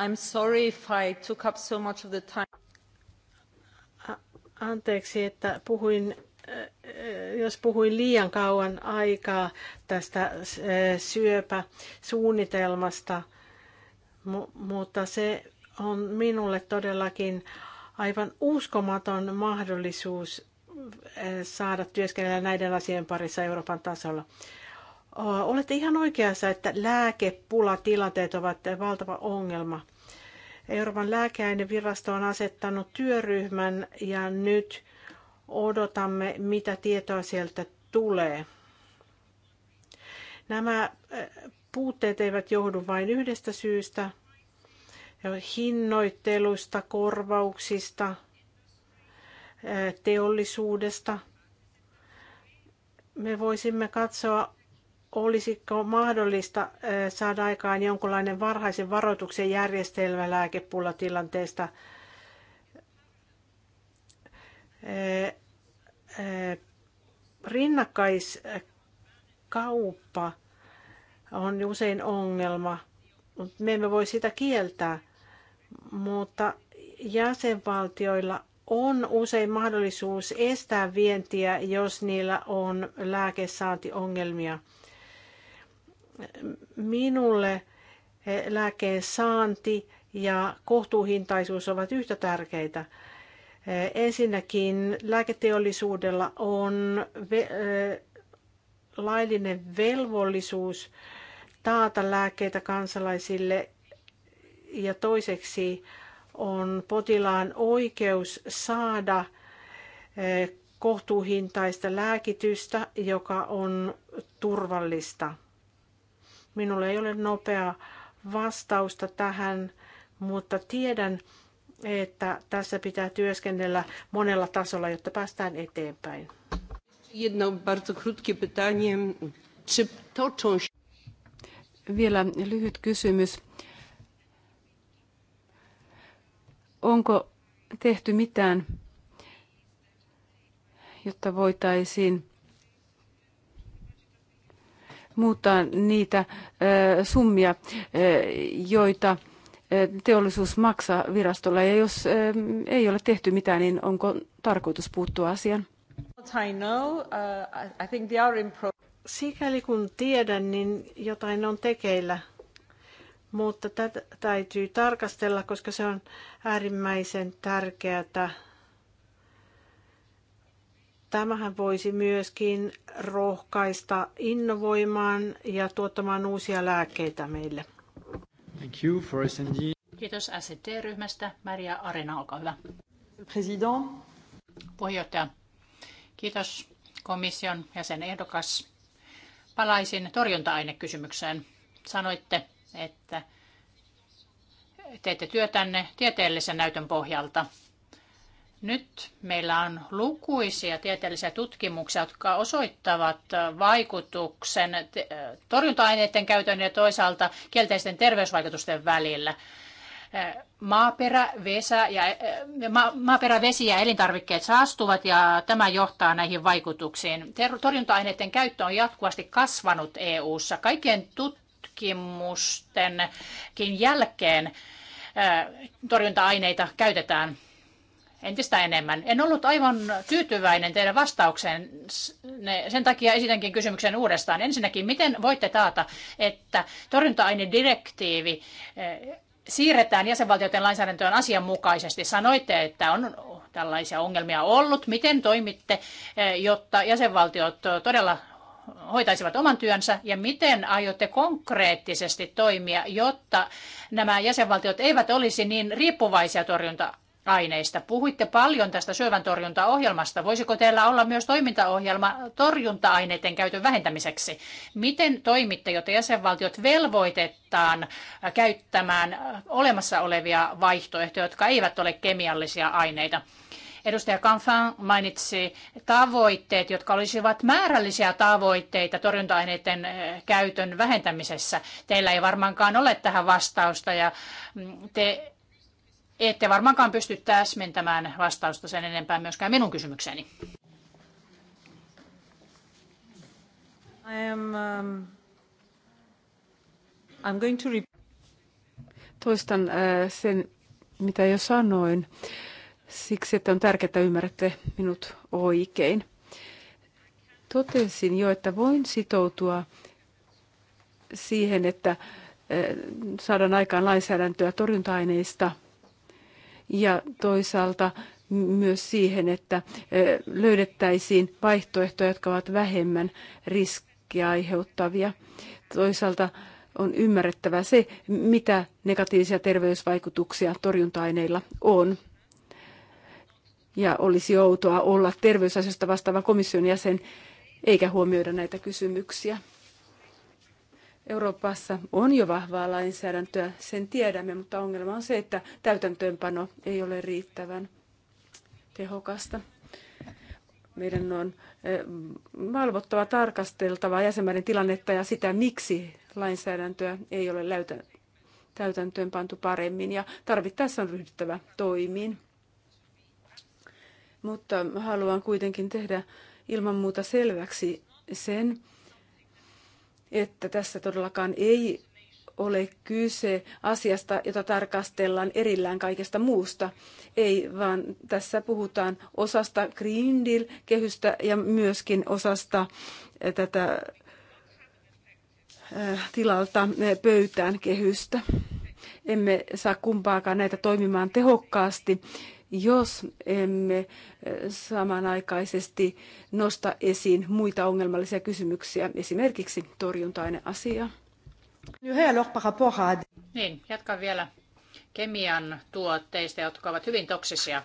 I'm sorry if I took up so much of the time. Anteeksi, että puhuin, äh, äh, jos puhuin liian kauan aikaa tästä äh, syöpäsuunnitelmasta, mutta se on minulle todellakin aivan uskomaton mahdollisuus eh, saada työskennellä näiden asioiden parissa Euroopan tasolla. Olette ihan oikeassa, että lääkepulatilanteet ovat valtava ongelma. Euroopan lääkeainevirasto on asettanut työryhmän ja nyt odotamme, mitä tietoa sieltä tulee. Nämä eh, puutteet eivät johdu vain yhdestä syystä – hinnoitteluista, korvauksista, teollisuudesta. Me voisimme katsoa, olisiko mahdollista saada aikaan jonkinlainen varhaisen varoituksen järjestelmä lääkepullatilanteesta. Rinnakkaiskauppa on usein ongelma, mutta me emme voi sitä kieltää – mutta jäsenvaltioilla on usein mahdollisuus estää vientiä, jos niillä on lääkesaantiongelmia. Minulle eh, lääkeen saanti ja kohtuuhintaisuus ovat yhtä tärkeitä. Eh, ensinnäkin lääketeollisuudella on eh, laillinen velvollisuus taata lääkkeitä kansalaisille ja toiseksi on potilaan oikeus saada eh, kohtuuhintaista lääkitystä, joka on turvallista. Minulla ei ole nopeaa vastausta tähän, mutta tiedän, että tässä pitää työskennellä monella tasolla, jotta päästään eteenpäin. Jedno bardzo krótkie pytanie. Czy toczą się... Vielä lyhyt kysymys. Onko tehty mitään, jotta voitaisiin muuttaa niitä summia, joita teollisuus maksaa virastolla. Ja jos ei ole tehty mitään, niin onko tarkoitus puuttua asiaan? Uh, Sikäli kun tiedän, niin jotain on tekeillä mutta tätä täytyy tarkastella, koska se on äärimmäisen tärkeää. Tämähän voisi myöskin rohkaista innovoimaan ja tuottamaan uusia lääkkeitä meille. Thank you for SND. Kiitos ST-ryhmästä. Maria Arena, olkaa hyvä. President. Puheenjohtaja. Kiitos komission jäsen ehdokas. Palaisin torjunta-ainekysymykseen. Sanoitte, että teette työtänne tieteellisen näytön pohjalta. Nyt meillä on lukuisia tieteellisiä tutkimuksia, jotka osoittavat vaikutuksen torjunta-aineiden käytön ja toisaalta kielteisten terveysvaikutusten välillä. Maaperä, vesä ja, ma, maaperä, vesi ja elintarvikkeet saastuvat ja tämä johtaa näihin vaikutuksiin. Torjunta-aineiden käyttö on jatkuvasti kasvanut EU-ssa. Kaikkien tut- tutkimustenkin jälkeen torjunta-aineita käytetään entistä enemmän. En ollut aivan tyytyväinen teidän vastaukseen. Sen takia esitänkin kysymyksen uudestaan. Ensinnäkin, miten voitte taata, että torjunta-ainedirektiivi siirretään jäsenvaltioiden lainsäädäntöön asianmukaisesti? Sanoitte, että on tällaisia ongelmia ollut. Miten toimitte, jotta jäsenvaltiot todella hoitaisivat oman työnsä ja miten aiotte konkreettisesti toimia, jotta nämä jäsenvaltiot eivät olisi niin riippuvaisia torjunta aineista. Puhuitte paljon tästä syövän torjuntaohjelmasta. Voisiko teillä olla myös toimintaohjelma torjunta-aineiden käytön vähentämiseksi? Miten toimitte, jotta jäsenvaltiot velvoitetaan käyttämään olemassa olevia vaihtoehtoja, jotka eivät ole kemiallisia aineita? Edustaja Kanfan mainitsi tavoitteet, jotka olisivat määrällisiä tavoitteita torjunta-aineiden eh, käytön vähentämisessä. Teillä ei varmaankaan ole tähän vastausta ja mm, te ette varmaankaan pysty täsmentämään vastausta sen enempää myöskään minun kysymykseeni. I am, um, I'm going to... Toistan uh, sen, mitä jo sanoin. Uh, siksi, että on tärkeää, että ymmärrätte minut oikein. Totesin jo, että voin sitoutua siihen, että eh, saadaan aikaan lainsäädäntöä torjunta-aineista ja toisaalta myös siihen, että eh, löydettäisiin vaihtoehtoja, jotka ovat vähemmän riskiä aiheuttavia. Toisaalta on ymmärrettävä se, mitä negatiivisia terveysvaikutuksia torjunta-aineilla on ja olisi outoa olla terveysasioista vastaava komission jäsen eikä huomioida näitä kysymyksiä. Euroopassa on jo vahvaa lainsäädäntöä, sen tiedämme, mutta ongelma on se, että täytäntöönpano ei ole riittävän tehokasta. Meidän on eh, valvottava, tarkasteltava jäsenmaiden tilannetta ja sitä, miksi lainsäädäntöä ei ole täytäntöönpantu paremmin ja tarvittaessa on ryhdyttävä toimiin mutta haluan kuitenkin tehdä ilman muuta selväksi sen, että tässä todellakaan ei ole kyse asiasta, jota tarkastellaan erillään kaikesta muusta. Ei, vaan tässä puhutaan osasta Green Deal-kehystä ja myöskin osasta eh, tätä eh, tilalta eh, pöytään kehystä. Emme saa kumpaakaan näitä toimimaan tehokkaasti, jos emme samanaikaisesti nosta esiin muita ongelmallisia kysymyksiä, esimerkiksi torjunta-aineasiaa. Niin, jatkan vielä kemian tuotteista, jotka ovat hyvin toksisia.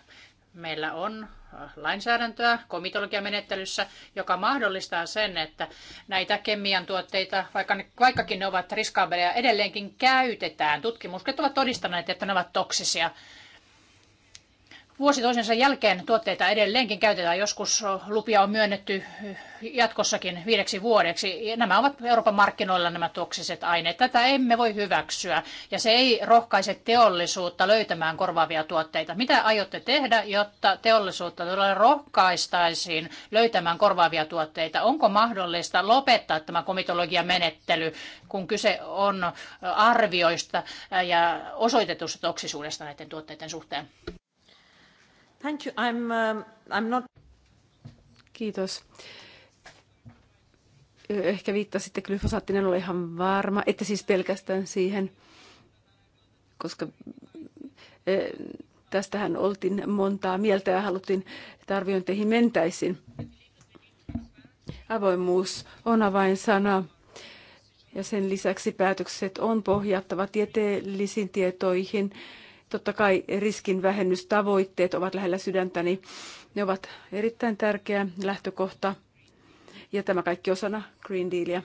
Meillä on lainsäädäntöä komitologiamenettelyssä, joka mahdollistaa sen, että näitä kemian tuotteita, vaikka ne, vaikkakin ne ovat riskaabeleja, edelleenkin käytetään. Tutkimukset ovat todistaneet, että ne ovat toksisia vuosi toisensa jälkeen tuotteita edelleenkin käytetään. Joskus lupia on myönnetty jatkossakin viideksi vuodeksi. Nämä ovat Euroopan markkinoilla nämä toksiset aineet. Tätä emme voi hyväksyä ja se ei rohkaise teollisuutta löytämään korvaavia tuotteita. Mitä aiotte tehdä, jotta teollisuutta todella rohkaistaisiin löytämään korvaavia tuotteita? Onko mahdollista lopettaa tämä komitologiamenettely, kun kyse on arvioista ja osoitetusta toksisuudesta näiden tuotteiden suhteen? Thank you. I'm, um, I'm not... Kiitos. E, ehkä viittasitte glyfosaattiin, en ole ihan varma. että siis pelkästään siihen, koska e, tästähän oltiin montaa mieltä ja haluttiin, että arviointeihin mentäisiin. Avoimuus on avainsana ja sen lisäksi päätökset on pohjattava tieteellisiin tietoihin Totta kai riskin vähennystavoitteet ovat lähellä sydäntäni. Ne ovat erittäin tärkeä lähtökohta ja tämä kaikki osana Green Dealia.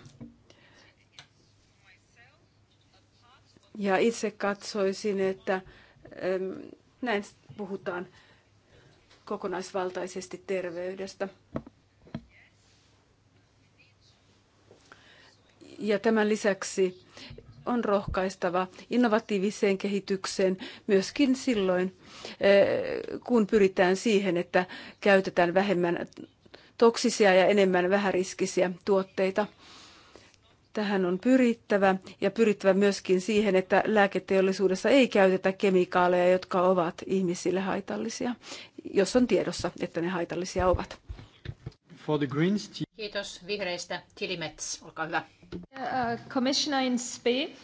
Ja itse katsoisin, että näin puhutaan kokonaisvaltaisesti terveydestä. Ja tämän lisäksi on rohkaistava innovatiiviseen kehitykseen myöskin silloin, eh, kun pyritään siihen, että käytetään vähemmän toksisia ja enemmän vähäriskisiä tuotteita. Tähän on pyrittävä ja pyrittävä myöskin siihen, että lääketeollisuudessa ei käytetä kemikaaleja, jotka ovat ihmisille haitallisia, jos on tiedossa, että ne haitallisia ovat. For the Greens, Kiitos vihreistä. Tilimets, olkaa hyvä. Uh, Commissioner in Spain,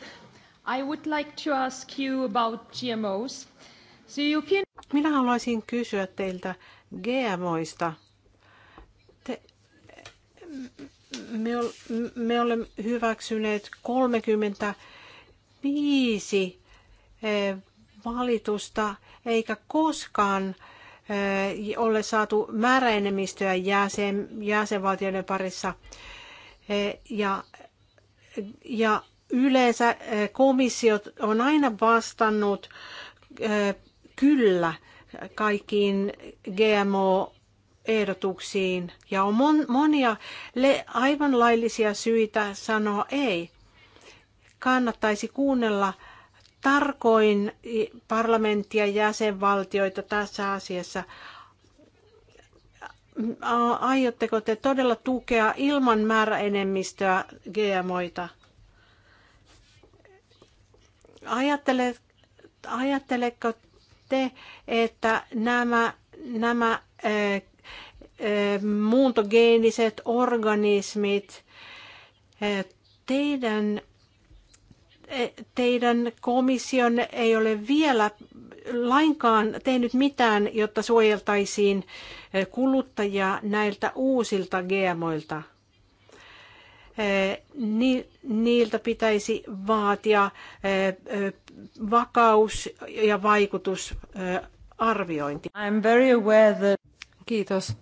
I would like to ask you about GMOs. So you can... Minä haluaisin kysyä teiltä GMOista. Te, me, ol, me olemme hyväksyneet 35 eh, valitusta, eikä koskaan ole saatu määräenemmistöä jäsen, jäsenvaltioiden parissa. Ja, ja yleensä komissiot on aina vastannut kyllä kaikkiin GMO ehdotuksiin ja on mon, monia le, aivan laillisia syitä sanoa ei. Kannattaisi kuunnella tarkoin parlamenttia jäsenvaltioita tässä asiassa. Aiotteko te todella tukea ilman määräenemmistöä GMOita? Ajattele, ajatteleko te, että nämä, nämä muuntogeeniset organismit teidän teidän komission ei ole vielä lainkaan tehnyt mitään, jotta suojeltaisiin eh, kuluttajia näiltä uusilta GMOilta. Eh, niiltä pitäisi vaatia eh, vakaus- ja vaikutusarviointi. I'm very aware that... Kiitos.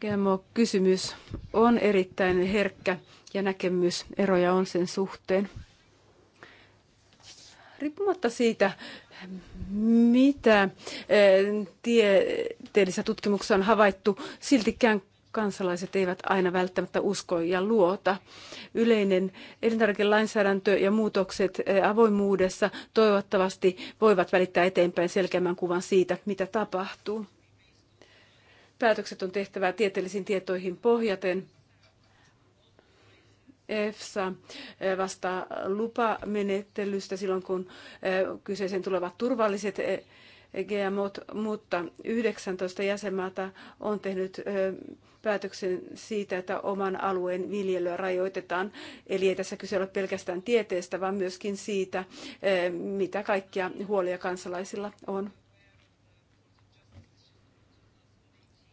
GMO-kysymys on erittäin herkkä ja näkemyseroja on sen suhteen. Riippumatta siitä, mitä e, tieteellisessä tutkimuksessa on havaittu, siltikään kansalaiset eivät aina välttämättä usko ja luota. Yleinen elintarvikelainsäädäntö ja muutokset e, avoimuudessa toivottavasti voivat välittää eteenpäin selkeämmän kuvan siitä, mitä tapahtuu. Päätökset on tehtävä tieteellisiin tietoihin pohjaten EFSA eh, vastaa lupamenettelystä silloin, kun eh, kyseeseen tulevat turvalliset eh, GMOt, mutta 19 jäsenmaata on tehnyt päätöksen siitä, että oman alueen viljelyä rajoitetaan. Eli ei tässä kyse ole pelkästään tieteestä, vaan myöskin siitä, mitä kaikkia huolia kansalaisilla on.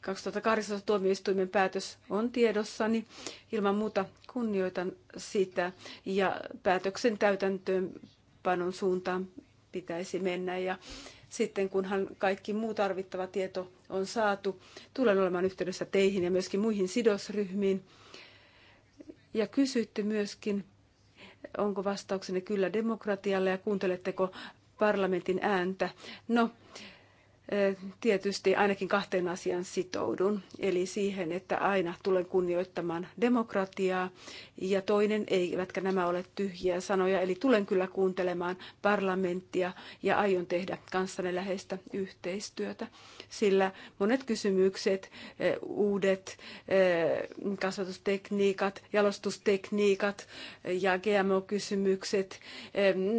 2018 tuomioistuimen päätös on tiedossani. Ilman muuta kunnioitan sitä ja päätöksen täytäntöönpanon suuntaan pitäisi mennä. Ja sitten kunhan kaikki muu tarvittava tieto on saatu, tulen olemaan yhteydessä teihin ja myöskin muihin sidosryhmiin. Ja kysyitte myöskin, onko vastauksenne kyllä demokratialle ja kuunteletteko parlamentin ääntä. No, tietysti ainakin kahteen asiaan sitoudun, eli siihen, että aina tulen kunnioittamaan demokratiaa, ja toinen, eivätkä nämä ole tyhjiä sanoja, eli tulen kyllä kuuntelemaan parlamenttia ja aion tehdä kanssanne läheistä yhteistyötä, sillä monet kysymykset, uudet kasvatustekniikat, jalostustekniikat ja GMO-kysymykset,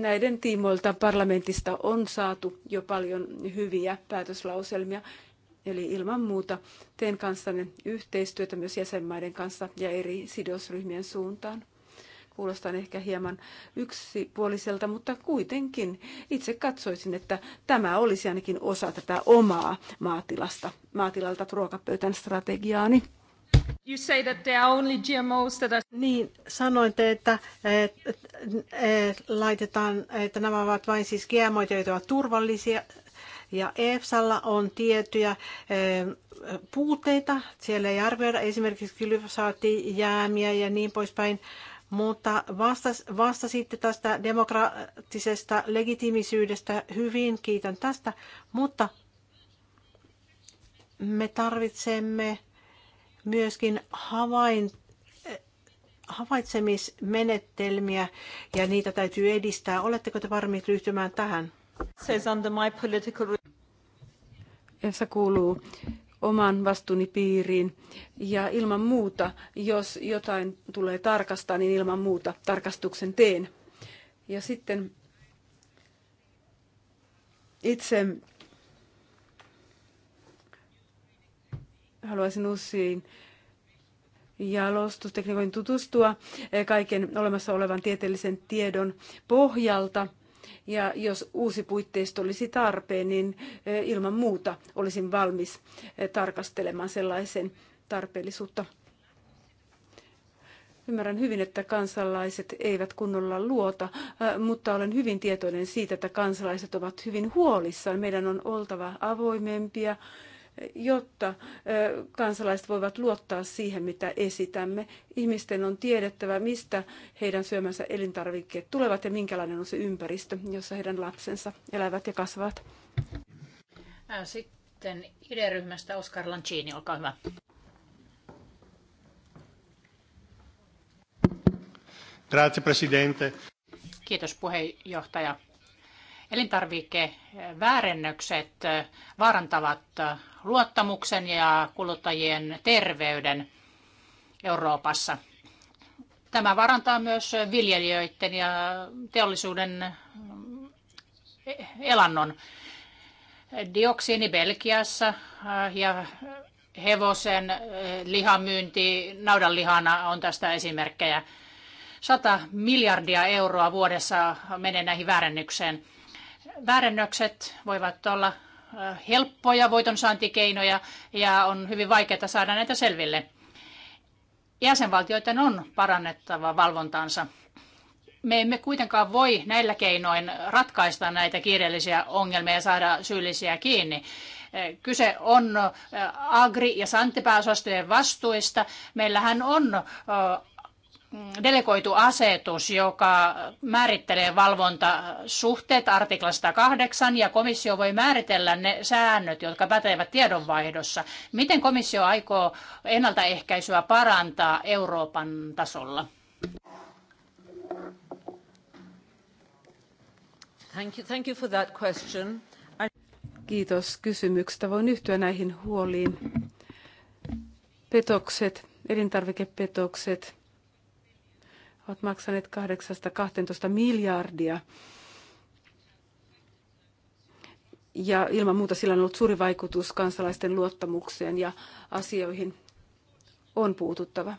näiden tiimoilta parlamentista on saatu jo paljon hyviä päätöksiä päätöslauselmia. Eli ilman muuta teen kanssanne yhteistyötä myös jäsenmaiden kanssa ja eri sidosryhmien suuntaan. Kuulostaa ehkä hieman yksipuoliselta, mutta kuitenkin itse katsoisin, että tämä olisi ainakin osa tätä omaa maatilasta, maatilalta ruokapöytän strategiaani. You say that there are only GMOs that are... Niin, sanoitte, että et, et, et, laitetaan, että nämä ovat vain siis GMOita, joita ovat turvallisia, ja EFSalla on tiettyjä puutteita. Siellä ei arvioida esimerkiksi jäämiä ja niin poispäin. Mutta vasta vastasitte tästä demokraattisesta legitiimisyydestä hyvin, kiitän tästä. Mutta me tarvitsemme myöskin havain, havaitsemismenetelmiä ja niitä täytyy edistää. Oletteko te varmiit ryhtymään tähän? se kuuluu oman vastuuni piiriin. Ja ilman muuta, jos jotain tulee tarkastaa, niin ilman muuta tarkastuksen teen. Ja sitten itse haluaisin usein jalostustekniikoihin tutustua eh, kaiken olemassa olevan tieteellisen tiedon pohjalta – ja jos uusi puitteisto olisi tarpeen, niin e, ilman muuta olisin valmis e, tarkastelemaan sellaisen tarpeellisuutta. Ymmärrän hyvin, että kansalaiset eivät kunnolla luota, e, mutta olen hyvin tietoinen siitä, että kansalaiset ovat hyvin huolissaan. Meidän on oltava avoimempia jotta kansalaiset voivat luottaa siihen, mitä esitämme. Ihmisten on tiedettävä, mistä heidän syömänsä elintarvikkeet tulevat ja minkälainen on se ympäristö, jossa heidän lapsensa elävät ja kasvavat. Sitten ideryhmästä Oskar Lancini, olkaa hyvä. Grazie, Presidente. Kiitos puheenjohtaja elintarvikeväärennökset eh, eh, vaarantavat eh, luottamuksen ja kuluttajien terveyden Euroopassa. Tämä varantaa myös viljelijöiden ja teollisuuden elannon. Dioksiini Belgiassa ja hevosen lihamyynti naudanlihana on tästä esimerkkejä. 100 miljardia euroa vuodessa menee näihin väärennykseen väärennökset voivat olla helppoja voitonsaantikeinoja ja on hyvin vaikeaa saada näitä selville. Jäsenvaltioiden on parannettava valvontaansa. Me emme kuitenkaan voi näillä keinoin ratkaista näitä kiireellisiä ongelmia ja saada syyllisiä kiinni. Kyse on agri- ja santipääosastojen vastuista. Meillähän on delegoitu asetus, joka määrittelee valvontasuhteet artiklasta kahdeksan ja komissio voi määritellä ne säännöt, jotka pätevät tiedonvaihdossa. Miten komissio aikoo ennaltaehkäisyä parantaa Euroopan tasolla? Thank you, thank you for that question. Kiitos kysymyksestä. Voin yhtyä näihin huoliin. Petokset, elintarvikepetokset, ovat maksaneet 8-12 miljardia. Ja ilman muuta sillä on ollut suuri vaikutus kansalaisten luottamukseen ja asioihin on puututtava.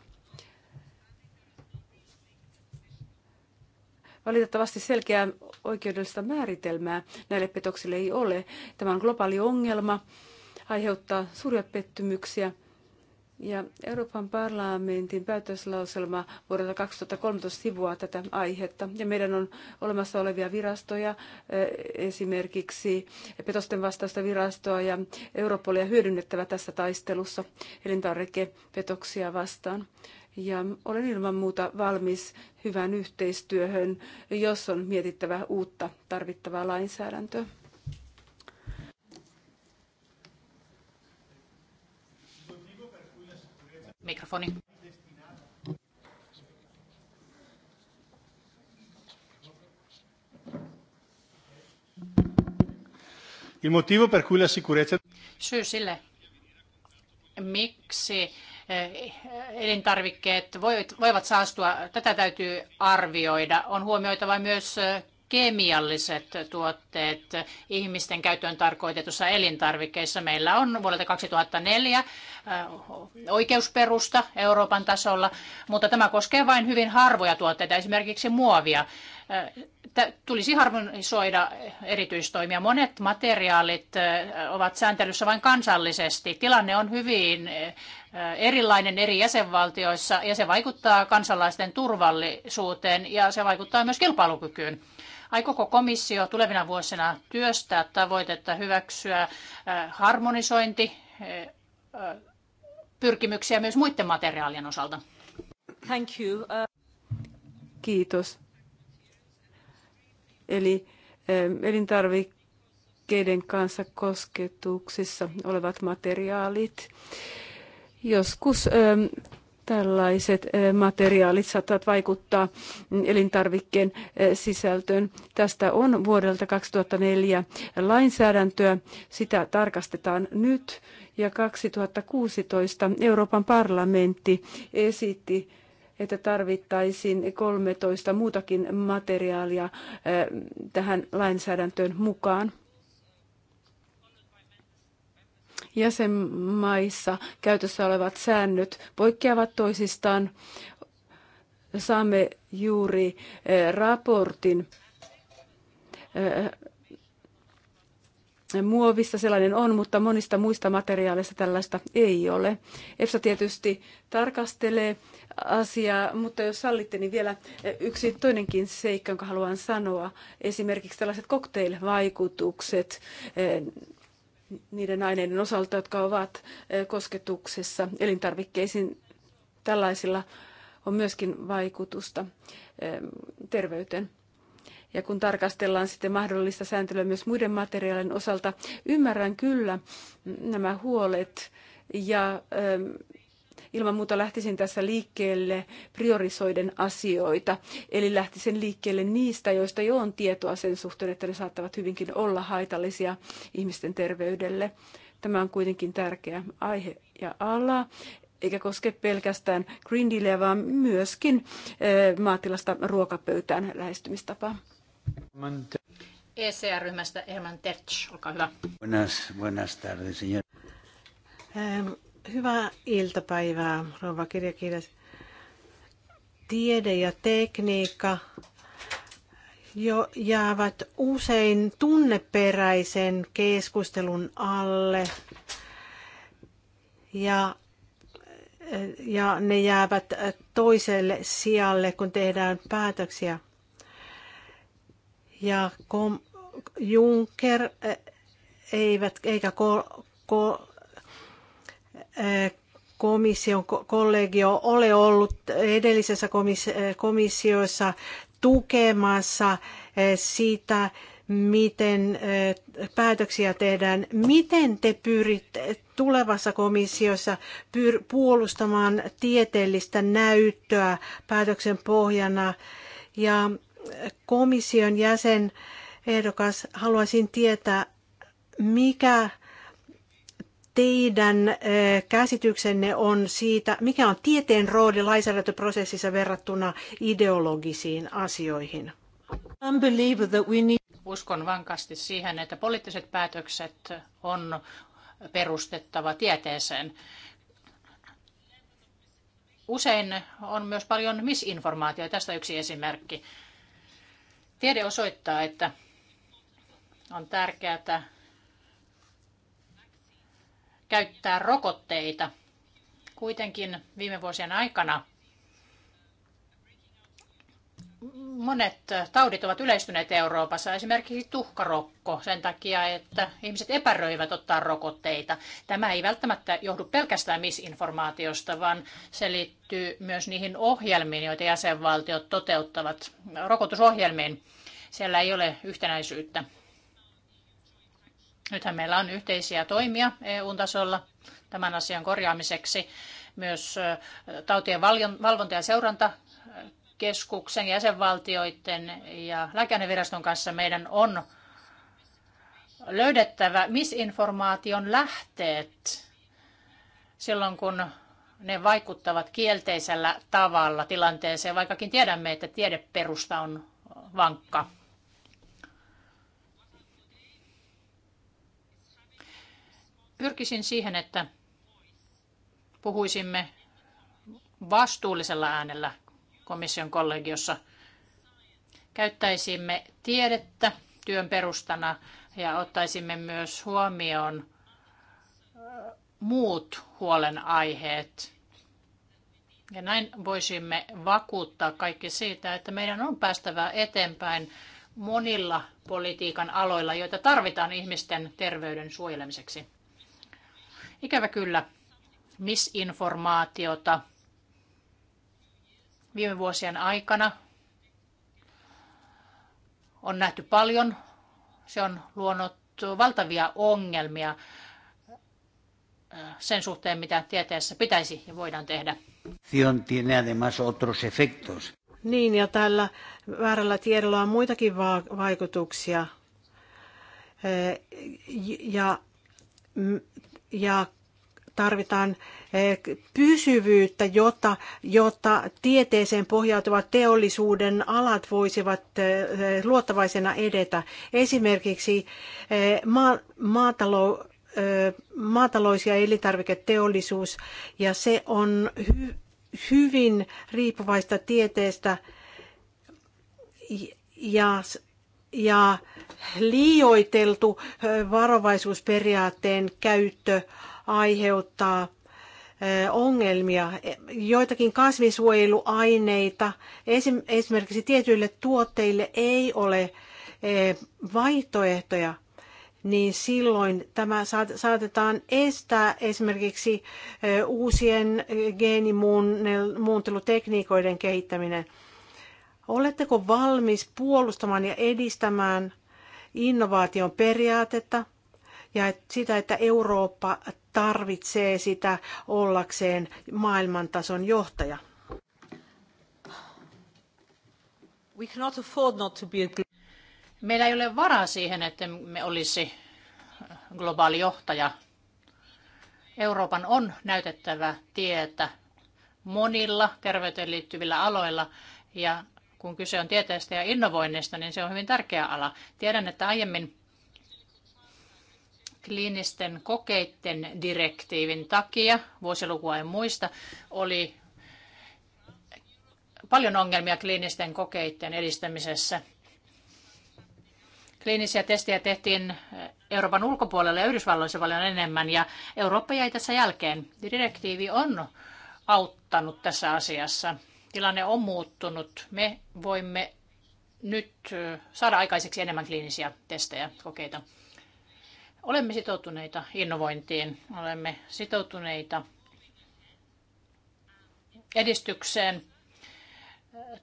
Valitettavasti selkeää oikeudellista määritelmää näille petoksille ei ole. Tämä on globaali ongelma, aiheuttaa suuria pettymyksiä ja Euroopan parlamentin päätöslauselma vuodelta 2013 sivuaa tätä aihetta. Ja meidän on olemassa olevia virastoja, eh, esimerkiksi petosten vastaista virastoa ja Europolia hyödynnettävä tässä taistelussa elintarvikepetoksia vastaan. Ja olen ilman muuta valmis hyvään yhteistyöhön, jos on mietittävä uutta tarvittavaa lainsäädäntöä. Mikrofoni. Il motivo per cui la sicurezza... Syy sille, miksi eh, elintarvikkeet voivat saastua, tätä täytyy arvioida. On huomioitava myös eh, kemialliset tuotteet ihmisten käyttöön tarkoitetussa elintarvikkeissa. Meillä on vuodelta 2004 oikeusperusta Euroopan tasolla, mutta tämä koskee vain hyvin harvoja tuotteita, esimerkiksi muovia. Tulisi harmonisoida erityistoimia. Monet materiaalit ovat sääntelyssä vain kansallisesti. Tilanne on hyvin erilainen eri jäsenvaltioissa ja se vaikuttaa kansalaisten turvallisuuteen ja se vaikuttaa myös kilpailukykyyn. Aikoko komissio tulevina vuosina työstää tavoitetta hyväksyä äh, harmonisointi äh, pyrkimyksiä myös muiden materiaalien osalta? Thank you. Uh, Kiitos. Eli eh, elintarvikkeiden kanssa kosketuksissa olevat materiaalit. Joskus eh, Tällaiset eh, materiaalit saattavat vaikuttaa mm, elintarvikkeen eh, sisältöön. Tästä on vuodelta 2004 lainsäädäntöä. Sitä tarkastetaan nyt ja 2016 Euroopan parlamentti esitti että tarvittaisiin 13 muutakin materiaalia eh, tähän lainsäädäntöön mukaan jäsenmaissa käytössä olevat säännöt poikkeavat toisistaan. Saamme juuri eh, raportin eh, muovista sellainen on, mutta monista muista materiaaleista tällaista ei ole. EFSA tietysti tarkastelee asiaa, mutta jos sallitte, niin vielä eh, yksi toinenkin seikka, jonka haluan sanoa. Esimerkiksi tällaiset kokteilvaikutukset, niiden aineiden osalta, jotka ovat e, kosketuksessa elintarvikkeisiin. Tällaisilla on myöskin vaikutusta e, terveyteen. Ja kun tarkastellaan sitten mahdollista sääntelyä myös muiden materiaalien osalta, ymmärrän kyllä nämä huolet ja e, ilman muuta lähtisin tässä liikkeelle priorisoiden asioita. Eli lähtisin liikkeelle niistä, joista jo on tietoa sen suhteen, että ne saattavat hyvinkin olla haitallisia ihmisten terveydelle. Tämä on kuitenkin tärkeä aihe ja ala, eikä koske pelkästään Green Dealia, vaan myöskin eh, maatilasta ruokapöytään lähestymistapaa. ECR-ryhmästä Herman Tertsch, olkaa hyvä. Buenas, buenas tardes, señor. Eh, Hyvää iltapäivää, rouva kirjakirjas. Tiede ja tekniikka jo jäävät usein tunneperäisen keskustelun alle ja, ja ne jäävät toiselle sijalle, kun tehdään päätöksiä. Ja kom, Juncker eh, eivät, eikä ko, ko, komission kollegio ole ollut edellisessä komissiossa tukemassa eh, sitä, miten eh, päätöksiä tehdään. Miten te pyritte tulevassa komissiossa puolustamaan tieteellistä näyttöä päätöksen pohjana? Ja komission jäsen ehdokas, haluaisin tietää, mikä teidän käsityksenne on siitä, mikä on tieteen rooli lainsäädäntöprosessissa verrattuna ideologisiin asioihin? Uskon vankasti siihen, että poliittiset päätökset on perustettava tieteeseen. Usein on myös paljon misinformaatiota. Tästä yksi esimerkki. Tiede osoittaa, että on tärkeää käyttää rokotteita. Kuitenkin viime vuosien aikana monet taudit ovat yleistyneet Euroopassa, esimerkiksi tuhkarokko sen takia, että ihmiset epäröivät ottaa rokotteita. Tämä ei välttämättä johdu pelkästään misinformaatiosta, vaan se liittyy myös niihin ohjelmiin, joita jäsenvaltiot toteuttavat, rokotusohjelmiin. Siellä ei ole yhtenäisyyttä. Nythän meillä on yhteisiä toimia EU-tasolla tämän asian korjaamiseksi. Myös tautien valvonta- ja seurantakeskuksen, jäsenvaltioiden ja lääkäneviraston kanssa meidän on löydettävä misinformaation lähteet silloin, kun ne vaikuttavat kielteisellä tavalla tilanteeseen, vaikkakin tiedämme, että tiedeperusta on vankka. Pyrkisin siihen, että puhuisimme vastuullisella äänellä komission kollegiossa. Käyttäisimme tiedettä työn perustana ja ottaisimme myös huomioon muut huolenaiheet. Ja näin voisimme vakuuttaa kaikki siitä, että meidän on päästävä eteenpäin monilla politiikan aloilla, joita tarvitaan ihmisten terveyden suojelemiseksi. Ikävä kyllä misinformaatiota viime vuosien aikana on nähty paljon. Se on luonut valtavia ongelmia äh, sen suhteen, mitä tieteessä pitäisi ja voidaan tehdä. Tiene además otros efectos. Niin, ja tällä väärällä tiedolla on muitakin vaikutuksia. Äh, ja ja tarvitaan eh, pysyvyyttä, jotta, jotta tieteeseen pohjautuvat teollisuuden alat voisivat eh, eh, luottavaisena edetä. Esimerkiksi ma- maatalo- maatalous- ja elintarviketeollisuus, ja se on hy- hyvin riippuvaista tieteestä ja, ja liioiteltu varovaisuusperiaatteen käyttö aiheuttaa ongelmia. Joitakin kasvinsuojeluaineita esimerkiksi tietyille tuotteille ei ole vaihtoehtoja, niin silloin tämä saatetaan estää esimerkiksi uusien geenimuuntelutekniikoiden kehittäminen. Oletteko valmis puolustamaan ja edistämään innovaation periaatetta ja sitä, että Eurooppa tarvitsee sitä ollakseen maailmantason johtaja. Meillä ei ole varaa siihen, että me olisi globaali johtaja. Euroopan on näytettävä tietä monilla terveyteen liittyvillä aloilla ja kun kyse on tieteestä ja innovoinnista, niin se on hyvin tärkeä ala. Tiedän, että aiemmin kliinisten kokeiden direktiivin takia, vuosilukua en muista, oli paljon ongelmia kliinisten kokeiden edistämisessä. Kliinisiä testejä tehtiin Euroopan ulkopuolella ja Yhdysvalloissa paljon enemmän ja Eurooppa jäi tässä jälkeen. Direktiivi on auttanut tässä asiassa tilanne on muuttunut. Me voimme nyt saada aikaiseksi enemmän kliinisiä testejä, kokeita. Olemme sitoutuneita innovointiin, olemme sitoutuneita edistykseen,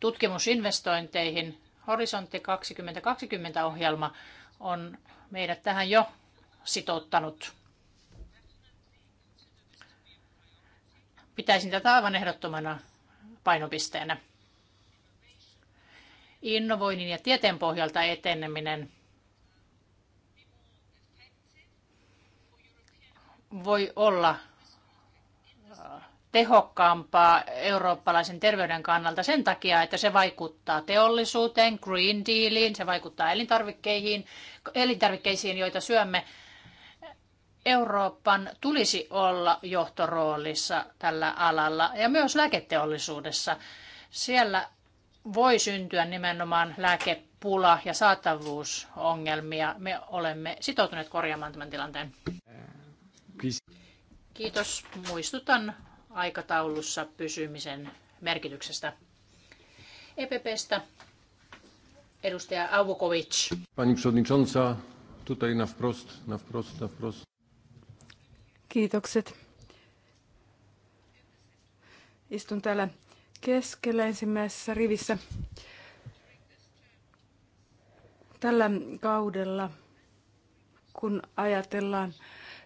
tutkimusinvestointeihin. Horisontti 2020-ohjelma on meidät tähän jo sitouttanut. Pitäisin tätä aivan ehdottomana painopisteenä. Innovoinnin ja tieteen pohjalta eteneminen voi olla äh, tehokkaampaa eurooppalaisen terveyden kannalta sen takia, että se vaikuttaa teollisuuteen, Green Dealiin, se vaikuttaa elintarvikkeisiin, joita syömme, Euroopan tulisi olla johtoroolissa tällä alalla ja myös lääketeollisuudessa. Siellä voi syntyä nimenomaan lääkepula ja saatavuusongelmia. Me olemme sitoutuneet korjaamaan tämän tilanteen. Kiitos. Muistutan aikataulussa pysymisen merkityksestä. EPPstä edustaja Avukovic. Pani przewodnicząca, tutaj na wprost, na wprost, na wprost. Kiitokset. Istun täällä keskellä ensimmäisessä rivissä. Tällä kaudella, kun ajatellaan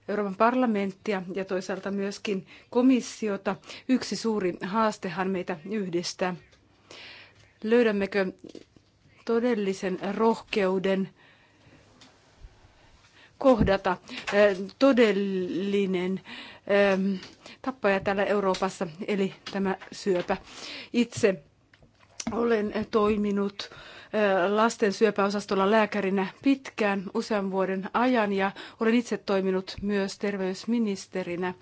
Euroopan parlamenttia ja toisaalta myöskin komissiota, yksi suuri haastehan meitä yhdistää. Löydämmekö todellisen rohkeuden kohdata todellinen tappaja täällä Euroopassa, eli tämä syöpä. Itse olen toiminut lasten syöpäosastolla lääkärinä pitkään, usean vuoden ajan, ja olen itse toiminut myös terveysministerinä.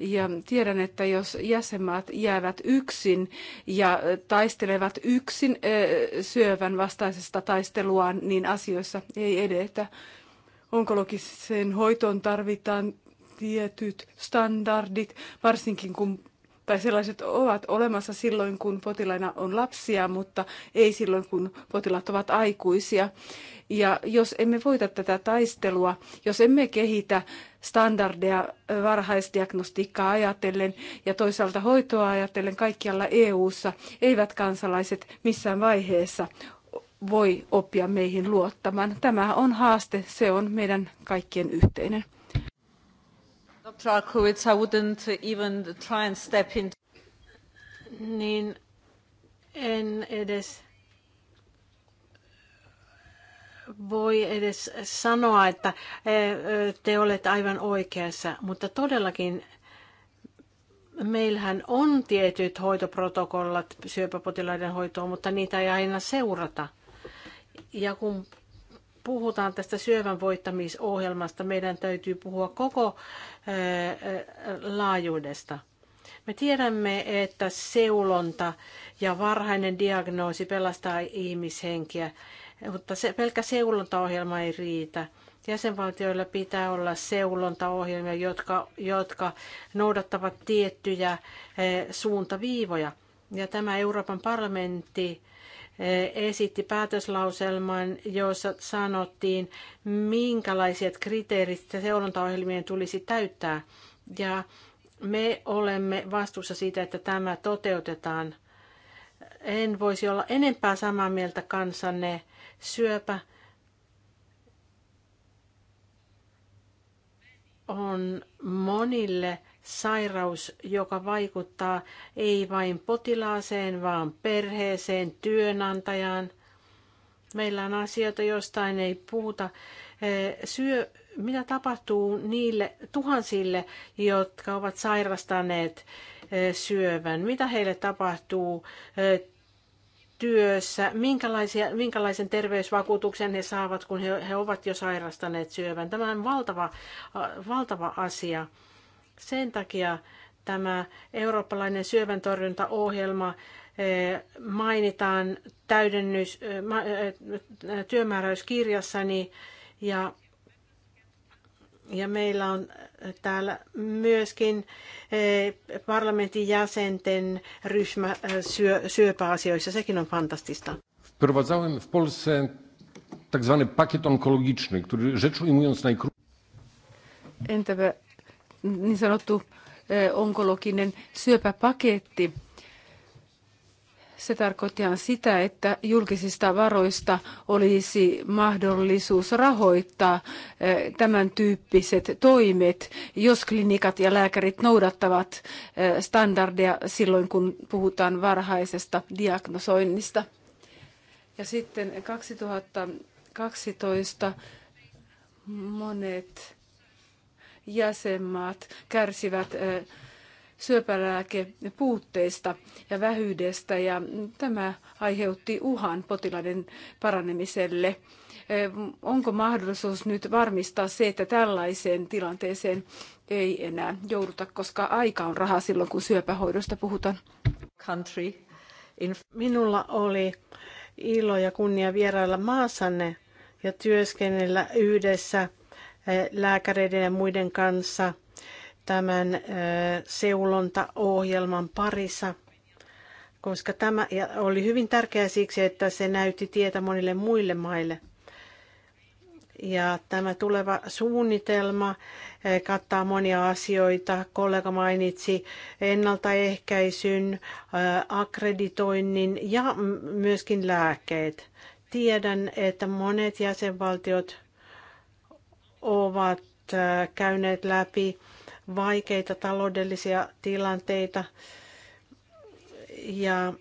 Ja tiedän, että jos jäsenmaat jäävät yksin ja taistelevat yksin syövän vastaisesta taisteluaan, niin asioissa ei edetä. Onkologisen hoitoon tarvitaan tietyt standardit, varsinkin kun tai sellaiset ovat olemassa silloin, kun potilaina on lapsia, mutta ei silloin, kun potilaat ovat aikuisia. Ja jos emme voita tätä taistelua, jos emme kehitä standardeja varhaisdiagnostiikkaa ajatellen ja toisaalta hoitoa ajatellen kaikkialla EU-ssa, eivät kansalaiset missään vaiheessa voi oppia meihin luottamaan. Tämä on haaste, se on meidän kaikkien yhteinen. Dr. Arkowitz, I wouldn't even try and step in. Niin en edes voi edes sanoa, että eh, eh, te olette aivan oikeassa, mutta todellakin meillähän on tietyt hoitoprotokollat syöpäpotilaiden hoitoon, mutta niitä ei aina seurata. Ja kun puhutaan tästä syövän voittamisohjelmasta, meidän täytyy puhua koko laajuudesta. Me tiedämme, että seulonta ja varhainen diagnoosi pelastaa ihmishenkiä, mutta se, pelkä seulontaohjelma ei riitä. Jäsenvaltioilla pitää olla seulontaohjelmia, jotka, jotka noudattavat tiettyjä suuntaviivoja. Ja tämä Euroopan parlamentti esitti päätöslauselman, jossa sanottiin, minkälaiset kriteerit seurantaohjelmien tulisi täyttää. Ja me olemme vastuussa siitä, että tämä toteutetaan. En voisi olla enempää samaa mieltä kansanne syöpä. on monille sairaus, joka vaikuttaa ei vain potilaaseen, vaan perheeseen, työnantajaan. Meillä on asioita, jostain ei puhuta. Eh, syö, mitä tapahtuu niille tuhansille, jotka ovat sairastaneet eh, syövän? Mitä heille tapahtuu eh, työssä? Minkälaisia, minkälaisen terveysvakuutuksen he saavat, kun he, he ovat jo sairastaneet syövän? Tämä on valtava, valtava asia. Sen takia tämä eurooppalainen syöväntorjuntaohjelma eh, mainitaan täydennys, eh, eh, työmääräyskirjassani niin- ja ja meillä on täällä myöskin parlamentin jäsenten ryhmä syö, syöpäasioissa. Sekin on fantastista. Wprowadzałem w Polsce tak zwany pakiet onkologiczny, który rzecz ujmując najkrócej... Entäpä niin sanottu onkologinen syöpäpaketti. Se tarkoittaa sitä, että julkisista varoista olisi mahdollisuus rahoittaa tämän tyyppiset toimet, jos klinikat ja lääkärit noudattavat standardeja silloin, kun puhutaan varhaisesta diagnosoinnista. Ja sitten 2012 monet jäsenmaat kärsivät syöpälääkepuutteista ja vähyydestä ja tämä aiheutti uhan potilaiden paranemiselle. Onko mahdollisuus nyt varmistaa se, että tällaiseen tilanteeseen ei enää jouduta, koska aika on rahaa silloin, kun syöpähoidosta puhutaan? Country. Minulla oli ilo ja kunnia vierailla maassanne ja työskennellä yhdessä – Eh, lääkäreiden ja muiden kanssa tämän eh, seulontaohjelman parissa, koska tämä oli hyvin tärkeää siksi, että se näytti tietä monille muille maille. Ja tämä tuleva suunnitelma eh, kattaa monia asioita. Kollega mainitsi ennaltaehkäisyn, akkreditoinnin ja myöskin lääkkeet. Tiedän, että monet jäsenvaltiot ovat käyneet läpi vaikeita taloudellisia tilanteita ja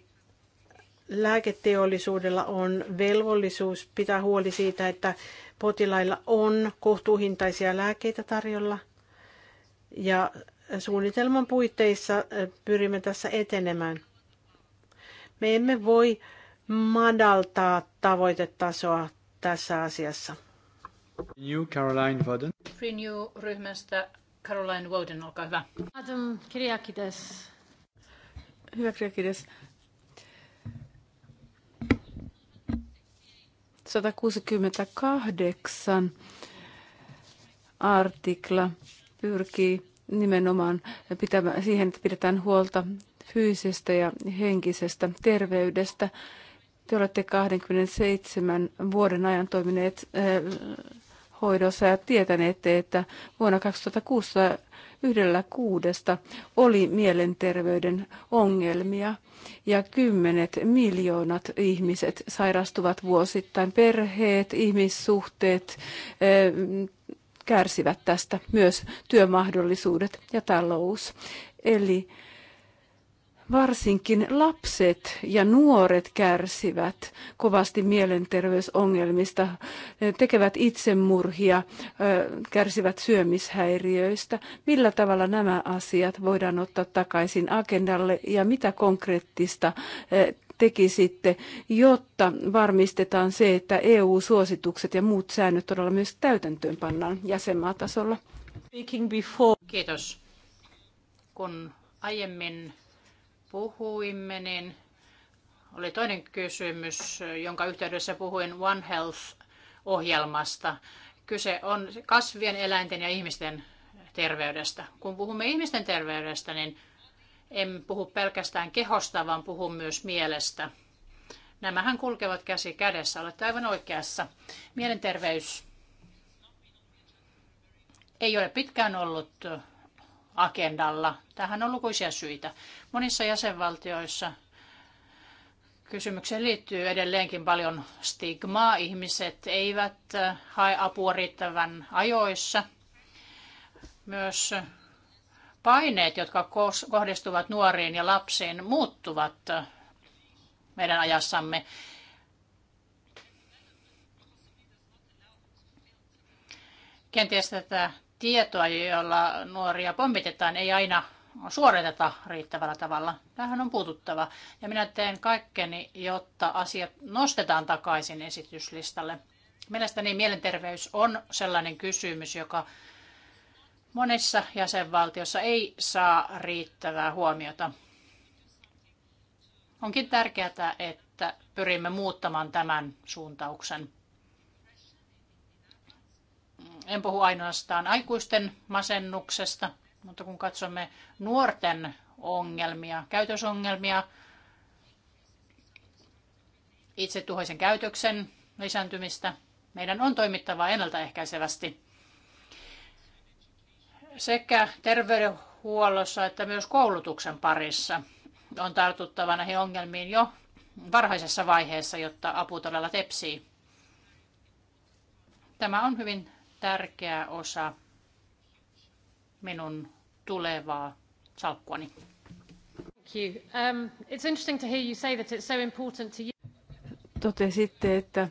lääketeollisuudella on velvollisuus pitää huoli siitä, että potilailla on kohtuuhintaisia lääkkeitä tarjolla ja suunnitelman puitteissa pyrimme tässä etenemään. Me emme voi madaltaa tavoitetasoa tässä asiassa. New Caroline Voden. Renew-ryhmästä Caroline Woden, olkaa hyvä. Adam Kriakides. Hyvä Kriakides. 168 artikla pyrkii nimenomaan pitämään, siihen, että pidetään huolta fyysisestä ja henkisestä terveydestä. Te olette 27 vuoden ajan toimineet äh, hoidossa ja tietäneet, että vuonna 2016 yhdellä kuudesta oli mielenterveyden ongelmia ja kymmenet miljoonat ihmiset sairastuvat vuosittain. Perheet, ihmissuhteet eh, kärsivät tästä myös työmahdollisuudet ja talous. Eli varsinkin lapset ja nuoret kärsivät kovasti mielenterveysongelmista, tekevät itsemurhia, kärsivät syömishäiriöistä. Millä tavalla nämä asiat voidaan ottaa takaisin agendalle ja mitä konkreettista tekisitte, jotta varmistetaan se, että EU-suositukset ja muut säännöt todella myös täytäntöön pannaan jäsenmaatasolla? Kiitos. Kun aiemmin puhuimme, niin oli toinen kysymys, jonka yhteydessä puhuin One Health-ohjelmasta. Kyse on kasvien, eläinten ja ihmisten terveydestä. Kun puhumme ihmisten terveydestä, niin en puhu pelkästään kehosta, vaan puhun myös mielestä. Nämähän kulkevat käsi kädessä, olette aivan oikeassa. Mielenterveys ei ole pitkään ollut agendalla. Tähän on lukuisia syitä. Monissa jäsenvaltioissa kysymykseen liittyy edelleenkin paljon stigmaa. Ihmiset eivät äh, hae apua riittävän ajoissa. Myös paineet, jotka kohdistuvat nuoriin ja lapsiin, muuttuvat äh, meidän ajassamme. Kenties tätä tietoa, jolla nuoria pommitetaan, ei aina suoriteta riittävällä tavalla. Tähän on puututtava. Ja minä teen kaikkeni, jotta asiat nostetaan takaisin esityslistalle. Mielestäni mielenterveys on sellainen kysymys, joka monessa jäsenvaltiossa ei saa riittävää huomiota. Onkin tärkeää, että pyrimme muuttamaan tämän suuntauksen. En puhu ainoastaan aikuisten masennuksesta, mutta kun katsomme nuorten ongelmia, käytösongelmia, itsetuhoisen käytöksen lisääntymistä, meidän on toimittava ennaltaehkäisevästi sekä terveydenhuollossa että myös koulutuksen parissa on tartuttava näihin ongelmiin jo varhaisessa vaiheessa, jotta apu todella tepsii. Tämä on hyvin tärkeä osa minun tulevaa salkkuani. Totesitte, että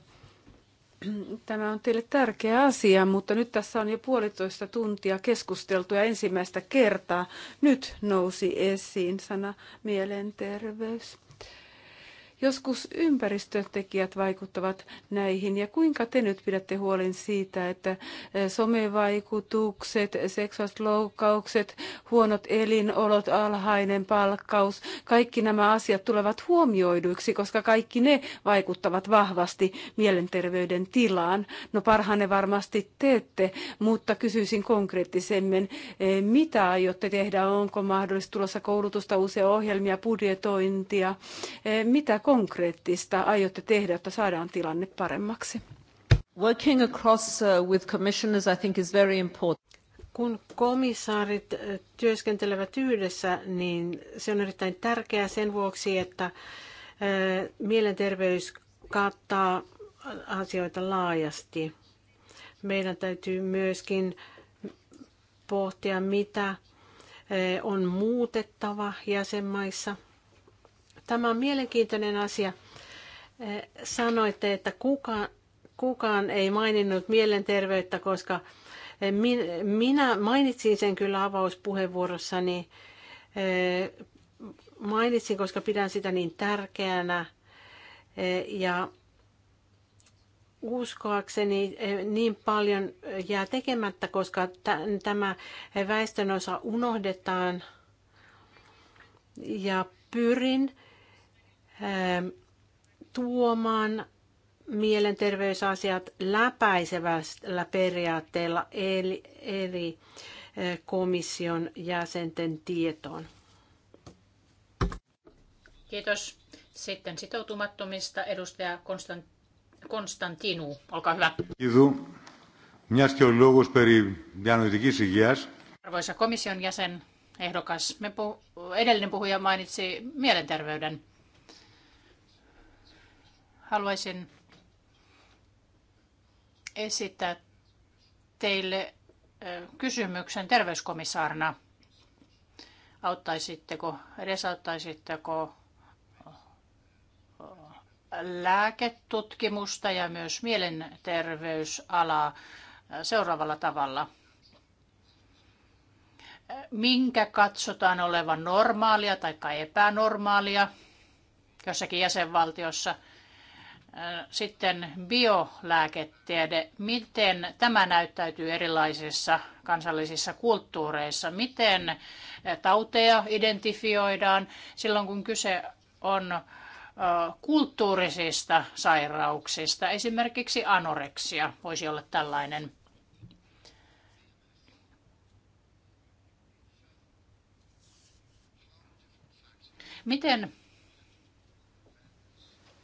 tämä on teille tärkeä asia, mutta nyt tässä on jo puolitoista tuntia keskusteltu ja ensimmäistä kertaa nyt nousi esiin sana mielenterveys. Joskus ympäristötekijät vaikuttavat näihin ja kuinka te nyt pidätte huolen siitä, että eh, somevaikutukset, seksuaaliset loukkaukset, huonot elinolot, alhainen palkkaus, kaikki nämä asiat tulevat huomioiduiksi, koska kaikki ne vaikuttavat vahvasti mielenterveyden tilaan. No parhaanne varmasti teette, mutta kysyisin konkreettisemmin, eh, mitä aiotte tehdä, onko mahdollista tulossa koulutusta, uusia ohjelmia, budjetointia, eh, mitä konkreettisesti konkreettista aiotte tehdä, jotta saadaan tilanne paremmaksi? Working across uh, with commissioners I think is very important. Kun komissaarit uh, työskentelevät yhdessä, niin se on erittäin tärkeää sen vuoksi, että uh, mielenterveys kattaa asioita laajasti. Meidän täytyy myöskin pohtia, mitä on muutettava jäsenmaissa Tämä on mielenkiintoinen asia. Eh, sanoitte, että kukaan, kukaan ei maininnut mielenterveyttä, koska eh, minä mainitsin sen kyllä avauspuheenvuorossani. Eh, mainitsin, koska pidän sitä niin tärkeänä. Ja uskoakseni niin paljon jää tekemättä, koska tämä osa unohdetaan. Ja pyrin Ähm, tuomaan mielenterveysasiat läpäisevällä periaatteella eli, eli äh, komission jäsenten tietoon. Kiitos. Sitten sitoutumattomista edustaja Konstant, Konstantinu, olkaa hyvä. Arvoisa komission jäsen, ehdokas, me puh- edellinen puhuja mainitsi mielenterveyden. Haluaisin esittää teille kysymyksen terveyskomissaarina. Auttaisitteko, edesauttaisitteko lääketutkimusta ja myös mielenterveysalaa seuraavalla tavalla? Minkä katsotaan olevan normaalia tai epänormaalia jossakin jäsenvaltiossa – sitten biolääketiede, miten tämä näyttäytyy erilaisissa kansallisissa kulttuureissa, miten tauteja identifioidaan silloin, kun kyse on kulttuurisista sairauksista. Esimerkiksi anoreksia voisi olla tällainen. Miten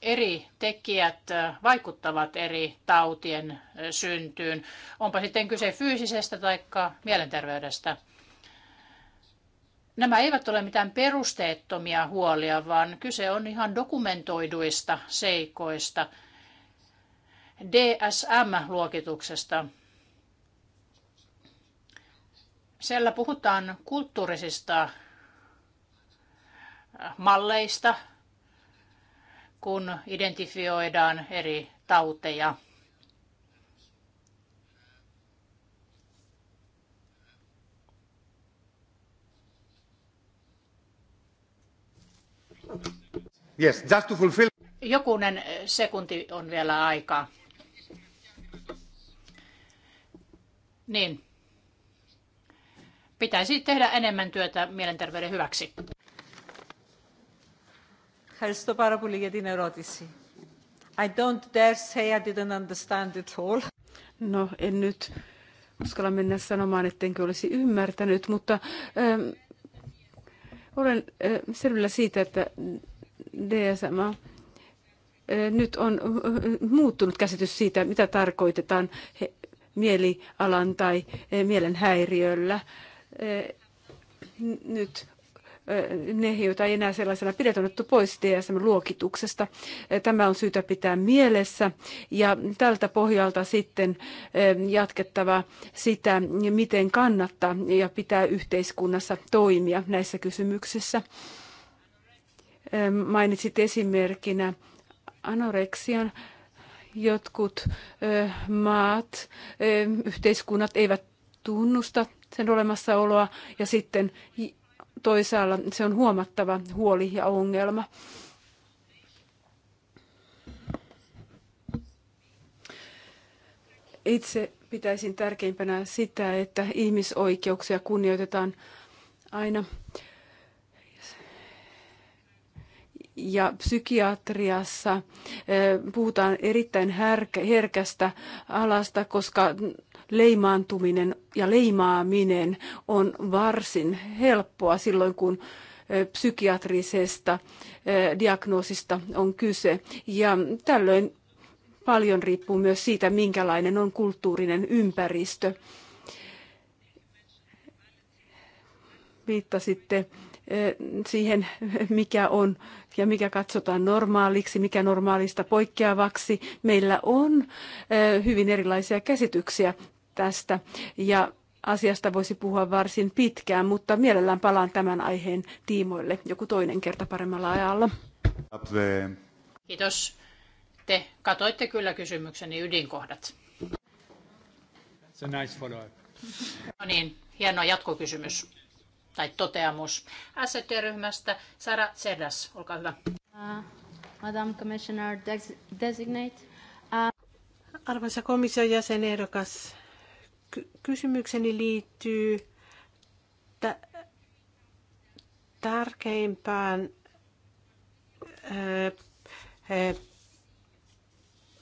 eri tekijät vaikuttavat eri tautien syntyyn, onpa sitten kyse fyysisestä tai mielenterveydestä. Nämä eivät ole mitään perusteettomia huolia, vaan kyse on ihan dokumentoiduista seikoista, DSM-luokituksesta. Siellä puhutaan kulttuurisista malleista, kun identifioidaan eri tauteja. Yes, just to fulfill. Jokunen sekunti on vielä aikaa. Niin. Pitäisi tehdä enemmän työtä mielenterveyden hyväksi. Ευχαριστώ πάρα πολύ για την ερώτηση. I don't dare say I didn't understand it all. No, en nyt uskalla mennä sanomaan, ettenkö olisi ymmärtänyt, mutta ähm, olen äh, selvillä siitä, että DSM äh, nyt on äh, muuttunut käsitys siitä, mitä tarkoitetaan he, mielialan tai äh, mielen häiriöllä. Äh, nyt ne, joita ei enää sellaisena pidetä, on otettu pois DSM-luokituksesta. Tämä on syytä pitää mielessä ja tältä pohjalta sitten jatkettava sitä, miten kannattaa ja pitää yhteiskunnassa toimia näissä kysymyksissä. Mainitsit esimerkkinä anoreksian jotkut maat, yhteiskunnat eivät tunnusta sen olemassaoloa ja sitten toisaalla se on huomattava huoli ja ongelma. Itse pitäisin tärkeimpänä sitä, että ihmisoikeuksia kunnioitetaan aina. ja psykiatriassa eh, puhutaan erittäin herkästä alasta, koska leimaantuminen ja leimaaminen on varsin helppoa silloin, kun psykiatrisesta diagnoosista on kyse. Ja tällöin paljon riippuu myös siitä, minkälainen on kulttuurinen ympäristö. Viittasitte siihen, mikä on ja mikä katsotaan normaaliksi, mikä normaalista poikkeavaksi. Meillä on hyvin erilaisia käsityksiä tästä ja asiasta voisi puhua varsin pitkään, mutta mielellään palaan tämän aiheen tiimoille joku toinen kerta paremmalla ajalla. Kiitos. Te katoitte kyllä kysymykseni ydinkohdat. It's a nice follow-up. No niin, hieno jatkokysymys tai toteamus. SET-ryhmästä Sara Serdas, olkaa hyvä. Uh, Madam Commissioner Designate. Uh... Arvoisa komission jäsenehdokas, kysymykseni liittyy tärkeimpään eh, eh,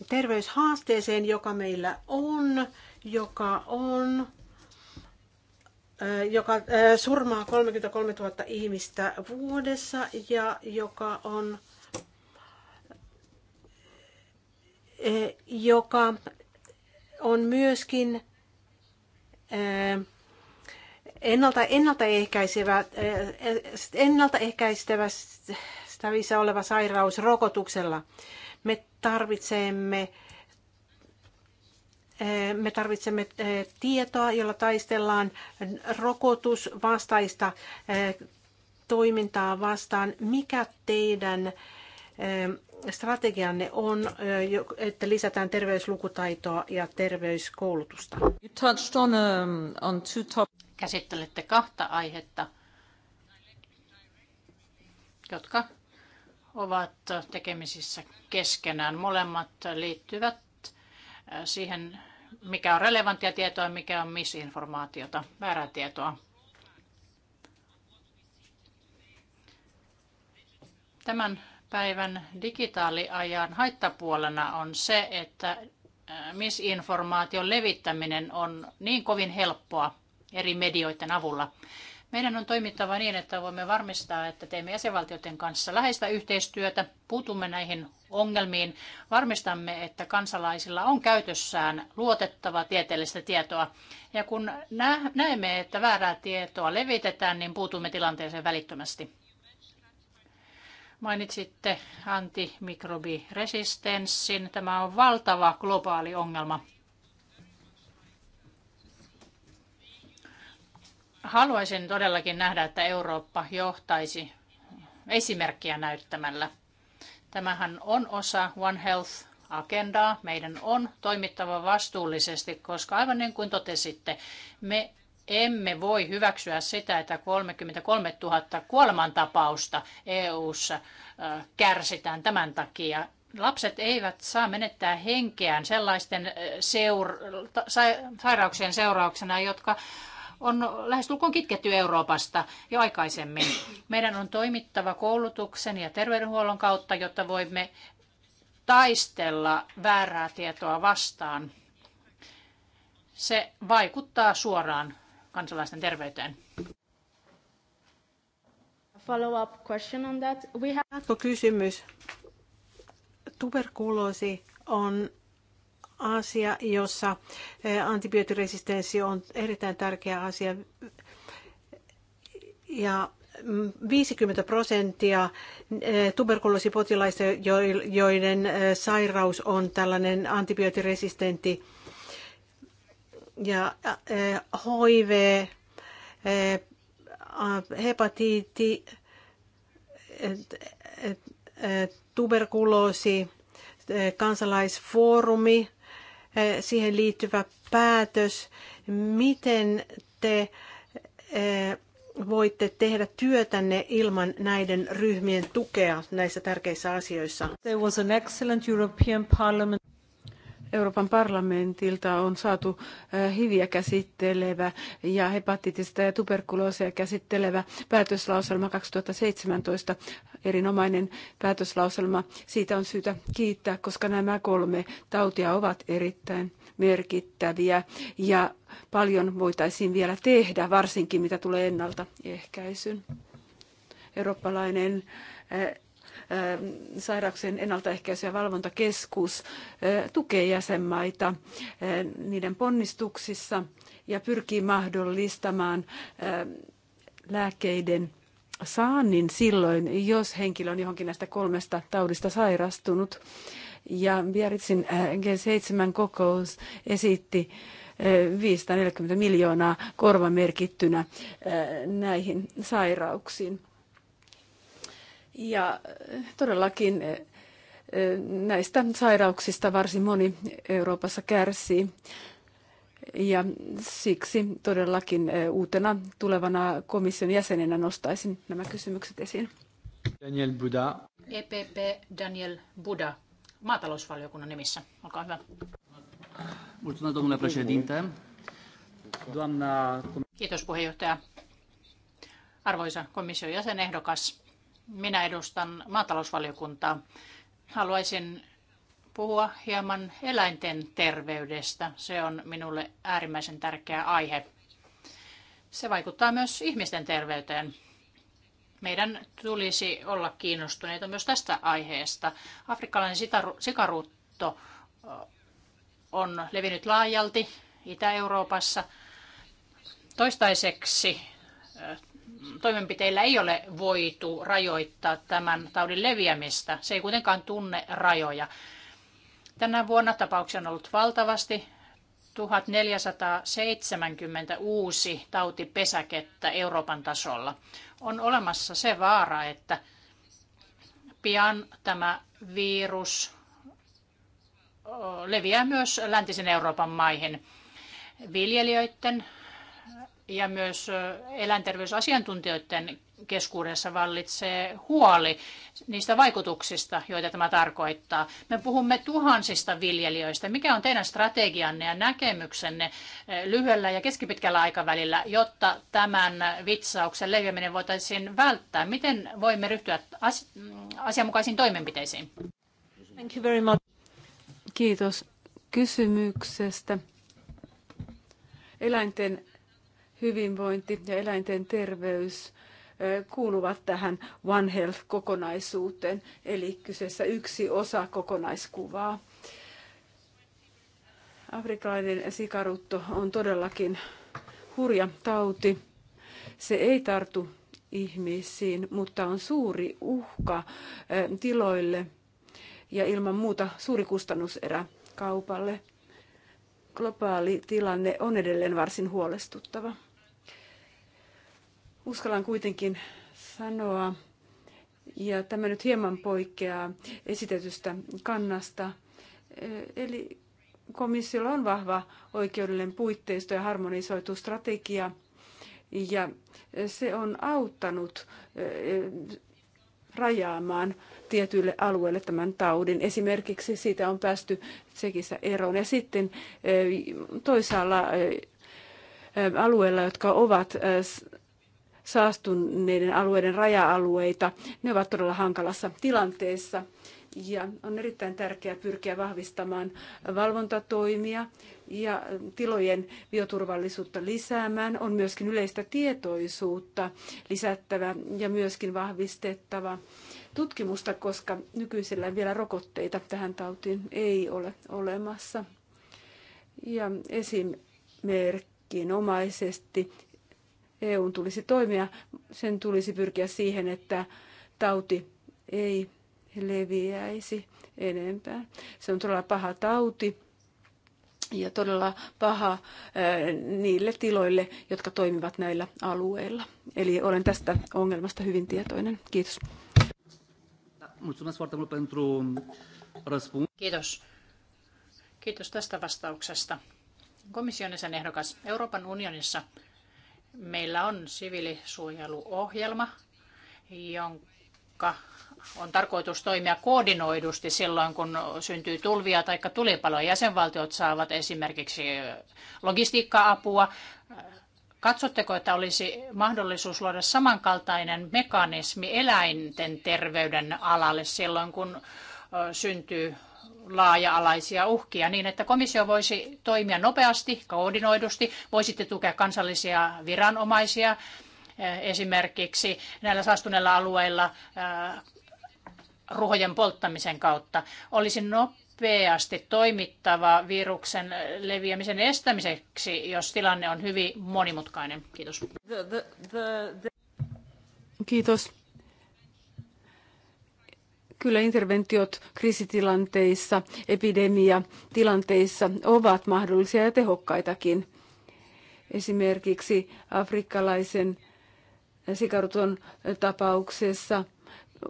terveyshaasteeseen, joka meillä on, joka on eh, joka surmaa 33 000 ihmistä vuodessa ja joka on joka on myöskin ennalta, ennaltaehkäisevä, ennaltaehkäistävissä oleva sairaus rokotuksella. Me tarvitsemme me tarvitsemme tietoa, jolla taistellaan rokotusvastaista toimintaa vastaan. Mikä teidän strategianne on, että lisätään terveyslukutaitoa ja terveyskoulutusta? You touched on, um, on two top... Käsittelette kahta aihetta, jotka ovat tekemisissä keskenään. Molemmat liittyvät siihen, mikä on relevanttia tietoa ja mikä on misinformaatiota, väärää tietoa. Tämän päivän digitaaliajan haittapuolena on se, että äh, misinformaation levittäminen on niin kovin helppoa eri medioiden avulla. Meidän on toimittava niin, että voimme varmistaa, että teemme jäsenvaltioiden kanssa läheistä yhteistyötä, puutumme näihin ongelmiin, varmistamme, että kansalaisilla on käytössään luotettavaa tieteellistä tietoa. Ja kun näemme, että väärää tietoa levitetään, niin puutumme tilanteeseen välittömästi. Mainitsitte antimikrobiresistenssin. Tämä on valtava globaali ongelma. Haluaisin todellakin nähdä, että Eurooppa johtaisi esimerkkiä näyttämällä. Tämähän on osa One Health agendaa. Meidän on toimittava vastuullisesti, koska aivan niin kuin totesitte, me emme voi hyväksyä sitä, että 33 000 kuolemantapausta EU:ssa kärsitään tämän takia. Lapset eivät saa menettää henkeään sellaisten seur- sairauksien seurauksena, jotka on lähestulkoon kitketty Euroopasta jo aikaisemmin. Meidän on toimittava koulutuksen ja terveydenhuollon kautta, jotta voimme taistella väärää tietoa vastaan. Se vaikuttaa suoraan kansalaisten terveyteen. Follow-up question on that. We have... Jatkokysymys. Tuberkuloosi on asia, jossa eh, antibioottiresistenssi on erittäin tärkeä asia. Ja 50 mm, prosenttia eh, tuberkuloosipotilaista, joiden eh, sairaus on tällainen antibioottiresistentti ja HIV, äh, äh, äh, hepatiitti, tuberkuloosi, kansalaisfoorumi, siihen liittyvä päätös, miten te voitte tehdä työtänne ilman näiden ryhmien tukea näissä tärkeissä asioissa. There was an excellent European Parliament. Euroopan parlamentilta on saatu eh, hiviä käsittelevä ja hepatitista ja tuberkuloosia käsittelevä päätöslauselma 2017, erinomainen päätöslauselma. Siitä on syytä kiittää, koska nämä kolme tautia ovat erittäin merkittäviä ja paljon voitaisiin vielä tehdä, varsinkin mitä tulee ennaltaehkäisyyn. Eurooppalainen eh, sairauksien ennaltaehkäisy- ja valvontakeskus tukee jäsenmaita niiden ponnistuksissa ja pyrkii mahdollistamaan lääkkeiden saannin silloin, jos henkilö on johonkin näistä kolmesta taudista sairastunut. Ja Biarritzin G7-kokous esitti 540 miljoonaa korvamerkittynä näihin sairauksiin. Ja eh, todellakin eh, eh, näistä sairauksista varsin moni Euroopassa kärsii. Ja siksi todellakin uutena tulevana komission jäsenenä nostaisin nämä kysymykset esiin. Daniel Buda. EPP Daniel Buda, maatalousvaliokunnan nimissä. Olkaa hyvä. Kiitos puheenjohtaja. Arvoisa komission jäsenehdokas, minä edustan maatalousvaliokuntaa. Haluaisin puhua hieman eläinten terveydestä. Se on minulle äärimmäisen tärkeä aihe. Se vaikuttaa myös ihmisten terveyteen. Meidän tulisi olla kiinnostuneita myös tästä aiheesta. Afrikkalainen sikaruutto on levinnyt laajalti Itä-Euroopassa. Toistaiseksi toimenpiteillä ei ole voitu rajoittaa tämän taudin leviämistä. Se ei kuitenkaan tunne rajoja. Tänä vuonna tapauksia on ollut valtavasti. 1470 uusi tautipesäkettä Euroopan tasolla. On olemassa se vaara, että pian tämä virus leviää myös läntisen Euroopan maihin. Viljelijöiden ja myös eläinterveysasiantuntijoiden keskuudessa vallitsee huoli niistä vaikutuksista, joita tämä tarkoittaa. Me puhumme tuhansista viljelijöistä. Mikä on teidän strategianne ja näkemyksenne lyhyellä ja keskipitkällä aikavälillä, jotta tämän vitsauksen leviäminen voitaisiin välttää? Miten voimme ryhtyä asianmukaisiin toimenpiteisiin? Thank you very much. Kiitos kysymyksestä. Eläinten hyvinvointi ja eläinten terveys kuuluvat tähän One Health-kokonaisuuteen, eli kyseessä yksi osa kokonaiskuvaa. Afrikkalainen sikarutto on todellakin hurja tauti. Se ei tartu ihmisiin, mutta on suuri uhka tiloille ja ilman muuta suuri kustannuserä kaupalle. Globaali tilanne on edelleen varsin huolestuttava uskallan kuitenkin sanoa, ja tämä nyt hieman poikkeaa esitetystä kannasta, eh, eli komissiolla on vahva oikeudellinen puitteisto ja harmonisoitu strategia, ja se on auttanut eh, rajaamaan tietyille alueille tämän taudin. Esimerkiksi siitä on päästy Tsekissä eroon. Ja sitten eh, toisaalla alueilla, jotka ovat saastuneiden alueiden raja-alueita. Ne ovat todella hankalassa tilanteessa ja on erittäin tärkeää pyrkiä vahvistamaan valvontatoimia ja tilojen bioturvallisuutta lisäämään. On myöskin yleistä tietoisuutta lisättävä ja myöskin vahvistettava tutkimusta, koska nykyisellä vielä rokotteita tähän tautiin ei ole olemassa. Ja omaisesti EUn tulisi toimia. Sen tulisi pyrkiä siihen, että tauti ei leviäisi enempää. Se on todella paha tauti ja todella paha niille tiloille, jotka toimivat näillä alueilla. Eli olen tästä ongelmasta hyvin tietoinen. Kiitos. Kiitos. Kiitos tästä vastauksesta. Komission ehdokas Euroopan unionissa Meillä on siviilisuojeluohjelma, jonka on tarkoitus toimia koordinoidusti silloin, kun syntyy tulvia tai tulipaloja. Jäsenvaltiot saavat esimerkiksi logistiikka-apua. Katsotteko, että olisi mahdollisuus luoda samankaltainen mekanismi eläinten terveyden alalle silloin, kun syntyy laaja-alaisia uhkia niin, että komissio voisi toimia nopeasti, koordinoidusti, voisitte tukea kansallisia viranomaisia eh, esimerkiksi näillä saastuneilla alueilla eh, ruhojen polttamisen kautta. Olisi nopeasti toimittava viruksen leviämisen estämiseksi, jos tilanne on hyvin monimutkainen. Kiitos. Kiitos. Kyllä interventiot kriisitilanteissa, epidemiatilanteissa ovat mahdollisia ja tehokkaitakin. Esimerkiksi afrikkalaisen sikaruton tapauksessa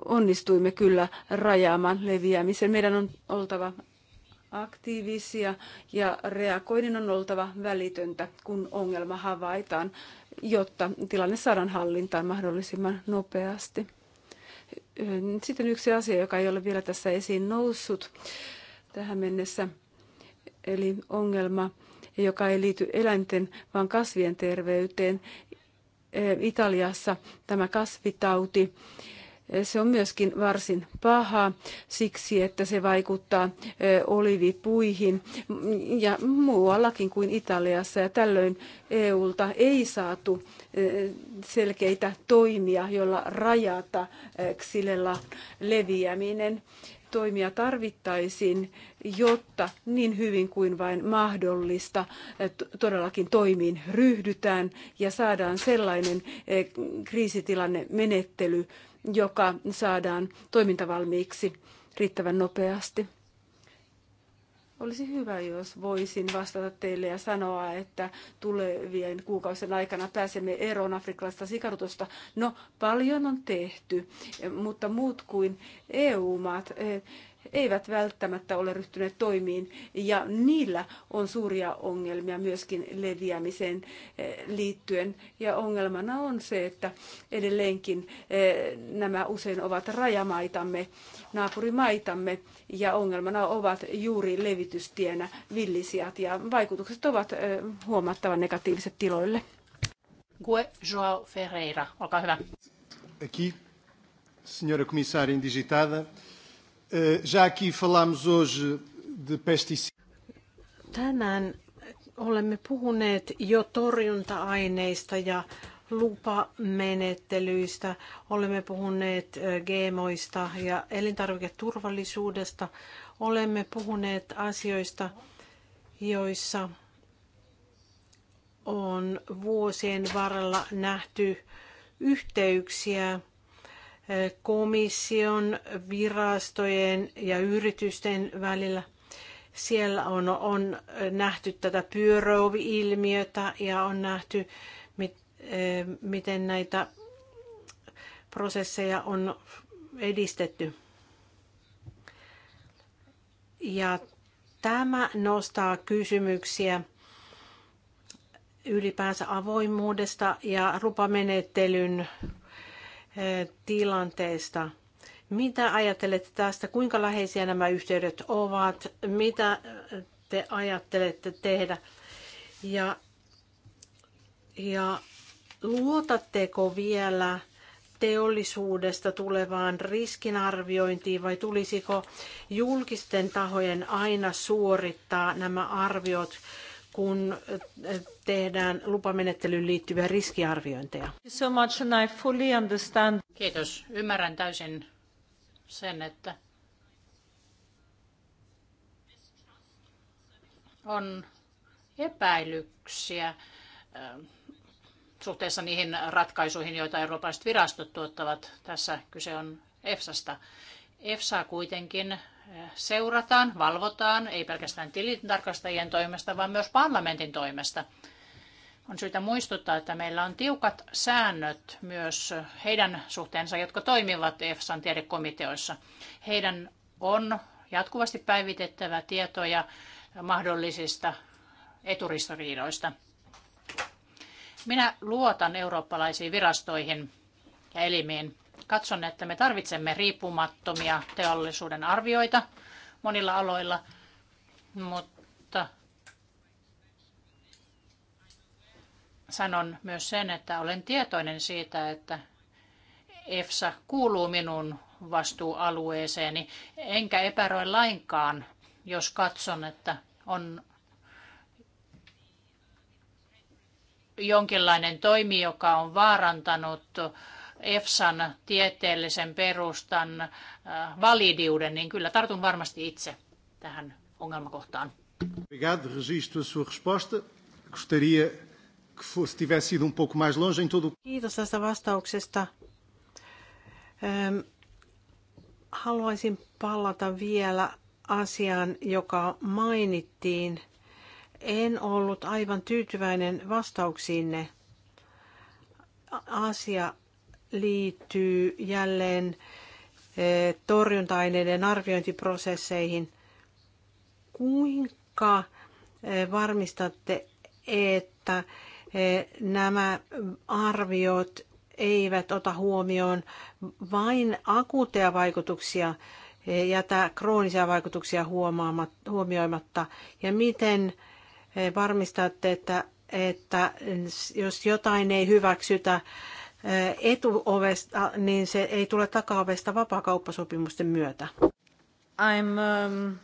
onnistuimme kyllä rajaamaan leviämisen. Meidän on oltava aktiivisia ja reagoinnin on oltava välitöntä, kun ongelma havaitaan, jotta tilanne saadaan hallintaan mahdollisimman nopeasti. Sitten yksi asia, joka ei ole vielä tässä esiin noussut tähän mennessä, eli ongelma, joka ei liity eläinten, vaan kasvien terveyteen. Italiassa tämä kasvitauti se on myöskin varsin paha siksi, että se vaikuttaa olivipuihin ja muuallakin kuin Italiassa. Ja tällöin EUlta ei saatu selkeitä toimia, joilla rajata ksilella leviäminen toimia tarvittaisiin, jotta niin hyvin kuin vain mahdollista todellakin toimiin ryhdytään ja saadaan sellainen kriisitilanne menettely, joka saadaan toimintavalmiiksi riittävän nopeasti. Olisi hyvä, jos voisin vastata teille ja sanoa, että tulevien kuukausien aikana pääsemme eroon afrikkalaisesta sikarutosta. No, paljon on tehty, mutta muut kuin EU-maat eh, eivät välttämättä ole ryhtyneet toimiin ja niillä on suuria ongelmia myöskin leviämiseen eh, liittyen. Ja ongelmana on se, että edelleenkin eh, nämä usein ovat rajamaitamme, naapurimaitamme ja ongelmana ovat juuri levitystienä villisijat ja vaikutukset ovat eh, huomattavan negatiiviset tiloille. Gue Joao Ferreira, olkaa hyvä. Aqui, senhora comissária indigitada, Eh, já aqui falámos hoje de pesticidas. Tänään olemme puhuneet jo torjunta-aineista ja lupamenettelyistä, olemme puhuneet eh, GMOista ja elintarviketurvallisuudesta, olemme puhuneet asioista, joissa on vuosien varrella nähty yhteyksiä komission, virastojen ja yritysten välillä. Siellä on, on nähty tätä pyöröovi-ilmiötä ja on nähty, mit, eh, miten näitä prosesseja on edistetty. Ja tämä nostaa kysymyksiä ylipäänsä avoimuudesta ja lupamenettelyn tilanteesta. Mitä ajattelette tästä? Kuinka läheisiä nämä yhteydet ovat? Mitä te ajattelette tehdä? Ja, ja luotatteko vielä teollisuudesta tulevaan riskinarviointiin vai tulisiko julkisten tahojen aina suorittaa nämä arviot kun eh, tehdään lupamenettelyyn liittyviä riskiarviointeja. So much and I fully understand. Kiitos. Ymmärrän täysin sen, että on epäilyksiä eh, suhteessa niihin ratkaisuihin, joita eurooppalaiset virastot tuottavat. Tässä kyse on EFSAsta. EFSA kuitenkin seurataan, valvotaan, ei pelkästään tilintarkastajien toimesta, vaan myös parlamentin toimesta. On syytä muistuttaa, että meillä on tiukat säännöt myös heidän suhteensa, jotka toimivat EFSAn tiedekomiteoissa. Heidän on jatkuvasti päivitettävä tietoja mahdollisista eturistoriidoista. Minä luotan eurooppalaisiin virastoihin ja elimiin. Katson, että me tarvitsemme riippumattomia teollisuuden arvioita monilla aloilla, mutta sanon myös sen, että olen tietoinen siitä, että EFSA kuuluu minun vastuualueeseeni, enkä epäröi lainkaan, jos katson, että on jonkinlainen toimi, joka on vaarantanut EFSAn tieteellisen perustan äh, validiuden, niin kyllä tartun varmasti itse tähän ongelmakohtaan. Obrigado, registro a sua resposta. Gostaria que fosse, tivesse ido um pouco mais longe em todo... Kiitos tästä vastauksesta. Haluaisin palata vielä asiaan, joka mainittiin. En ollut aivan tyytyväinen vastauksiinne. asia liittyy jälleen eh, torjunta-aineiden arviointiprosesseihin. Kuinka eh, varmistatte, että eh, nämä arviot eivät ota huomioon vain akuuteja vaikutuksia, jätä kroonisia vaikutuksia huomioimatta? Ja miten varmistatte, että, että jos jotain ei hyväksytä etuovesta, niin se ei tule takaovesta vapaakauppasopimusten myötä. I'm, um...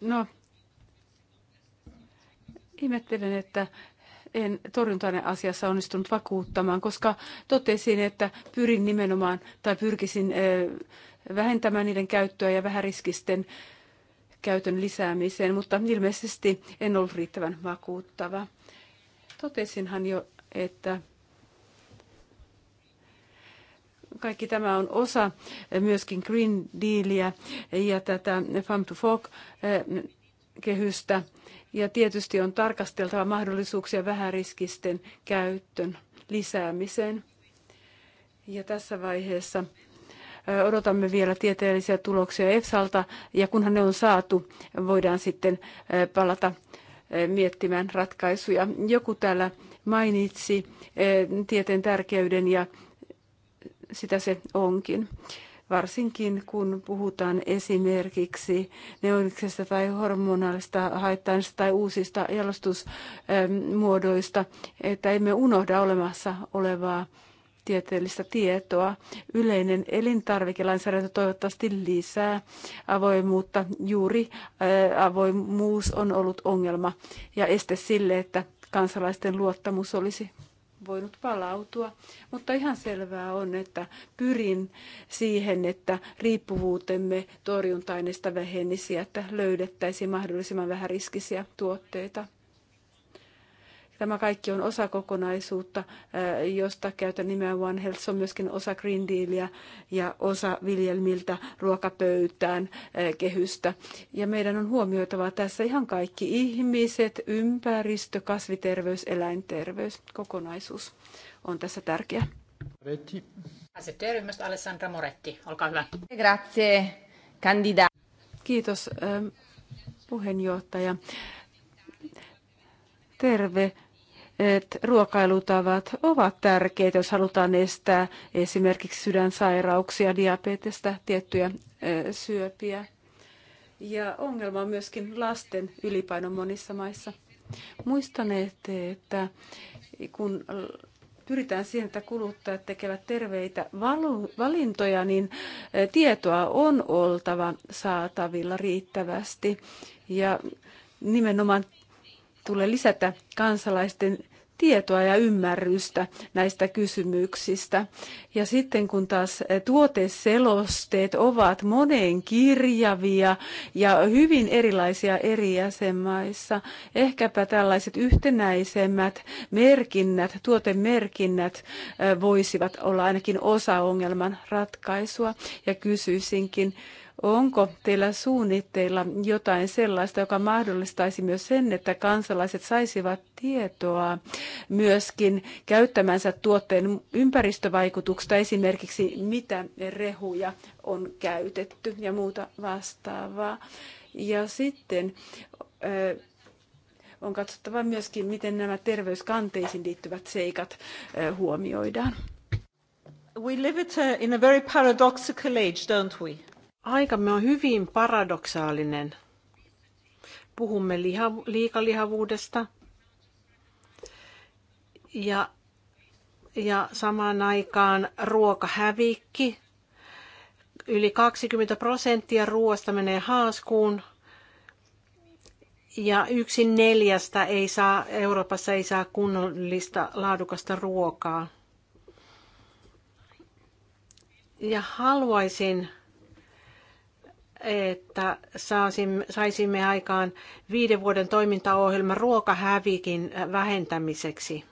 No, ihmettelen, että en torjuntainen asiassa onnistunut vakuuttamaan, koska totesin, että pyrin nimenomaan tai pyrkisin vähentämään niiden käyttöä ja vähäriskisten käytön lisäämiseen, mutta ilmeisesti en ollut riittävän vakuuttava. Totesinhan jo, että kaikki tämä on osa myöskin Green Dealia ja tätä Farm to Fork-kehystä. Eh, ja tietysti on tarkasteltava mahdollisuuksia vähäriskisten käyttön lisäämiseen. Ja tässä vaiheessa eh, odotamme vielä tieteellisiä tuloksia EFSAlta ja kunhan ne on saatu, voidaan sitten eh, palata miettimään ratkaisuja. Joku täällä mainitsi eh, tieteen tärkeyden ja sitä se onkin. Varsinkin kun puhutaan esimerkiksi neoniksesta tai hormonaalista haittaista tai uusista jalostusmuodoista, että emme unohda olemassa olevaa tieteellistä tietoa. Yleinen elintarvikelainsäädäntö toivottavasti lisää avoimuutta. Juuri äh, avoimuus on ollut ongelma ja este sille, että kansalaisten luottamus olisi voinut palautua, mutta ihan selvää on, että pyrin siihen, että riippuvuutemme torjunta-aineista vähenisi, että löydettäisiin mahdollisimman vähän riskisiä tuotteita. Tämä kaikki on osa kokonaisuutta, eh, josta käytän nimeä One Health. Se on myöskin osa Green Dealia ja osa viljelmiltä ruokapöytään eh, kehystä. Ja meidän on huomioitava tässä ihan kaikki ihmiset, ympäristö, kasviterveys, eläinterveys, kokonaisuus on tässä tärkeä. Moretti. Alessandra Moretti, olkaa hyvä. Grazie, candida. Kiitos eh, puheenjohtaja. Terve että ruokailutavat ovat tärkeitä, jos halutaan estää esimerkiksi sydänsairauksia, diabetesta, tiettyjä syöpiä. Ja ongelma on myöskin lasten ylipaino monissa maissa. Muistan, että kun pyritään siihen, että kuluttajat tekevät terveitä valintoja, niin tietoa on oltava saatavilla riittävästi. Ja nimenomaan tulee lisätä kansalaisten tietoa ja ymmärrystä näistä kysymyksistä. Ja sitten kun taas tuoteselosteet ovat moneen kirjavia ja hyvin erilaisia eri jäsenmaissa, ehkäpä tällaiset yhtenäisemmät merkinnät, tuotemerkinnät voisivat olla ainakin osa ongelman ratkaisua. Ja kysyisinkin, Onko teillä suunnitteilla jotain sellaista, joka mahdollistaisi myös sen, että kansalaiset saisivat tietoa myöskin käyttämänsä tuotteen ympäristövaikutuksesta, esimerkiksi mitä rehuja on käytetty ja muuta vastaavaa. Ja sitten on katsottava myöskin, miten nämä terveyskanteisiin liittyvät seikat huomioidaan. We live it in a very paradoxical age, don't we? Aikamme on hyvin paradoksaalinen. Puhumme liha, liikalihavuudesta ja, ja samaan aikaan ruokahävikki. Yli 20 prosenttia ruoasta menee haaskuun ja yksi neljästä ei saa, Euroopassa ei saa kunnollista laadukasta ruokaa. Ja haluaisin että saisimme aikaan viiden vuoden toimintaohjelman ruokahävikin vähentämiseksi.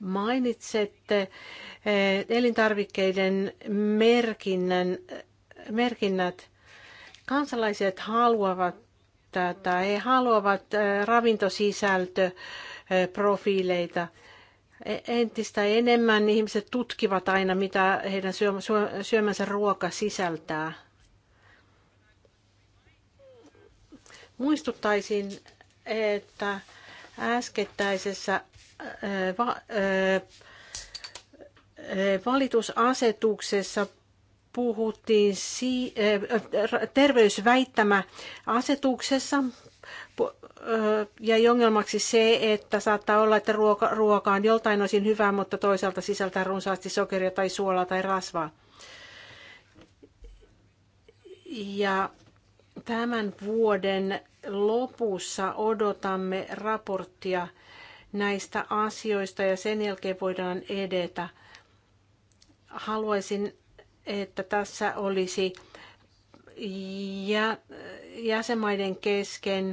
Mainitsette eh, elintarvikkeiden merkinnän, merkinnät. Kansalaiset haluavat tätä, he haluavat eh, ravintosisältöprofiileita entistä enemmän ihmiset tutkivat aina, mitä heidän syömänsä ruoka sisältää. Muistuttaisin, että äskettäisessä äh, äh, valitusasetuksessa puhuttiin äh, terveysväittämäasetuksessa ja ongelmaksi se, että saattaa olla, että ruoka, ruoka on joltain osin hyvää, mutta toisaalta sisältää runsaasti sokeria tai suolaa tai rasvaa. Ja tämän vuoden lopussa odotamme raporttia näistä asioista ja sen jälkeen voidaan edetä. Haluaisin, että tässä olisi ja jäsenmaiden kesken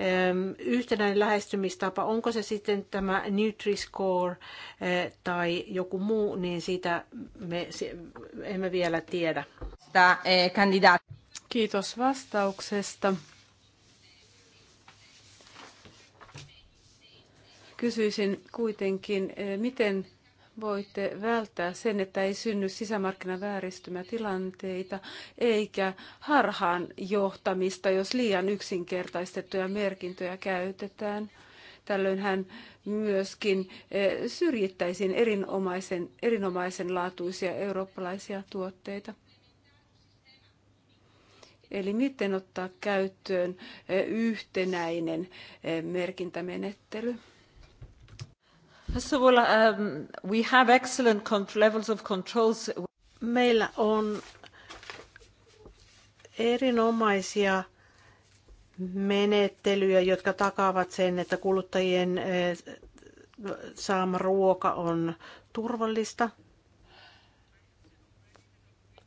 ähm, yhtenäinen lähestymistapa, onko se sitten tämä Nutri-Score äh, tai joku muu, niin sitä me emme vielä tiedä. Eh, Kiitos vastauksesta. Kysyisin kuitenkin, eh, miten voitte välttää sen, että ei synny sisämarkkinavääristymätilanteita eikä harhaan johtamista, jos liian yksinkertaistettuja merkintöjä käytetään. Tällöin hän myöskin eh, syrjittäisiin erinomaisen, erinomaisen laatuisia eurooppalaisia tuotteita. Eli miten ottaa käyttöön eh, yhtenäinen eh, merkintämenettely. First of all, um, we have excellent levels of controls. Meillä on erinomaisia menettelyjä, jotka takaavat sen, että kuluttajien saama ruoka on turvallista.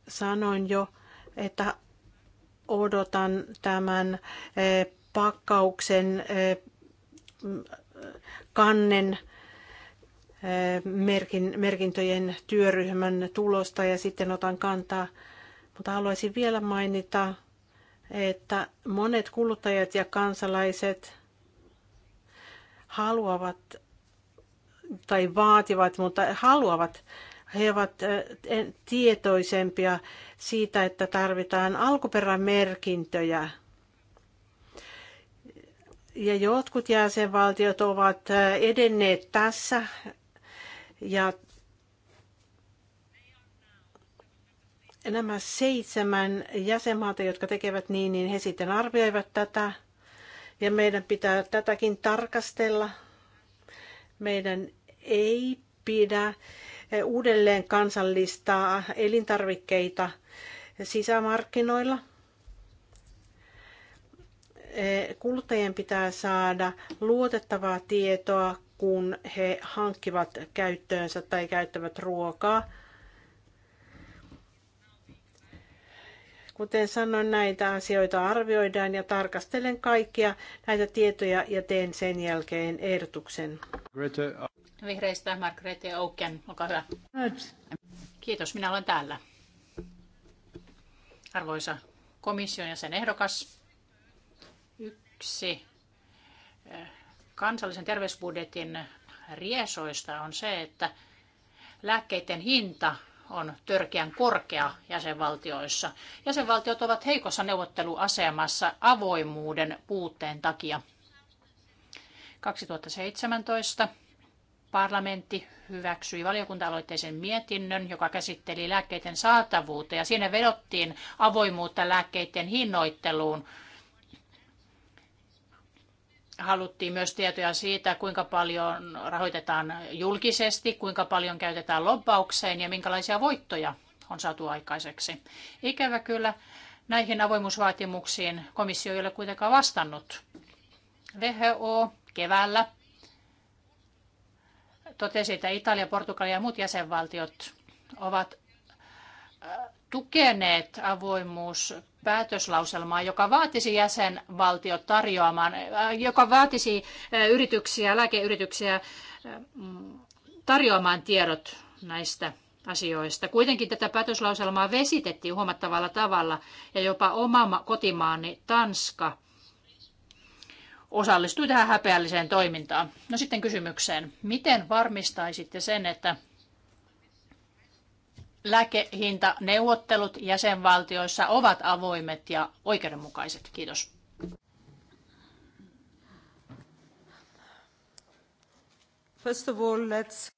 Sanoin jo, että odotan tämän pakkauksen kannen merkin, merkintöjen työryhmän tulosta ja sitten otan kantaa. Mutta haluaisin vielä mainita, että monet kuluttajat ja kansalaiset haluavat tai vaativat, mutta haluavat, he ovat tietoisempia siitä, että tarvitaan alkuperämerkintöjä ja jotkut jäsenvaltiot ovat edenneet tässä ja nämä seitsemän jäsenmaata, jotka tekevät niin, niin he sitten arvioivat tätä. Ja meidän pitää tätäkin tarkastella. Meidän ei pidä uudelleen kansallistaa elintarvikkeita sisämarkkinoilla. Kuluttajien pitää saada luotettavaa tietoa kun he hankkivat käyttöönsä tai käyttävät ruokaa. Kuten sanoin, näitä asioita arvioidaan ja tarkastelen kaikkia näitä tietoja ja teen sen jälkeen ehdotuksen. Vihreistä Margrethe Ouken, olkaa hyvä. Kiitos, minä olen täällä. Arvoisa komission ja sen ehdokas. Yksi eh, kansallisen terveysbudjetin riesoista on se, että lääkkeiden hinta on törkeän korkea jäsenvaltioissa. Jäsenvaltiot ovat heikossa neuvotteluasemassa avoimuuden puutteen takia. 2017 parlamentti hyväksyi valiokunta-aloitteisen mietinnön, joka käsitteli lääkkeiden saatavuutta ja siinä vedottiin avoimuutta lääkkeiden hinnoitteluun haluttiin myös tietoja siitä, kuinka paljon rahoitetaan julkisesti, kuinka paljon käytetään lobbaukseen ja minkälaisia voittoja on saatu aikaiseksi. Ikävä kyllä näihin avoimuusvaatimuksiin komissio ei ole kuitenkaan vastannut. WHO keväällä totesi, että Italia, Portugalia ja muut jäsenvaltiot ovat äh, tukeneet avoimuus päätöslauselmaa, joka vaatisi jäsenvaltiot tarjoamaan, äh, joka vaatisi äh, yrityksiä, lääkeyrityksiä äh, mm, tarjoamaan tiedot näistä asioista. Kuitenkin tätä päätöslauselmaa vesitettiin huomattavalla tavalla ja jopa oma kotimaani Tanska osallistui tähän häpeälliseen toimintaan. No sitten kysymykseen. Miten varmistaisitte sen, että lääkehintaneuvottelut jäsenvaltioissa ovat avoimet ja oikeudenmukaiset. Kiitos. First of all, let's...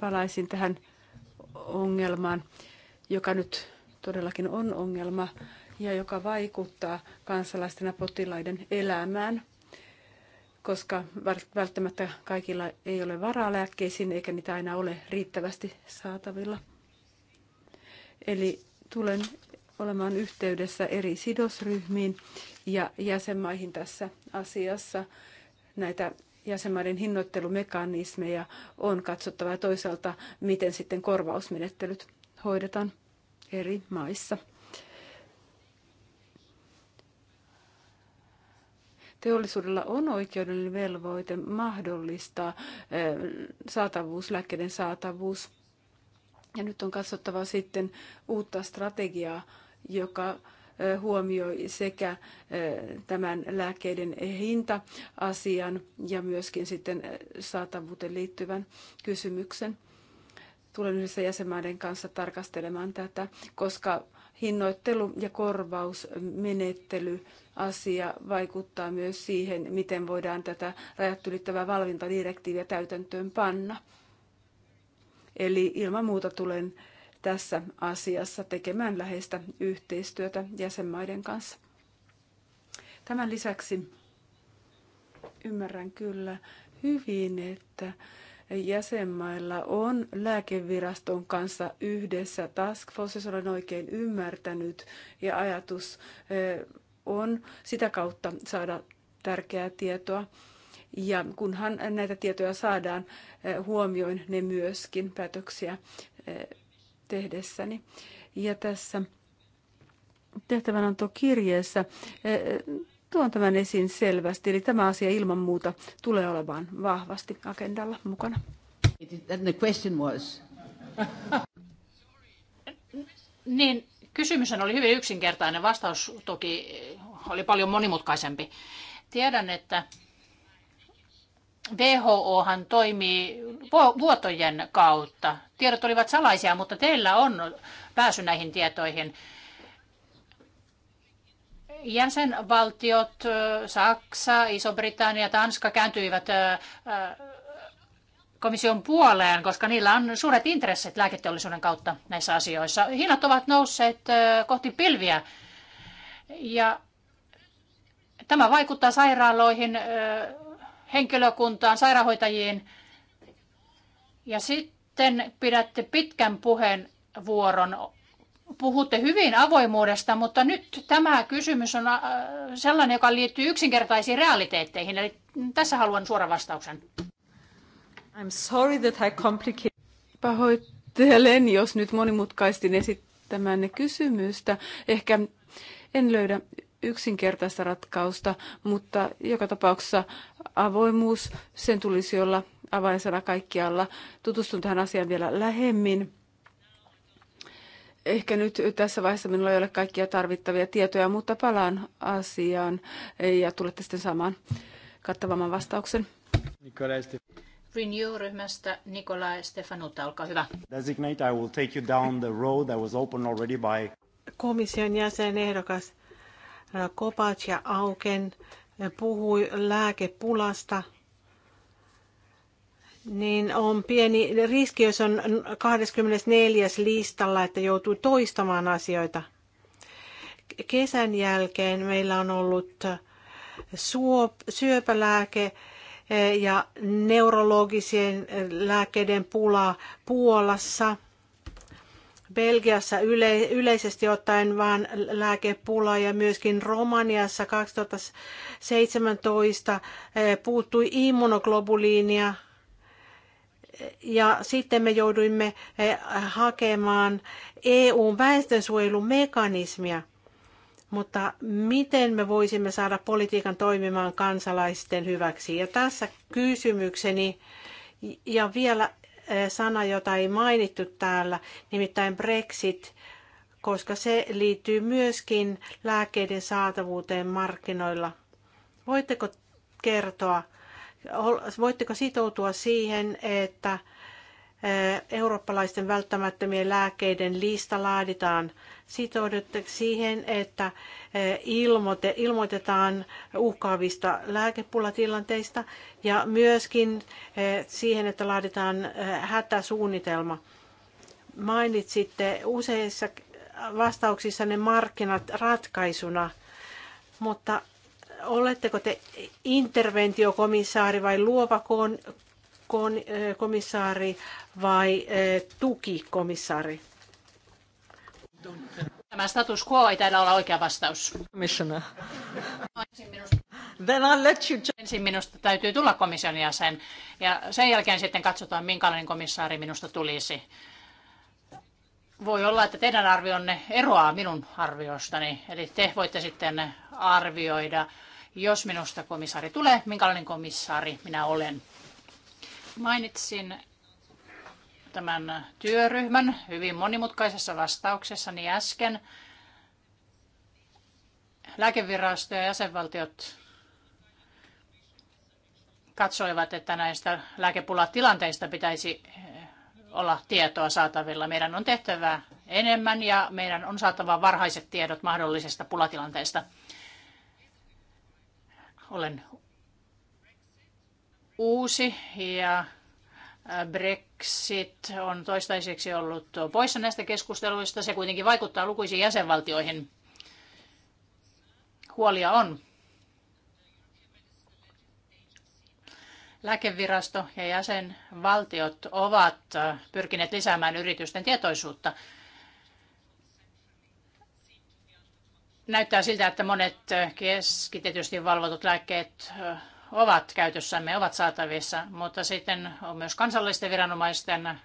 Palaisin tähän ongelmaan, joka nyt todellakin on ongelma ja joka vaikuttaa kansalaisten ja potilaiden elämään – koska välttämättä kaikilla ei ole varaa lääkkeisiin eikä niitä aina ole riittävästi saatavilla. Eli tulen olemaan yhteydessä eri sidosryhmiin ja jäsenmaihin tässä asiassa. Näitä jäsenmaiden hinnoittelumekanismeja on katsottava ja toisaalta, miten sitten korvausmenettelyt hoidetaan eri maissa. Teollisuudella on oikeudellinen velvoite mahdollistaa eh, saatavuus, lääkkeiden saatavuus. Ja nyt on katsottava sitten uutta strategiaa, joka eh, huomioi sekä eh, tämän lääkkeiden hinta-asian ja myöskin sitten saatavuuteen liittyvän kysymyksen. Tulen yhdessä jäsenmaiden kanssa tarkastelemaan tätä, koska hinnoittelu- ja korvausmenettelyasia asia vaikuttaa myös siihen, miten voidaan tätä rajat ylittävää valvintadirektiiviä täytäntöön panna. Eli ilman muuta tulen tässä asiassa tekemään läheistä yhteistyötä jäsenmaiden kanssa. Tämän lisäksi ymmärrän kyllä hyvin, että jäsenmailla on lääkeviraston kanssa yhdessä task force, jos olen oikein ymmärtänyt, ja ajatus on sitä kautta saada tärkeää tietoa. Ja kunhan näitä tietoja saadaan, huomioin ne myöskin päätöksiä tehdessäni. Ja tässä tehtävänantokirjeessä tuon tämän esiin selvästi, eli tämä asia ilman muuta tulee olemaan vahvasti agendalla mukana. The question was. niin, kysymys oli hyvin yksinkertainen, vastaus toki oli paljon monimutkaisempi. Tiedän, että WHOhan toimii vuotojen kautta. Tiedot olivat salaisia, mutta teillä on pääsy näihin tietoihin jäsenvaltiot, Saksa, Iso-Britannia ja Tanska kääntyivät komission puoleen, koska niillä on suuret intressit lääketeollisuuden kautta näissä asioissa. Hinnat ovat nousseet kohti pilviä ja tämä vaikuttaa sairaaloihin, henkilökuntaan, sairaanhoitajiin. Ja sitten pidätte pitkän puheen vuoron puhutte hyvin avoimuudesta, mutta nyt tämä kysymys on äh, sellainen, joka liittyy yksinkertaisiin realiteetteihin. Eli tässä haluan suoran vastauksen. I'm sorry that I complicate. Pahoittelen, jos nyt monimutkaistin esittämänne kysymystä. Ehkä en löydä yksinkertaista ratkausta, mutta joka tapauksessa avoimuus, sen tulisi olla avainsana kaikkialla. Tutustun tähän asiaan vielä lähemmin Ehkä nyt tässä vaiheessa minulla ei ole kaikkia tarvittavia tietoja, mutta palaan asiaan ja tulette sitten saamaan kattavamman vastauksen. Renew-ryhmästä Nikolai Stefanuta, olkaa hyvä. Designate, I will take you down the road that was open already by... Komission jäsenehdokas Kopac ja Auken puhui lääkepulasta – niin on pieni riski, jos on 24. listalla, että joutuu toistamaan asioita. Kesän jälkeen meillä on ollut syöpälääke eh, ja neurologisen lääkkeiden pula Puolassa. Belgiassa yle, yleisesti ottaen vaan lääkepula ja myöskin Romaniassa 2017 eh, puuttui immunoglobuliinia – ja sitten me jouduimme eh, hakemaan EUn väestönsuojelumekanismia. Mutta miten me voisimme saada politiikan toimimaan kansalaisten hyväksi? Ja tässä kysymykseni ja vielä eh, sana, jota ei mainittu täällä, nimittäin Brexit, koska se liittyy myöskin lääkkeiden saatavuuteen markkinoilla. Voitteko kertoa, Voitteko sitoutua siihen, että eh, eurooppalaisten välttämättömien lääkkeiden lista laaditaan. Sitoudutteko siihen, että eh, ilmoite, ilmoitetaan uhkaavista lääkepulatilanteista ja myöskin eh, siihen, että laaditaan hätäsuunnitelma. Mainitsitte useissa vastauksissanne markkinat ratkaisuna, mutta oletteko te interventiokomissaari vai luova kon, kon, komissaari vai tukikomissaari? Tämä status quo ei täällä olla oikea vastaus. Commissioner. Then I'll let you... ensin minusta täytyy tulla komission jäsen ja sen jälkeen sitten katsotaan, minkälainen komissaari minusta tulisi voi olla, että teidän arvionne eroaa minun arviostani. Eli te voitte sitten arvioida, jos minusta komissaari tulee, minkälainen komissaari minä olen. Mainitsin tämän työryhmän hyvin monimutkaisessa vastauksessani äsken. Lääkevirasto ja jäsenvaltiot katsoivat, että näistä lääkepulatilanteista pitäisi olla tietoa saatavilla. Meidän on tehtävä enemmän ja meidän on saatava varhaiset tiedot mahdollisesta pulatilanteesta. Olen uusi ja Brexit on toistaiseksi ollut poissa näistä keskusteluista. Se kuitenkin vaikuttaa lukuisiin jäsenvaltioihin. Huolia on. Lääkevirasto ja jäsenvaltiot ovat äh, pyrkineet lisäämään yritysten tietoisuutta. Näyttää siltä, että monet äh, keskitetysti valvotut lääkkeet äh, ovat käytössämme, ovat saatavissa, mutta sitten on myös kansallisten viranomaisten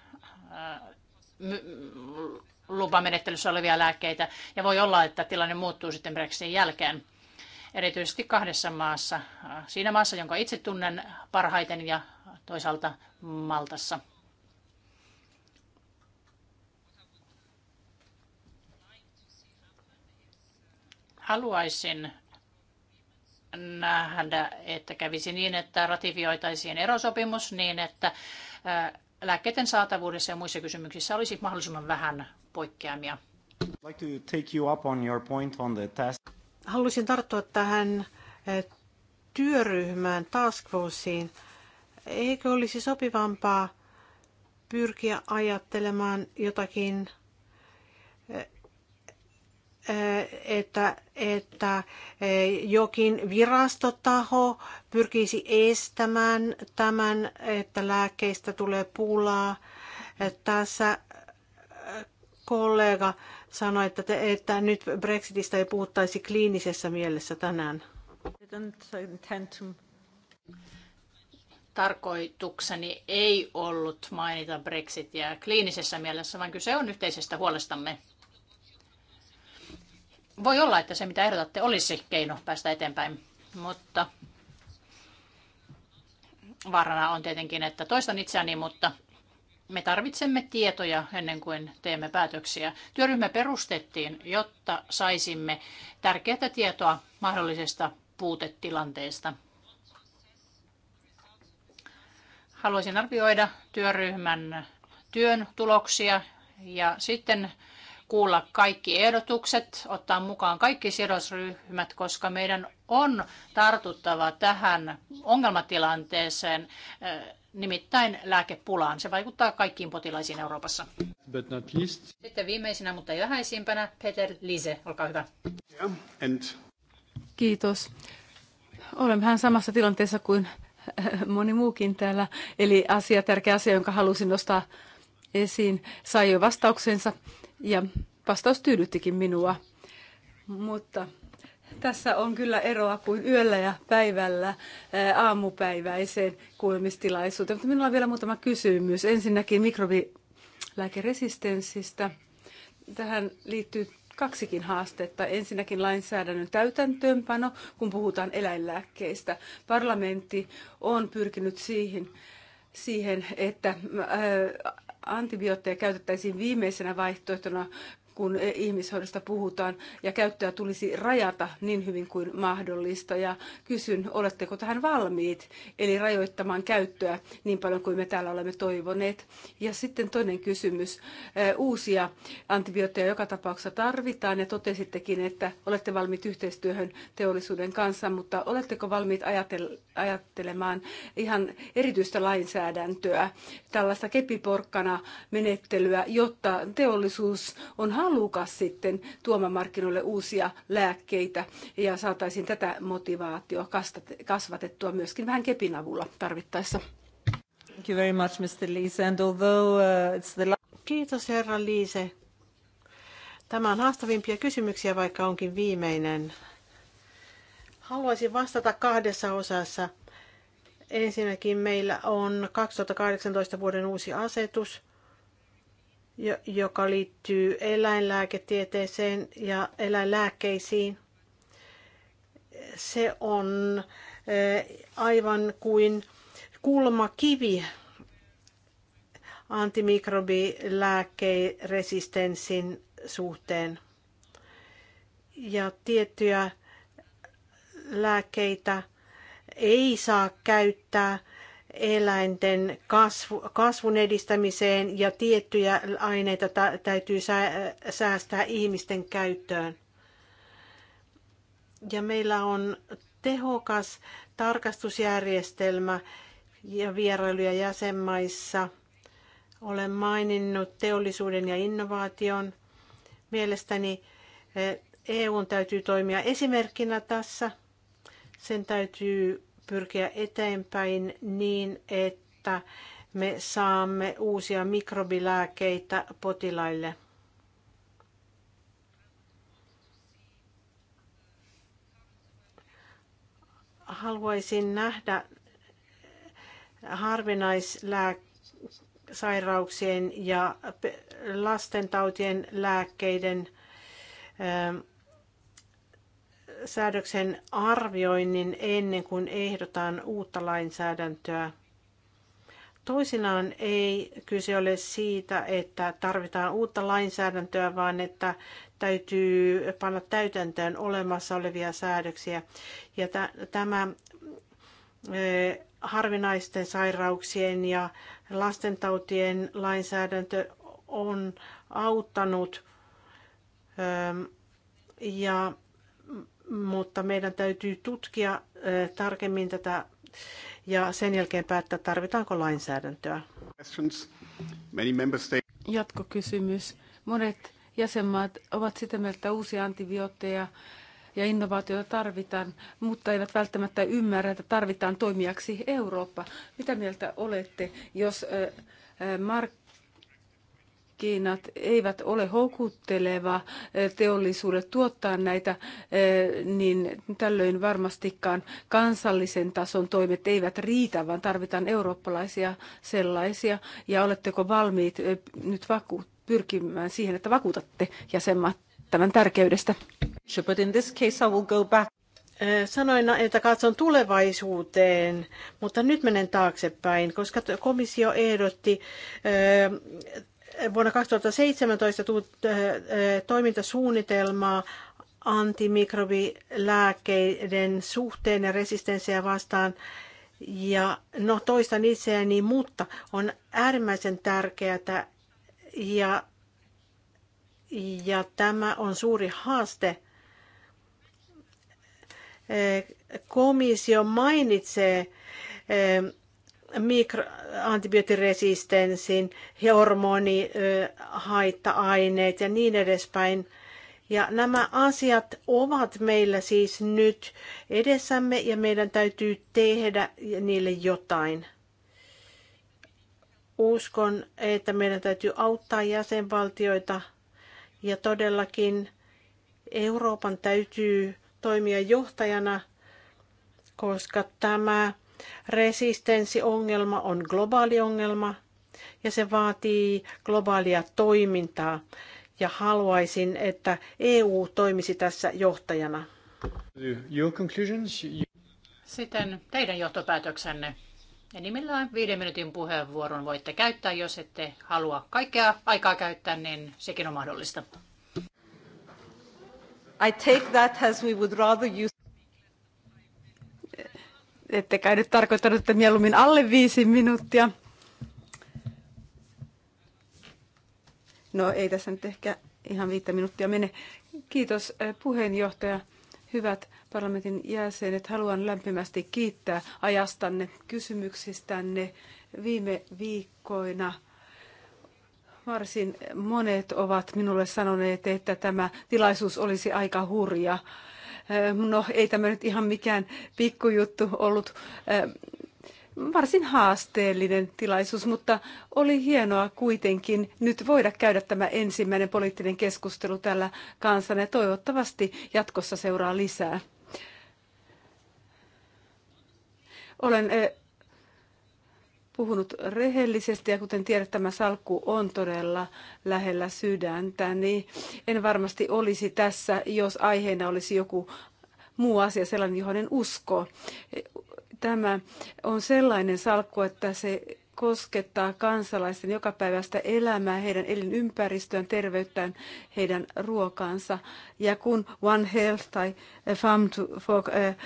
lupamenettelyssä olevia lääkkeitä, ja voi olla, että tilanne muuttuu sitten Brexitin jälkeen erityisesti kahdessa maassa. Siinä maassa, jonka itse tunnen parhaiten ja toisaalta Maltassa. Haluaisin nähdä, että kävisi niin, että ratifioitaisiin erosopimus niin, että lääkkeiden saatavuudessa ja muissa kysymyksissä olisi mahdollisimman vähän poikkeamia. Haluaisin tarttua tähän eh, työryhmään, task forceen. Eikö olisi sopivampaa pyrkiä ajattelemaan jotakin, eh, eh, että, että jokin virastotaho pyrkisi estämään tämän, että lääkkeistä tulee pulaa. Tässä kollega sanoi, että, te, että nyt Brexitistä ei puhuttaisi kliinisessä mielessä tänään. Tarkoitukseni ei ollut mainita Brexitia kliinisessä mielessä, vaan kyse on yhteisestä huolestamme. Voi olla, että se mitä ehdotatte olisi keino päästä eteenpäin, mutta vaarana on tietenkin, että toistan itseäni, mutta me tarvitsemme tietoja ennen kuin teemme päätöksiä. Työryhmä perustettiin, jotta saisimme tärkeää tietoa mahdollisesta puutetilanteesta. Haluaisin arvioida työryhmän työn tuloksia ja sitten kuulla kaikki ehdotukset, ottaa mukaan kaikki sidosryhmät, koska meidän on tartuttava tähän ongelmatilanteeseen nimittäin lääkepulaan. Se vaikuttaa kaikkiin potilaisiin Euroopassa. But not least. Sitten viimeisenä, mutta ei vähäisimpänä, Peter Lise, olkaa hyvä. Yeah, and... Kiitos. Olen vähän samassa tilanteessa kuin moni muukin täällä, eli asia, tärkeä asia, jonka halusin nostaa esiin, sai jo vastauksensa ja vastaus tyydyttikin minua. Mutta tässä on kyllä eroa kuin yöllä ja päivällä aamupäiväiseen kuulemistilaisuuteen. Mutta minulla on vielä muutama kysymys. Ensinnäkin mikrobilääkeresistenssistä. Tähän liittyy kaksikin haastetta. Ensinnäkin lainsäädännön täytäntöönpano, kun puhutaan eläinlääkkeistä. Parlamentti on pyrkinyt siihen, siihen että antibiootteja käytettäisiin viimeisenä vaihtoehtona kun e, ihmishoidosta puhutaan, ja käyttöä tulisi rajata niin hyvin kuin mahdollista. Ja kysyn, oletteko tähän valmiit, eli rajoittamaan käyttöä niin paljon kuin me täällä olemme toivoneet. Ja sitten toinen kysymys. E, uusia antibiootteja joka tapauksessa tarvitaan, ja totesittekin, että olette valmiit yhteistyöhön teollisuuden kanssa, mutta oletteko valmiit ajattelemaan ihan erityistä lainsäädäntöä, tällaista kepiporkkana menettelyä, jotta teollisuus on halukas sitten tuomaan markkinoille uusia lääkkeitä ja saataisiin tätä motivaatio kasvatettua myöskin vähän kepin avulla tarvittaessa. Thank you very much, Mr. Lise. And although uh, it's the Kiitos, herra Liise. Tämä on haastavimpia kysymyksiä, vaikka onkin viimeinen. Haluaisin vastata kahdessa osassa. Ensinnäkin meillä on 2018 vuoden uusi asetus, joka liittyy eläinlääketieteeseen ja eläinlääkkeisiin. Se on eh, aivan kuin kulmakivi antimikrobilääkeresistenssin suhteen. Ja tiettyjä lääkkeitä ei saa käyttää – eläinten kasvu, kasvun edistämiseen ja tiettyjä aineita täytyy säästää ihmisten käyttöön. Ja meillä on tehokas tarkastusjärjestelmä ja vierailuja jäsenmaissa. Olen maininnut teollisuuden ja innovaation. Mielestäni EUn eh, e täytyy toimia esimerkkinä tässä. Sen täytyy pyrkiä eteenpäin niin, että me saamme uusia mikrobilääkeitä potilaille. Haluaisin nähdä harvinaislääksairauksien ja lastentautien lääkkeiden ähm, säädöksen arvioinnin ennen kuin ehdotan uutta lainsäädäntöä. Toisinaan ei kyse ole siitä, että tarvitaan uutta lainsäädäntöä, vaan että täytyy panna täytäntöön olemassa olevia säädöksiä. Ja tämä harvinaisten sairauksien ja lastentautien lainsäädäntö on auttanut ja mutta meidän täytyy tutkia tarkemmin tätä ja sen jälkeen päättää, tarvitaanko lainsäädäntöä. Jatkokysymys. Monet jäsenmaat ovat sitä mieltä, että uusia antibiootteja ja innovaatioita tarvitaan, mutta eivät välttämättä ymmärrä, että tarvitaan toimijaksi Eurooppa. Mitä mieltä olette, jos mark markkinat eivät ole houkutteleva eh, teollisuudelle tuottaa näitä, eh, niin tällöin varmastikaan kansallisen tason toimet eivät riitä, vaan tarvitaan eurooppalaisia sellaisia. Ja oletteko valmiit eh, nyt vaku- pyrkimään siihen, että vakuutatte jäsenmaat tämän tärkeydestä? But in this case I will go back sanoin, että katson tulevaisuuteen, mutta nyt menen taaksepäin, koska komissio ehdotti vuonna 2017 äh, äh, toimintasuunnitelmaa antimikrobilääkkeiden suhteen ja resistenssejä vastaan. Ja no toistan itseäni, mutta on äärimmäisen tärkeää ja, ja tämä on suuri haaste. Äh, komissio mainitsee mikroantibioottiresistenssin, hormonihaitta-aineet ja niin edespäin. Ja nämä asiat ovat meillä siis nyt edessämme ja meidän täytyy tehdä niille jotain. Uskon, että meidän täytyy auttaa jäsenvaltioita ja todellakin Euroopan täytyy toimia johtajana, koska tämä Resistenssiongelma on globaali ongelma ja se vaatii globaalia toimintaa ja haluaisin, että EU toimisi tässä johtajana. Sitten teidän johtopäätöksenne. Enimmillään viiden minuutin puheenvuoron voitte käyttää, jos ette halua kaikkea aikaa käyttää, niin sekin on mahdollista. I take that as we would rather use ette kai nyt tarkoittanut, että mieluummin alle viisi minuuttia. No ei tässä nyt ehkä ihan viittä minuuttia mene. Kiitos eh, puheenjohtaja. Hyvät parlamentin jäsenet, haluan lämpimästi kiittää ajastanne, kysymyksistänne viime viikkoina varsin monet ovat minulle sanoneet, että tämä tilaisuus olisi aika hurja. No ei tämä nyt ihan mikään pikkujuttu ollut varsin haasteellinen tilaisuus, mutta oli hienoa kuitenkin nyt voida käydä tämä ensimmäinen poliittinen keskustelu tällä kansan ja toivottavasti jatkossa seuraa lisää. Olen puhunut rehellisesti ja kuten tiedät, tämä salkku on todella lähellä sydäntä, niin en varmasti olisi tässä, jos aiheena olisi joku muu asia, sellainen, johon en usko. Tämä on sellainen salkku, että se koskettaa kansalaisten jokapäiväistä elämää, heidän elinympäristöään, terveyttään, heidän ruokaansa. Ja kun One Health tai Farm to Fork eh, eh,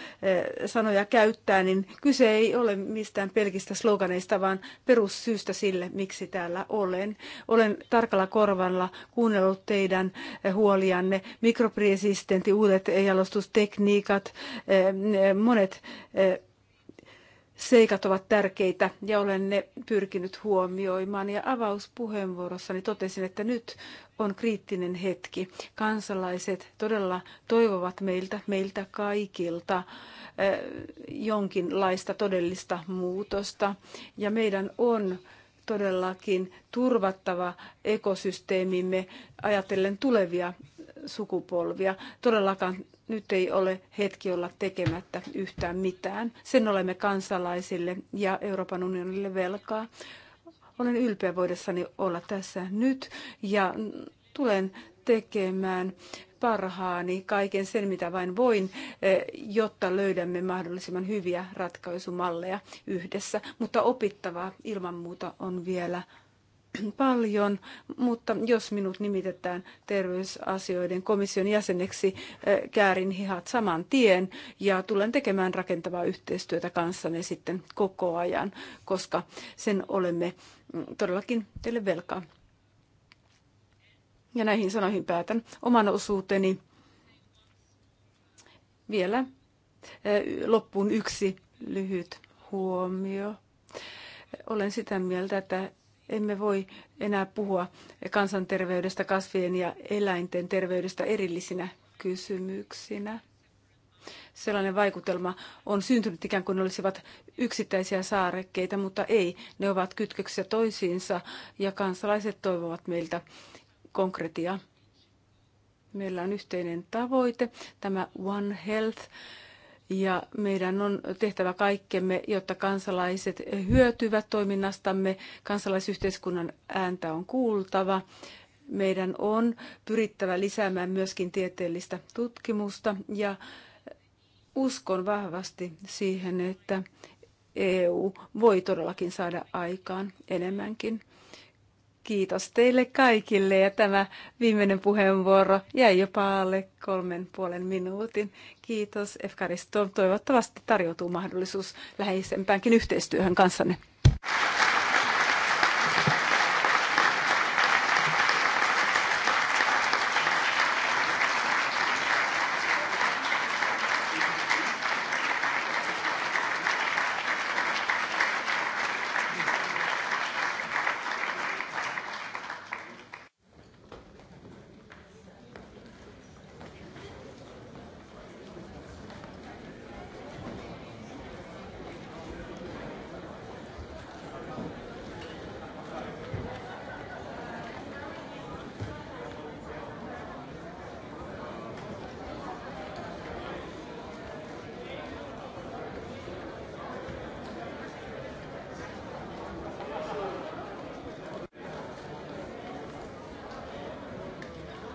sanoja käyttää, niin kyse ei ole mistään pelkistä sloganeista, vaan perussyystä sille, miksi täällä olen. Olen tarkalla korvalla kuunnellut teidän eh, huolianne, mikropresistentti, uudet jalostustekniikat, monet seikat ovat tärkeitä ja olen ne pyrkinyt huomioimaan. Ja avauspuheenvuorossani totesin, että nyt on kriittinen hetki. Kansalaiset todella toivovat meiltä, meiltä kaikilta eh, jonkinlaista todellista muutosta. Ja meidän on todellakin turvattava ekosysteemimme ajatellen tulevia sukupolvia. Todellakaan nyt ei ole hetki olla tekemättä yhtään mitään. Sen olemme kansalaisille ja Euroopan unionille velkaa. Olen ylpeä voidessani olla tässä nyt ja tulen tekemään parhaani kaiken sen, mitä vain voin, eh, jotta löydämme mahdollisimman hyviä ratkaisumalleja yhdessä. Mutta opittavaa ilman muuta on vielä paljon, mutta jos minut nimitetään terveysasioiden komission jäseneksi, eh, käärin hihat saman tien ja tulen tekemään rakentavaa yhteistyötä kanssanne sitten koko ajan, koska sen olemme mm, todellakin teille velkaa. Ja näihin sanoihin päätän oman osuuteni. Vielä eh, loppuun yksi lyhyt huomio. Olen sitä mieltä, että emme voi enää puhua kansanterveydestä, kasvien ja eläinten terveydestä erillisinä kysymyksinä. Sellainen vaikutelma on syntynyt ikään kuin olisivat yksittäisiä saarekkeita, mutta ei. Ne ovat kytköksissä toisiinsa ja kansalaiset toivovat meiltä konkretia. Meillä on yhteinen tavoite, tämä One Health – ja meidän on tehtävä kaikkemme, jotta kansalaiset hyötyvät toiminnastamme. Kansalaisyhteiskunnan ääntä on kuultava. Meidän on pyrittävä lisäämään myöskin tieteellistä tutkimusta ja uskon vahvasti siihen, että EU voi todellakin saada aikaan enemmänkin. Kiitos teille kaikille ja tämä viimeinen puheenvuoro jäi jopa alle kolmen puolen minuutin. Kiitos Efkaristo. Toivottavasti tarjoutuu mahdollisuus läheisempäänkin yhteistyöhön kanssanne.